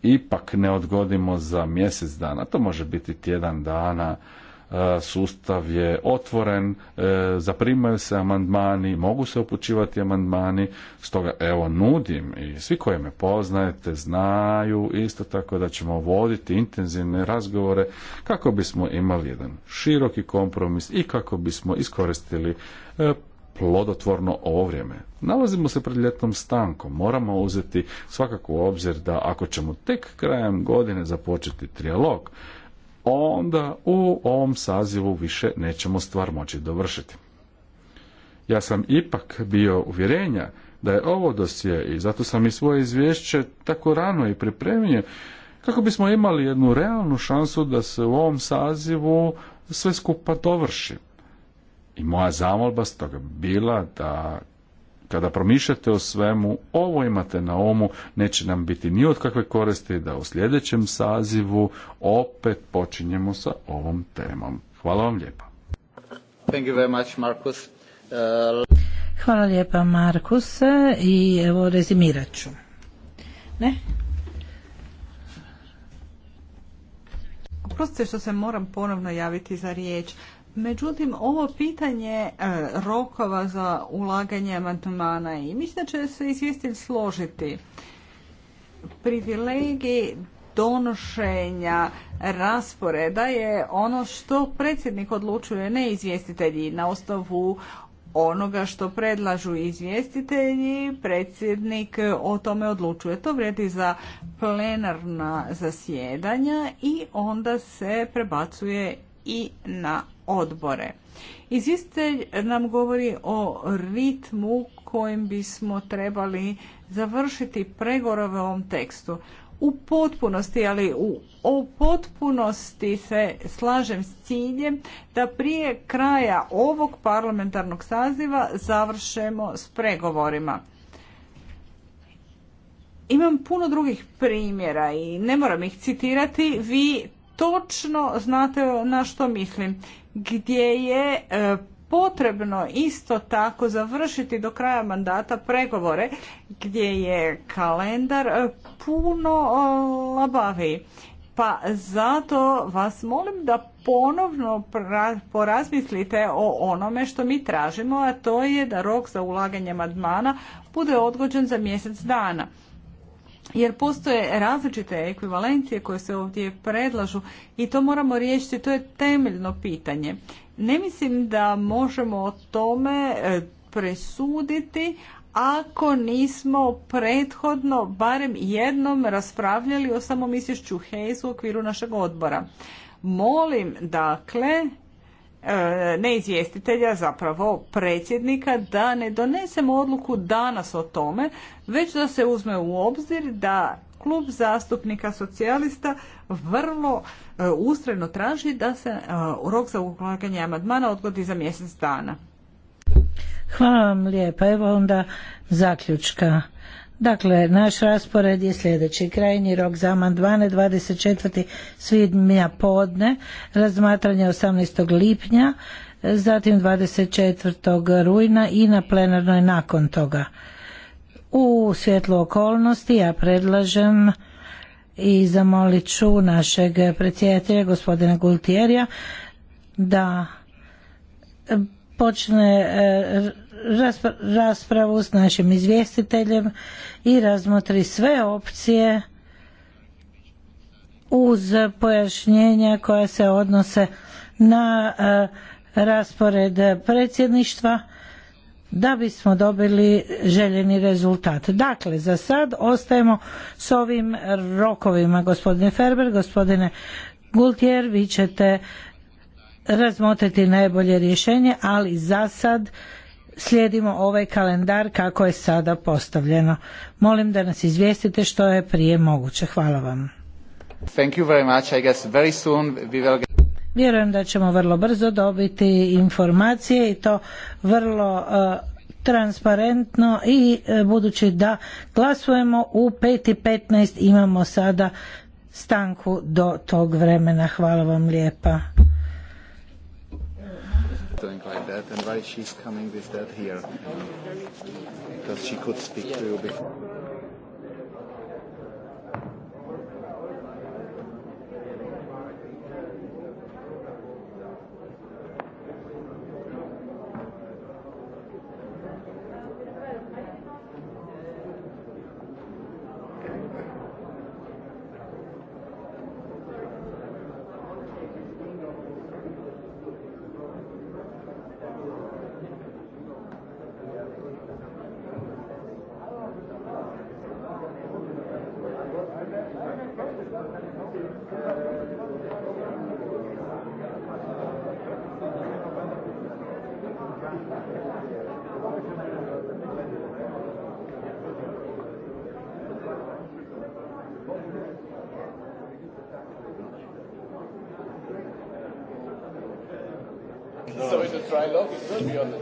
ipak ne odgodimo za mjesec dana. To može biti tjedan dana E, sustav je otvoren, e, zaprimaju se amandmani, mogu se upućivati amandmani, stoga evo nudim i svi koji me poznajete znaju isto tako da ćemo voditi intenzivne razgovore kako bismo imali jedan široki kompromis i kako bismo iskoristili e, plodotvorno ovo vrijeme. Nalazimo se pred ljetnom stankom, moramo uzeti svakako u obzir da ako ćemo tek krajem godine započeti trijalog, onda u ovom sazivu više nećemo stvar moći dovršiti. Ja sam ipak bio uvjerenja da je ovo dosje i zato sam i svoje izvješće tako rano i pripremio kako bismo imali jednu realnu šansu da se u ovom sazivu sve skupa dovrši. I moja zamolba stoga bila da kada promišljate o svemu, ovo imate na umu, neće nam biti ni od kakve koristi da u sljedećem sazivu opet počinjemo sa ovom temom. Hvala vam lijepa. Thank you very much, Marcus. Uh... Hvala lijepa Markus i evo rezimirat ću. Ne? Oprostite što se moram ponovno javiti za riječ, Međutim, ovo pitanje e, rokova za ulaganje amandmana i mislim da će se izvjestitelj složiti. Privilegi donošenja rasporeda je ono što predsjednik odlučuje, ne izvjestitelji. Na osnovu onoga što predlažu izvjestitelji, predsjednik o tome odlučuje. To vredi za plenarna zasjedanja i onda se prebacuje i na odbore. Izvjestitelj nam govori o ritmu kojim bismo trebali završiti pregovore u ovom tekstu. U potpunosti, ali u, u potpunosti se slažem s ciljem da prije kraja ovog parlamentarnog saziva završemo s pregovorima. Imam puno drugih primjera i ne moram ih citirati, vi točno znate na što mislim gdje je e, potrebno isto tako završiti do kraja mandata pregovore gdje je kalendar e, puno labaviji. Pa zato vas molim da ponovno porazmislite o onome što mi tražimo, a to je da rok za ulaganje madmana bude odgođen za mjesec dana jer postoje različite ekvivalencije koje se ovdje predlažu i to moramo riješiti, to je temeljno pitanje. Ne mislim da možemo o tome e, presuditi ako nismo prethodno barem jednom raspravljali o samom izvješću Hayes u okviru našeg odbora. Molim dakle E, neizvjestitelja, zapravo predsjednika, da ne donesemo odluku danas o tome, već da se uzme u obzir da klub zastupnika socijalista vrlo e, ustrajno traži da se e, rok za uklaganje amandmana odgodi za mjesec dana. Hvala vam lijepa. Evo onda zaključka Dakle, naš raspored je sljedeći. Krajnji rok za amandmane 24. svibnja podne, razmatranje 18. lipnja, zatim 24. rujna i na plenarnoj nakon toga. U svjetlu okolnosti ja predlažem i zamolit ću našeg predsjedatelja gospodina Gultierija da počne e, raspravu s našim izvjestiteljem i razmotri sve opcije uz pojašnjenja koja se odnose na e, raspored predsjedništva da bismo dobili željeni rezultat. Dakle, za sad ostajemo s ovim rokovima. Gospodine Ferber, gospodine Gultier, vi ćete razmotriti najbolje rješenje, ali za sad slijedimo ovaj kalendar kako je sada postavljeno. Molim da nas izvijestite što je prije moguće. Hvala vam. Thank you very much. I guess very soon we will... Vjerujem da ćemo vrlo brzo dobiti informacije i to vrlo e, transparentno i e, budući da glasujemo u 5.15 imamo sada stanku do tog vremena. Hvala vam lijepa doing like that and why she's coming with that here. Because she could speak to you before. a trilogue, it will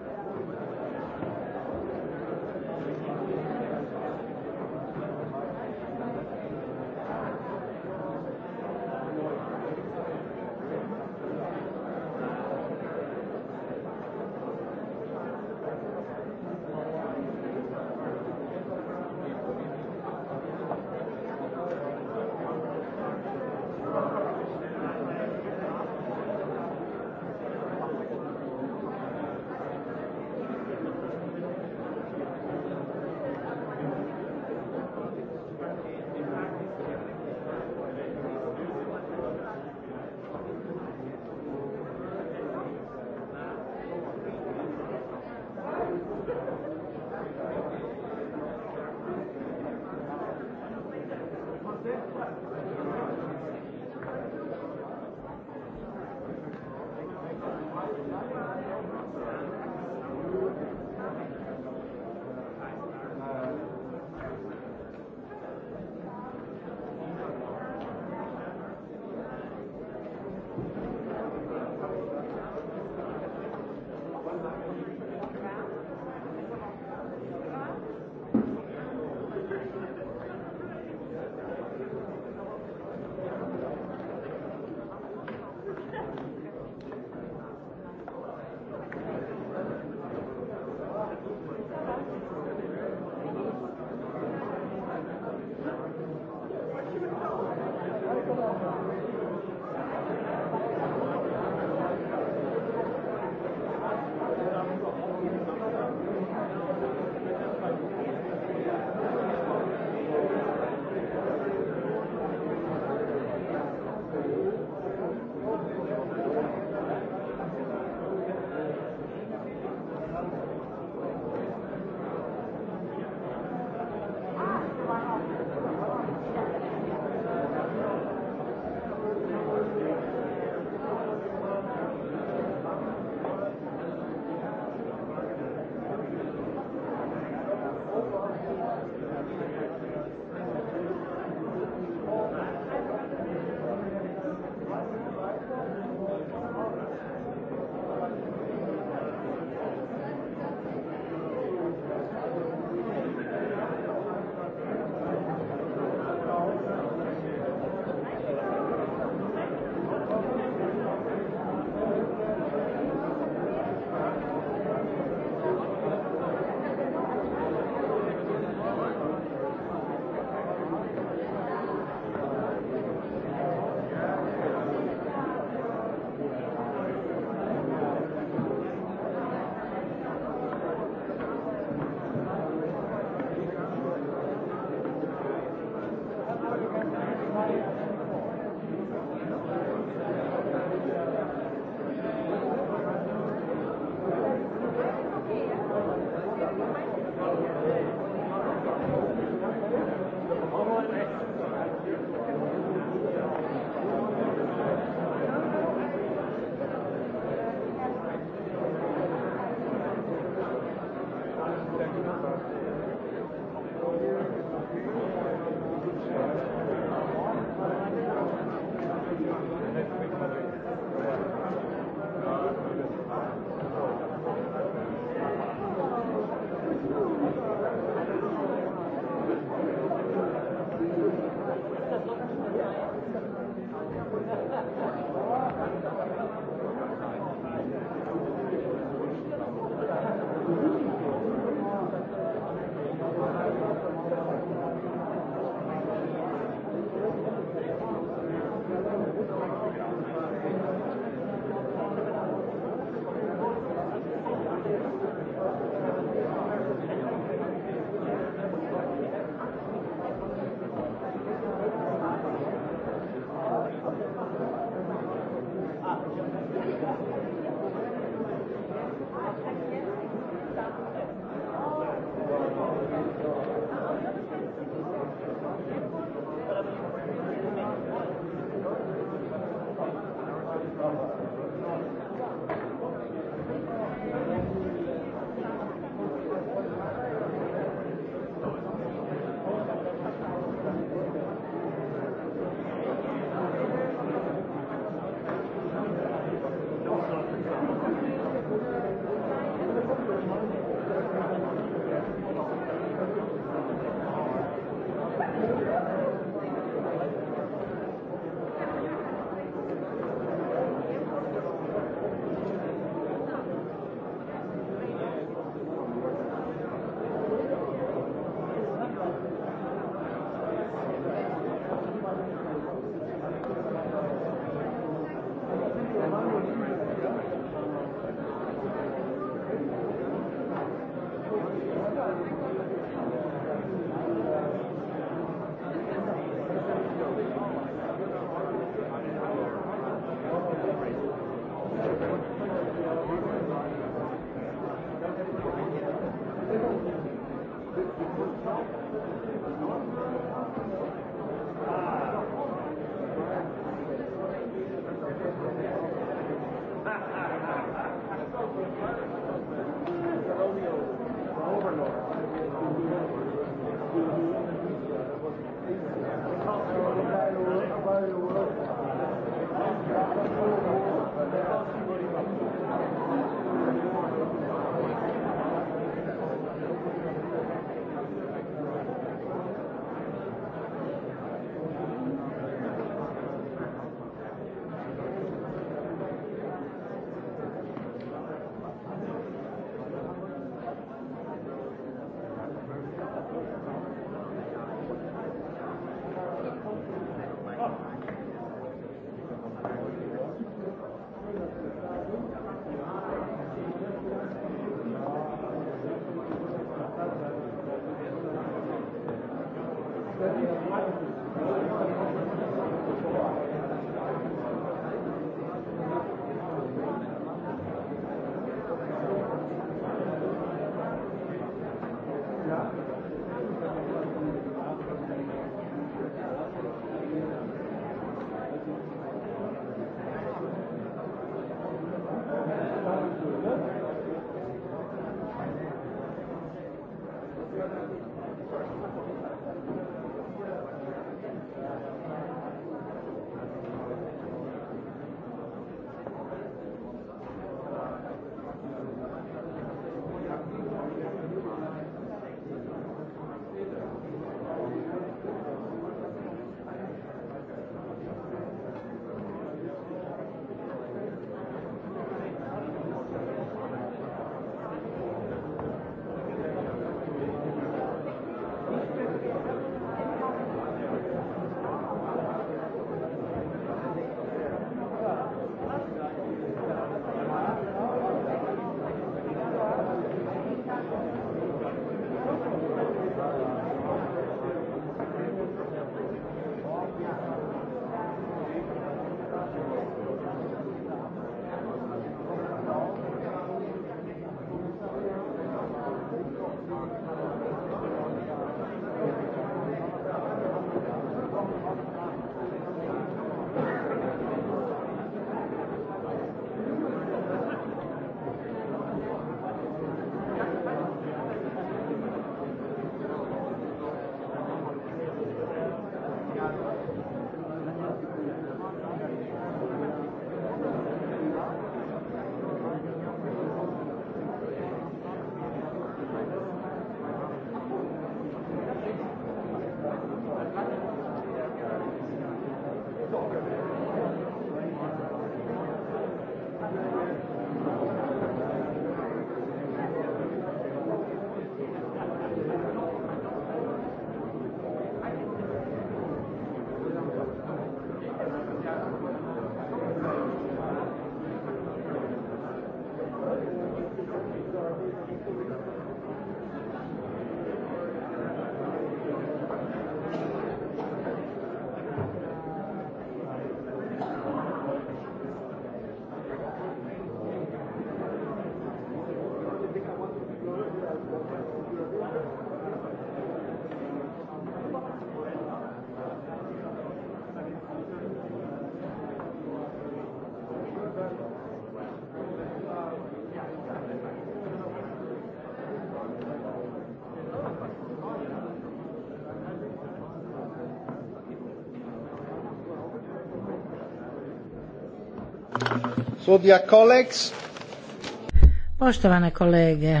Poštovane kolege,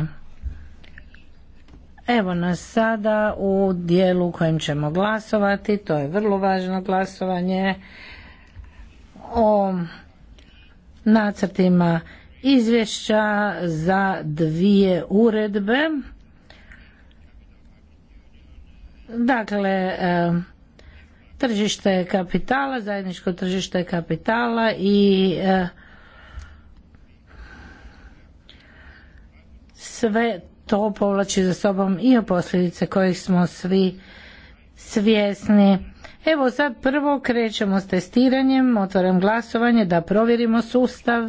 evo nas sada u dijelu u kojem ćemo glasovati, to je vrlo važno glasovanje o nacrtima izvješća za dvije uredbe. Dakle, e, tržište kapitala, zajedničko tržište kapitala i e, sve to povlači za sobom i o posljedice kojih smo svi svjesni. Evo sad prvo krećemo s testiranjem, otvaram glasovanje da provjerimo sustav.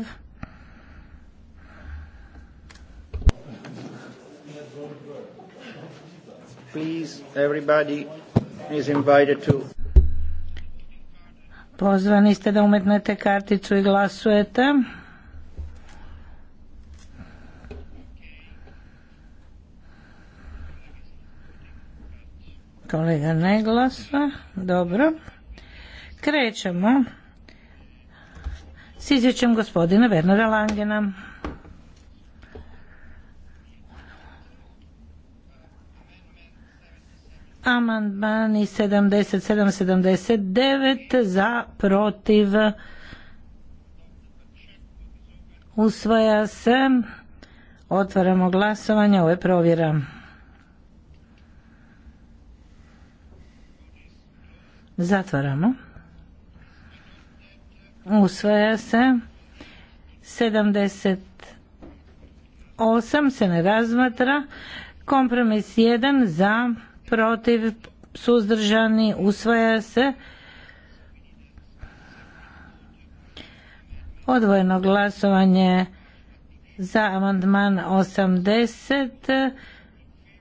Pozvani ste da umetnete karticu i glasujete. Kolega ne glasa. Dobro. Krećemo s izvjećem gospodina Wernera Langena. Amandmani 77-79 za protiv usvaja se. Otvaramo glasovanje, ovo je provjera. Zatvaramo. Usvaja se. 78 se ne razmatra. Kompromis 1 za, protiv, suzdržani, usvaja se. Odvojeno glasovanje za amandman 80,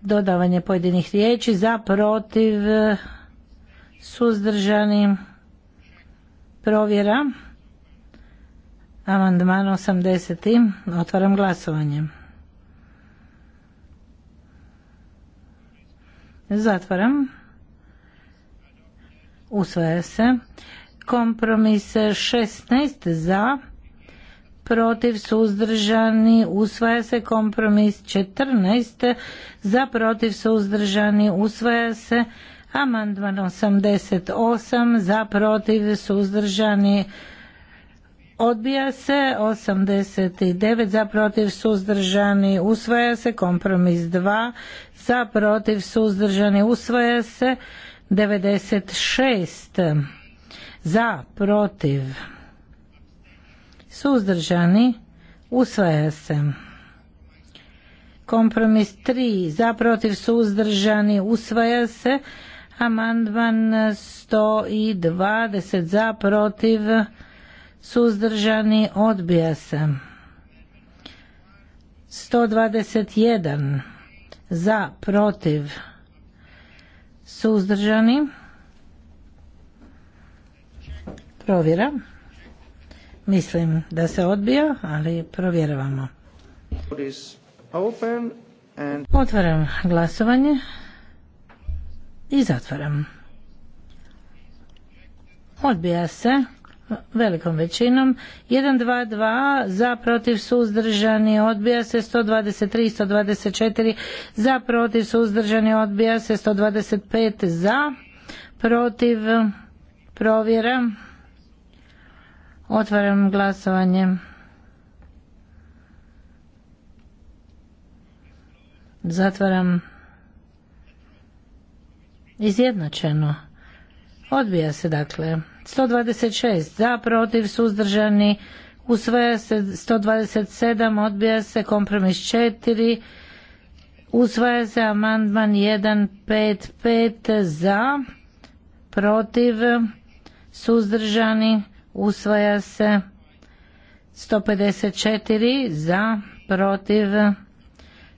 dodavanje pojedinih riječi, za, protiv, suzdržani provjera amandman 80. otvaram glasovanje zatvaram usvaja se kompromis 16 za protiv suzdržani usvaja se kompromis 14 za protiv suzdržani usvaja se Amandman 88 za protiv suzdržani odbija se 89 za protiv suzdržani usvaja se kompromis 2 za protiv suzdržani usvaja se 96 za protiv suzdržani usvaja se kompromis 3 za protiv suzdržani usvaja se Amandman 120 za protiv suzdržani odbija se. 121 za protiv suzdržani provjera mislim da se odbija ali provjeravamo otvaram glasovanje i zatvaram. Odbija se velikom većinom 1, 2, 2, za protiv suzdržani odbija se 123 124 za protiv suzdržani odbija se 125 za protiv provjera otvaram glasovanje zatvaram izjednačeno. Odbija se dakle. 126 za, protiv, suzdržani, usvaja se 127, odbija se kompromis 4, usvaja se amandman 155 za, protiv, suzdržani, usvaja se 154 za, protiv,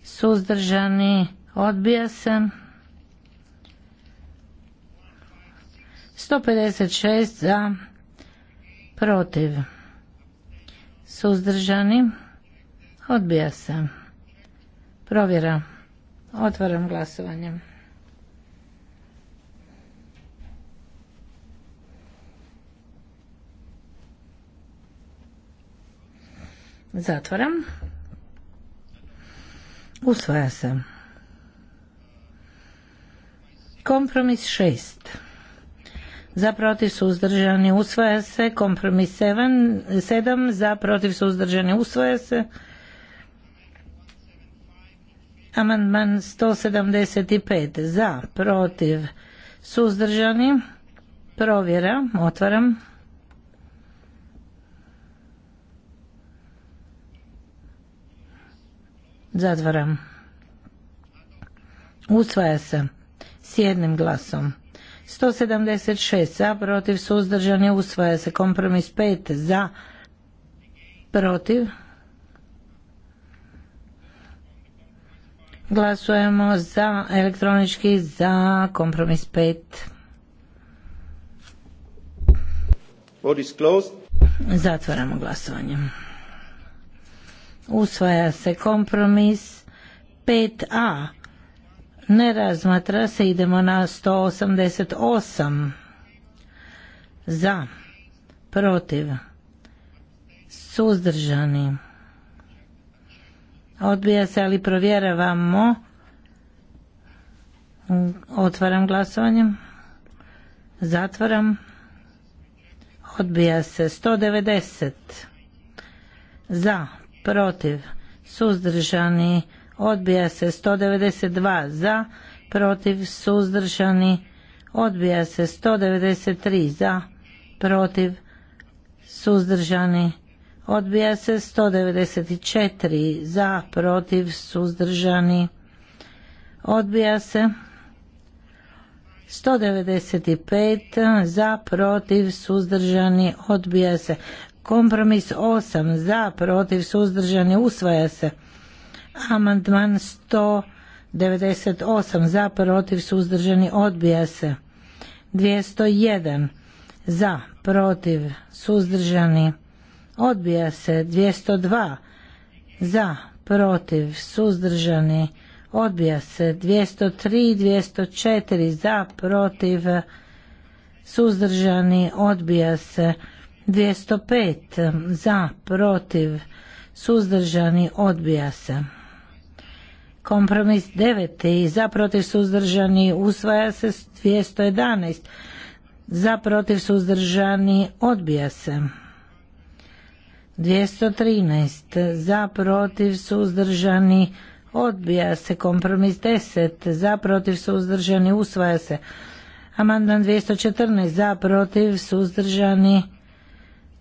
suzdržani, odbija se 156 za protiv suzdržani odbija se provjera otvaram glasovanje zatvaram usvaja se kompromis šest za protiv suzdržani usvaja se kompromis 7 za protiv suzdržani usvaja se amandman 175 za protiv suzdržani provjera otvaram zatvaram usvaja se s jednim glasom 176 za, protiv, suzdržani, usvaja se. Kompromis 5 za, protiv. Glasujemo za elektronički za kompromis 5. Zatvaramo glasovanje. Usvaja se kompromis 5a ne razmatra se, idemo na 188. Za, protiv, suzdržani. Odbija se, ali provjeravamo. Otvaram glasovanje. Zatvaram. Odbija se 190. Za, protiv, suzdržani odbija se 192 za protiv suzdržani odbija se 193 za protiv suzdržani odbija se 194 za protiv suzdržani odbija se 195 za protiv suzdržani odbija se kompromis 8 za protiv suzdržani usvaja se Amandman 198 za, protiv, suzdržani, odbija se. 201 za, protiv, suzdržani, odbija se. 202 za, protiv, suzdržani, odbija se. 203, 204 za, protiv, suzdržani, odbija se. 205 za, protiv, suzdržani, odbija se. Kompromis 9. Za protiv suzdržani usvaja se 211. Za protiv suzdržani odbija se. 213. Za protiv suzdržani odbija se. Kompromis 10. Za protiv suzdržani usvaja se. Amandman 214. Za protiv suzdržani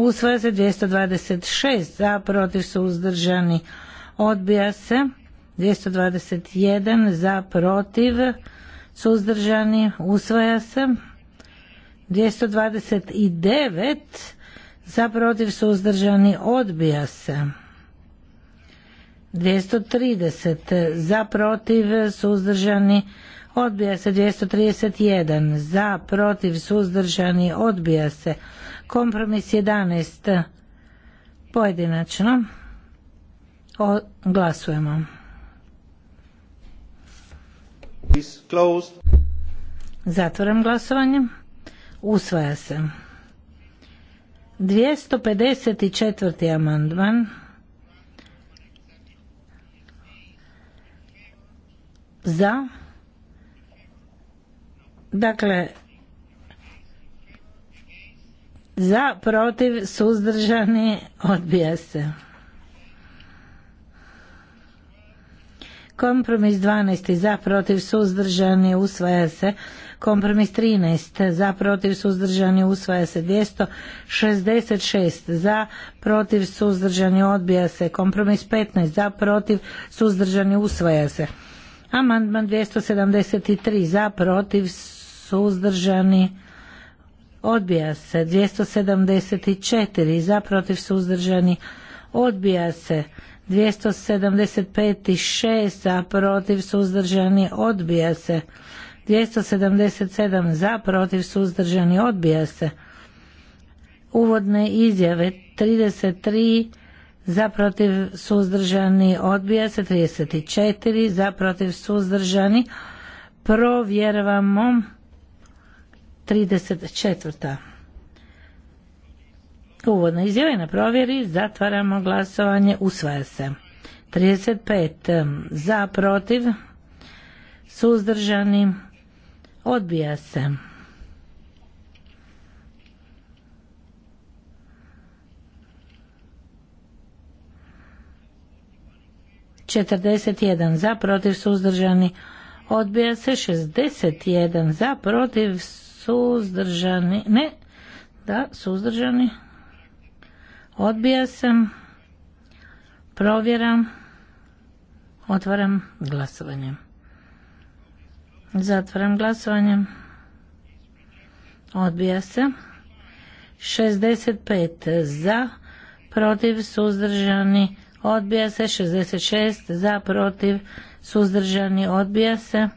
Usvaja se 226 za, protiv suzdržani. Odbija se 221 za, protiv suzdržani. Usvaja se 229 za, protiv suzdržani. Odbija se. 230 za protiv suzdržani odbija se 231 za protiv suzdržani odbija se Kompromis 11. Pojedinačno. glasujemo. zatvorem glasovanje. Usvaja se. 254. amandman. Za. Dakle, za protiv suzdržani odbija se kompromis 12 za protiv suzdržani usvaja se kompromis 13 za protiv suzdržani usvaja se 266 za protiv suzdržani odbija se kompromis 15 za protiv suzdržani usvaja se amandman 273 za protiv suzdržani odbija se 274 za protiv suzdržani odbija se 275 i 6 za protiv suzdržani odbija se 277 za protiv suzdržani odbija se uvodne izjave 33 za protiv suzdržani odbija se 34 za protiv suzdržani provjeravamo 34. uvodno izjave na provjeri, zatvaramo glasovanje, usvaja se. 35. Za, protiv, suzdržani, odbija se. Četrdeset jedan za protiv suzdržani odbija se šezdeset jedan za protiv suzdržani, ne, da, suzdržani, odbija se, provjeram, otvaram glasovanje. Zatvaram glasovanje. Odbija se. 65 za, protiv, suzdržani, odbija se. 66 za, protiv, suzdržani, odbija se.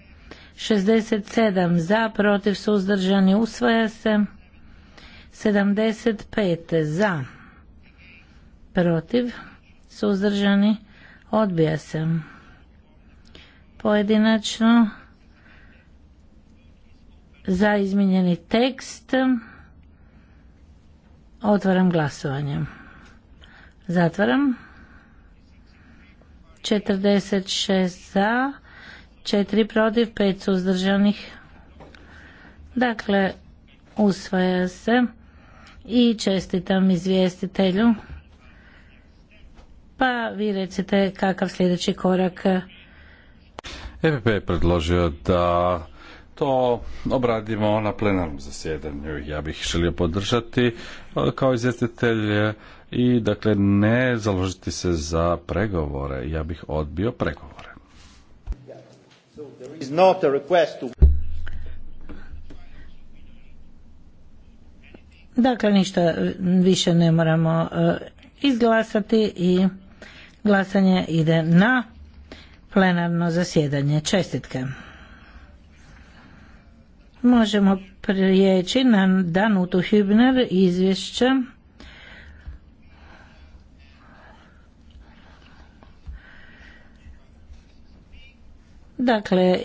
67 za, protiv suzdržani usvaja se. 75 za, protiv suzdržani odbija se. Pojedinačno za izmijenjeni tekst otvaram glasovanje. Zatvaram. 46 za, 4 protiv, 5 suzdržanih. Dakle, usvaja se i čestitam izvjestitelju. Pa vi recite kakav sljedeći korak. EPP je predložio da to obradimo na plenarnom zasjedanju. Ja bih želio podržati e, kao izvjestitelj e, i dakle ne založiti se za pregovore. Ja bih odbio pregovore is not a request to... Dakle, ništa više ne moramo e, izglasati i glasanje ide na plenarno zasjedanje. Čestitke. Možemo prijeći na Danutu Hübner izvješće Dakle,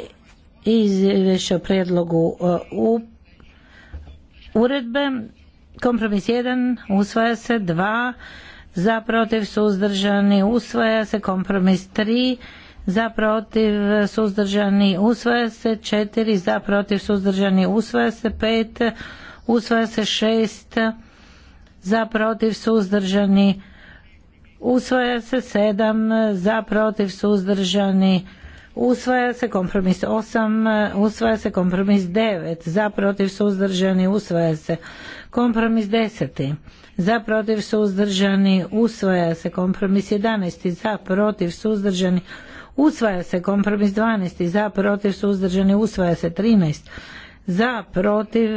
izvješće o prijedlogu uh, u uredbe. Kompromis 1 usvaja se 2 za protiv suzdržani usvaja se kompromis 3 za protiv suzdržani usvaja se 4 za protiv suzdržani usvaja se 5 usvaja se 6 za protiv suzdržani usvaja se 7 za protiv suzdržani usvaja se kompromis 8, usvaja se kompromis 9, za protiv suzdržani usvaja se kompromis 10, za protiv suzdržani usvaja se kompromis 11, za protiv suzdržani usvaja se kompromis 12, za protiv suzdržani usvaja se 13, za protiv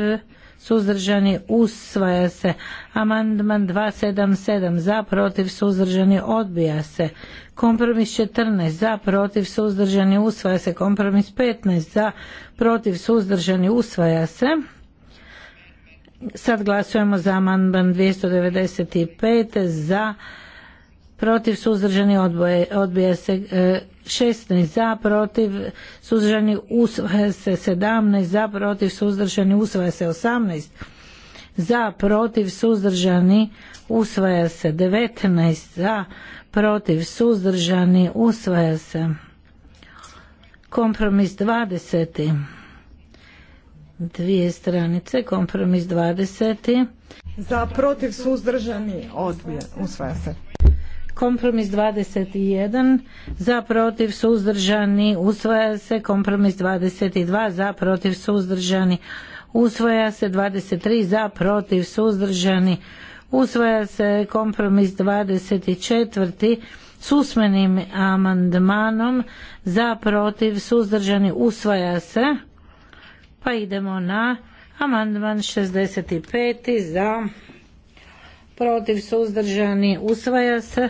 suzdržani usvaja se amandman 277 za protiv suzdržani odbija se kompromis 14 za protiv suzdržani usvaja se kompromis 15 za protiv suzdržani usvaja se sad glasujemo za amandman 295 za protiv suzdržani odbija se e, 16 za, protiv, suzdržani usvaja se 17, za, protiv, suzdržani usvaja se 18, za, protiv, suzdržani usvaja se 19, za, protiv, suzdržani usvaja se kompromis 20. Dvije stranice, kompromis 20. Za, protiv, suzdržani odbija, usvaja se. Kompromis 21 za protiv suzdržani usvaja se. Kompromis 22 za protiv suzdržani usvaja se. 23 za protiv suzdržani usvaja se. Kompromis 24 s usmenim amandmanom za protiv suzdržani usvaja se. Pa idemo na amandman 65 za protiv suzdržani usvaja se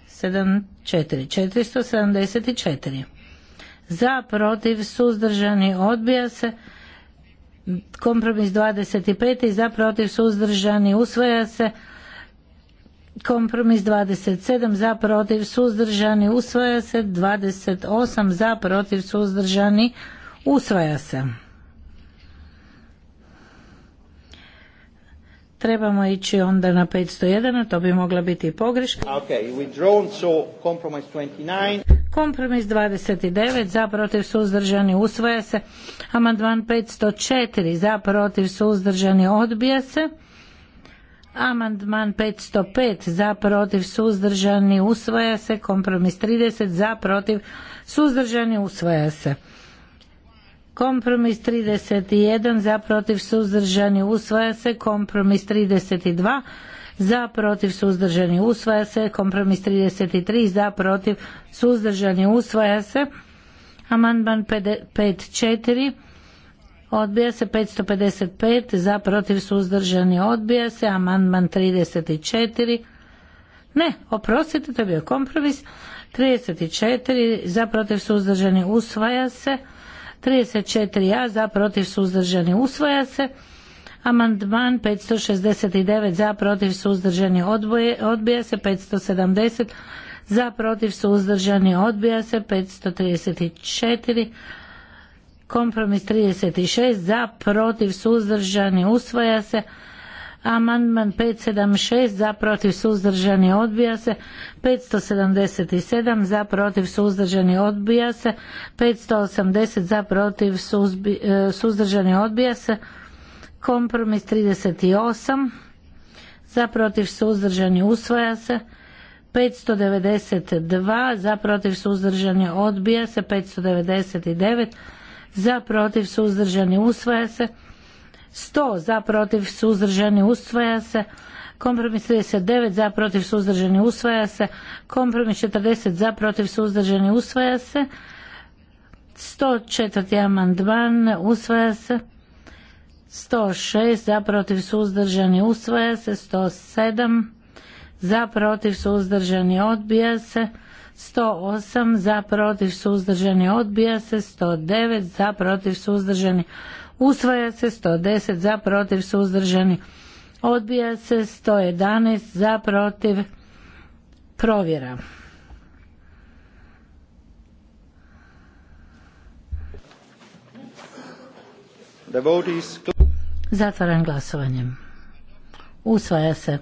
474. 474. Za, protiv, suzdržani, odbija se. Kompromis 25. Za, protiv, suzdržani, usvaja se. Kompromis 27. Za, protiv, suzdržani, usvaja se. 28. Za, protiv, suzdržani, usvaja se. trebamo ići onda na 501, a to bi mogla biti i pogreška. Ah, compromise 29. Kompromis 29, za protiv suzdržani usvaja se. Amandman 504, za protiv suzdržani odbija se. Amandman 505 za protiv suzdržani usvaja se, kompromis 30 za protiv suzdržani usvaja se. Kompromis 31 za protiv suzdržani usvaja se. Kompromis 32 za protiv suzdržani usvaja se. Kompromis 33 za protiv suzdržani usvaja se. Amandman 54 odbija se 555 za protiv suzdržani odbija se. Amandman 34 ne, oprostite, to je bio kompromis. 34 za protiv suzdržani usvaja se. 34a za protiv suzdržani usvaja se. Amandman 569 za protiv suzdržani odbija se 570 za protiv suzdržani odbija se 534 kompromis 36 za protiv suzdržani usvaja se Amandman 576 za protiv suzdržani odbija se. 577 za protiv suzdržani odbija se. 580 e, za protiv suzdržani odbija se. Kompromis 38 za protiv suzdržani usvaja se. 592 za protiv suzdržani odbija se. 599 za protiv suzdržani usvaja se. 100 za protiv suzdržani usvaja se kompromis 39 za protiv suzdržani usvaja se kompromis 40 za protiv suzdržani usvaja se 104. amandman usvaja se 106 za protiv suzdržani usvaja se 107 za protiv suzdržani odbija se 108 za protiv suzdržani odbija se 109 za protiv suzdržani odbija se usvaja se 110 za protiv suzdržani odbija se 111 za protiv provjera Zatvaram glasovanjem. Usvaja se.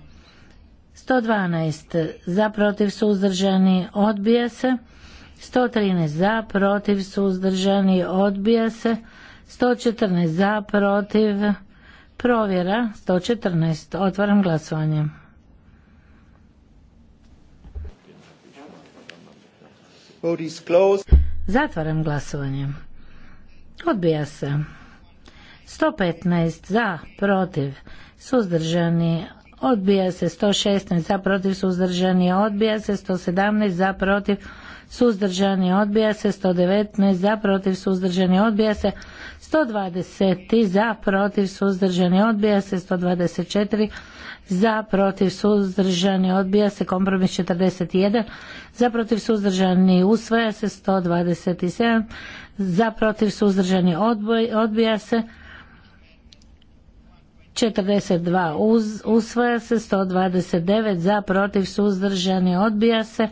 112 za protiv suzdržani odbija se. 113 za protiv suzdržani odbija se. 114 za, protiv, provjera 114. Otvaram glasovanje. Zatvaram glasovanje. Odbija se. 115 za, protiv, suzdržani, odbija se 116 za, protiv, suzdržani, odbija se 117 za, protiv, suzdržani odbija se 119 za protiv suzdržani odbija se 120 za protiv suzdržani odbija se 124 za protiv suzdržani odbija se kompromis 41 za protiv suzdržani usvaja se 127 za protiv suzdržani odbija se 42 usvaja se 129 za protiv suzdržani odbija se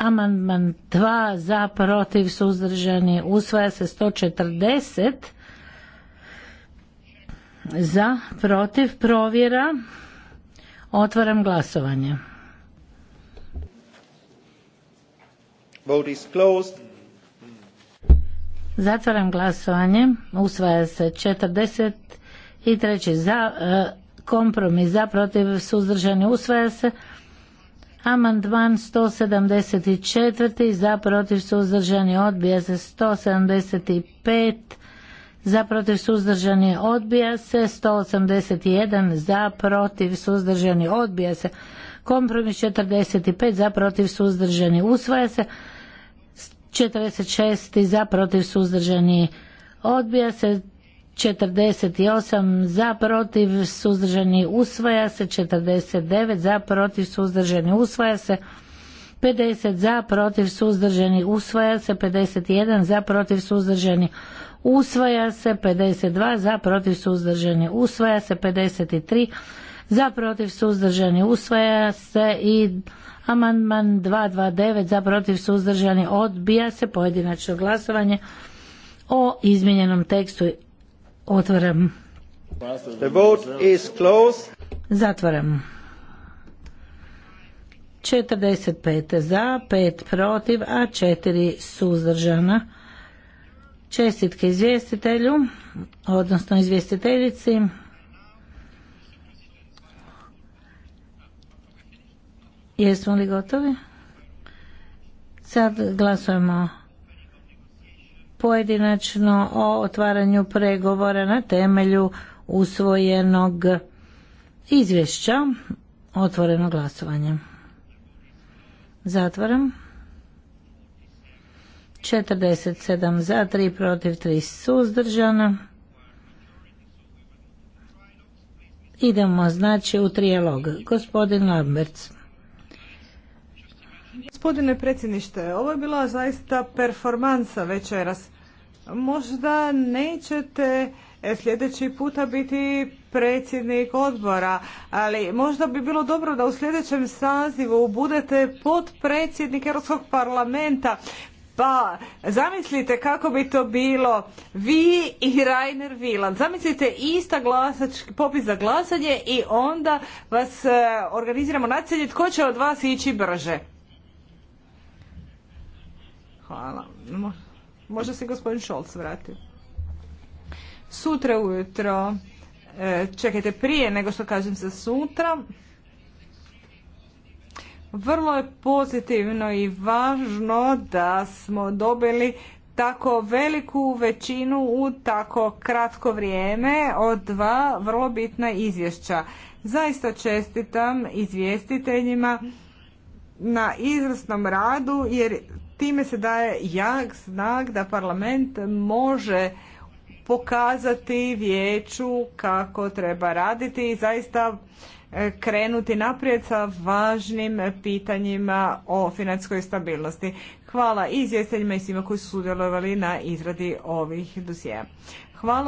Amandman 2 za protiv suzdržani usvaja se 140 za protiv provjera otvaram glasovanje. Zatvaram glasovanje. Usvaja se 40 i treći za e, kompromis za protiv suzdržani usvaja se Amandman 174 za protiv suzdržani odbija se 175 za protiv suzdržani odbija se 181 za protiv suzdržani odbija se kompromis 45 za protiv suzdržani usvaja se 46 za protiv suzdržani odbija se 48 za protiv suzdržani usvaja se 49 za protiv suzdržani usvaja se 50 za protiv suzdržani usvaja se 51 za protiv suzdržani usvaja se 52 za protiv suzdržani usvaja se 53 za protiv suzdržani usvaja se i amandman 229 za protiv suzdržani odbija se pojedinačno glasovanje o izmijenjenom tekstu Otvaram. The vote is closed. Zatvaram. 45 za, 5 protiv, a 4 suzdržana. Čestitke izvjestitelju, odnosno izvjestiteljici. Jesmo li gotovi? Sad glasujemo pojedinačno o otvaranju pregovora na temelju usvojenog izvješća. Otvoreno glasovanje. Zatvaram. 47 za, 3 protiv, 3 suzdržana. Idemo znači u trijalog. Gospodin Lamberts. Gospodine predsjedniče, ovo je bila zaista performansa večeras. Možda nećete e, sljedeći puta biti predsjednik odbora, ali možda bi bilo dobro da u sljedećem sazivu budete potpredsjednik Europskog parlamenta. Pa, zamislite kako bi to bilo vi i Rainer Vilan. Zamislite ista glasački popis za glasanje i onda vas e, organiziramo nacelje tko će od vas ići brže. Hvala. Možda se gospodin Šolc vrati. Sutra ujutro, e, čekajte prije nego što kažem za sutra, vrlo je pozitivno i važno da smo dobili tako veliku većinu u tako kratko vrijeme od dva vrlo bitna izvješća. Zaista čestitam izvjestiteljima na izvrsnom radu jer time se daje jak znak da parlament može pokazati vijeću kako treba raditi i zaista e, krenuti naprijed sa važnim pitanjima o financijskoj stabilnosti. Hvala i izvjestiteljima i svima koji su sudjelovali na izradi ovih dosjea. Hvala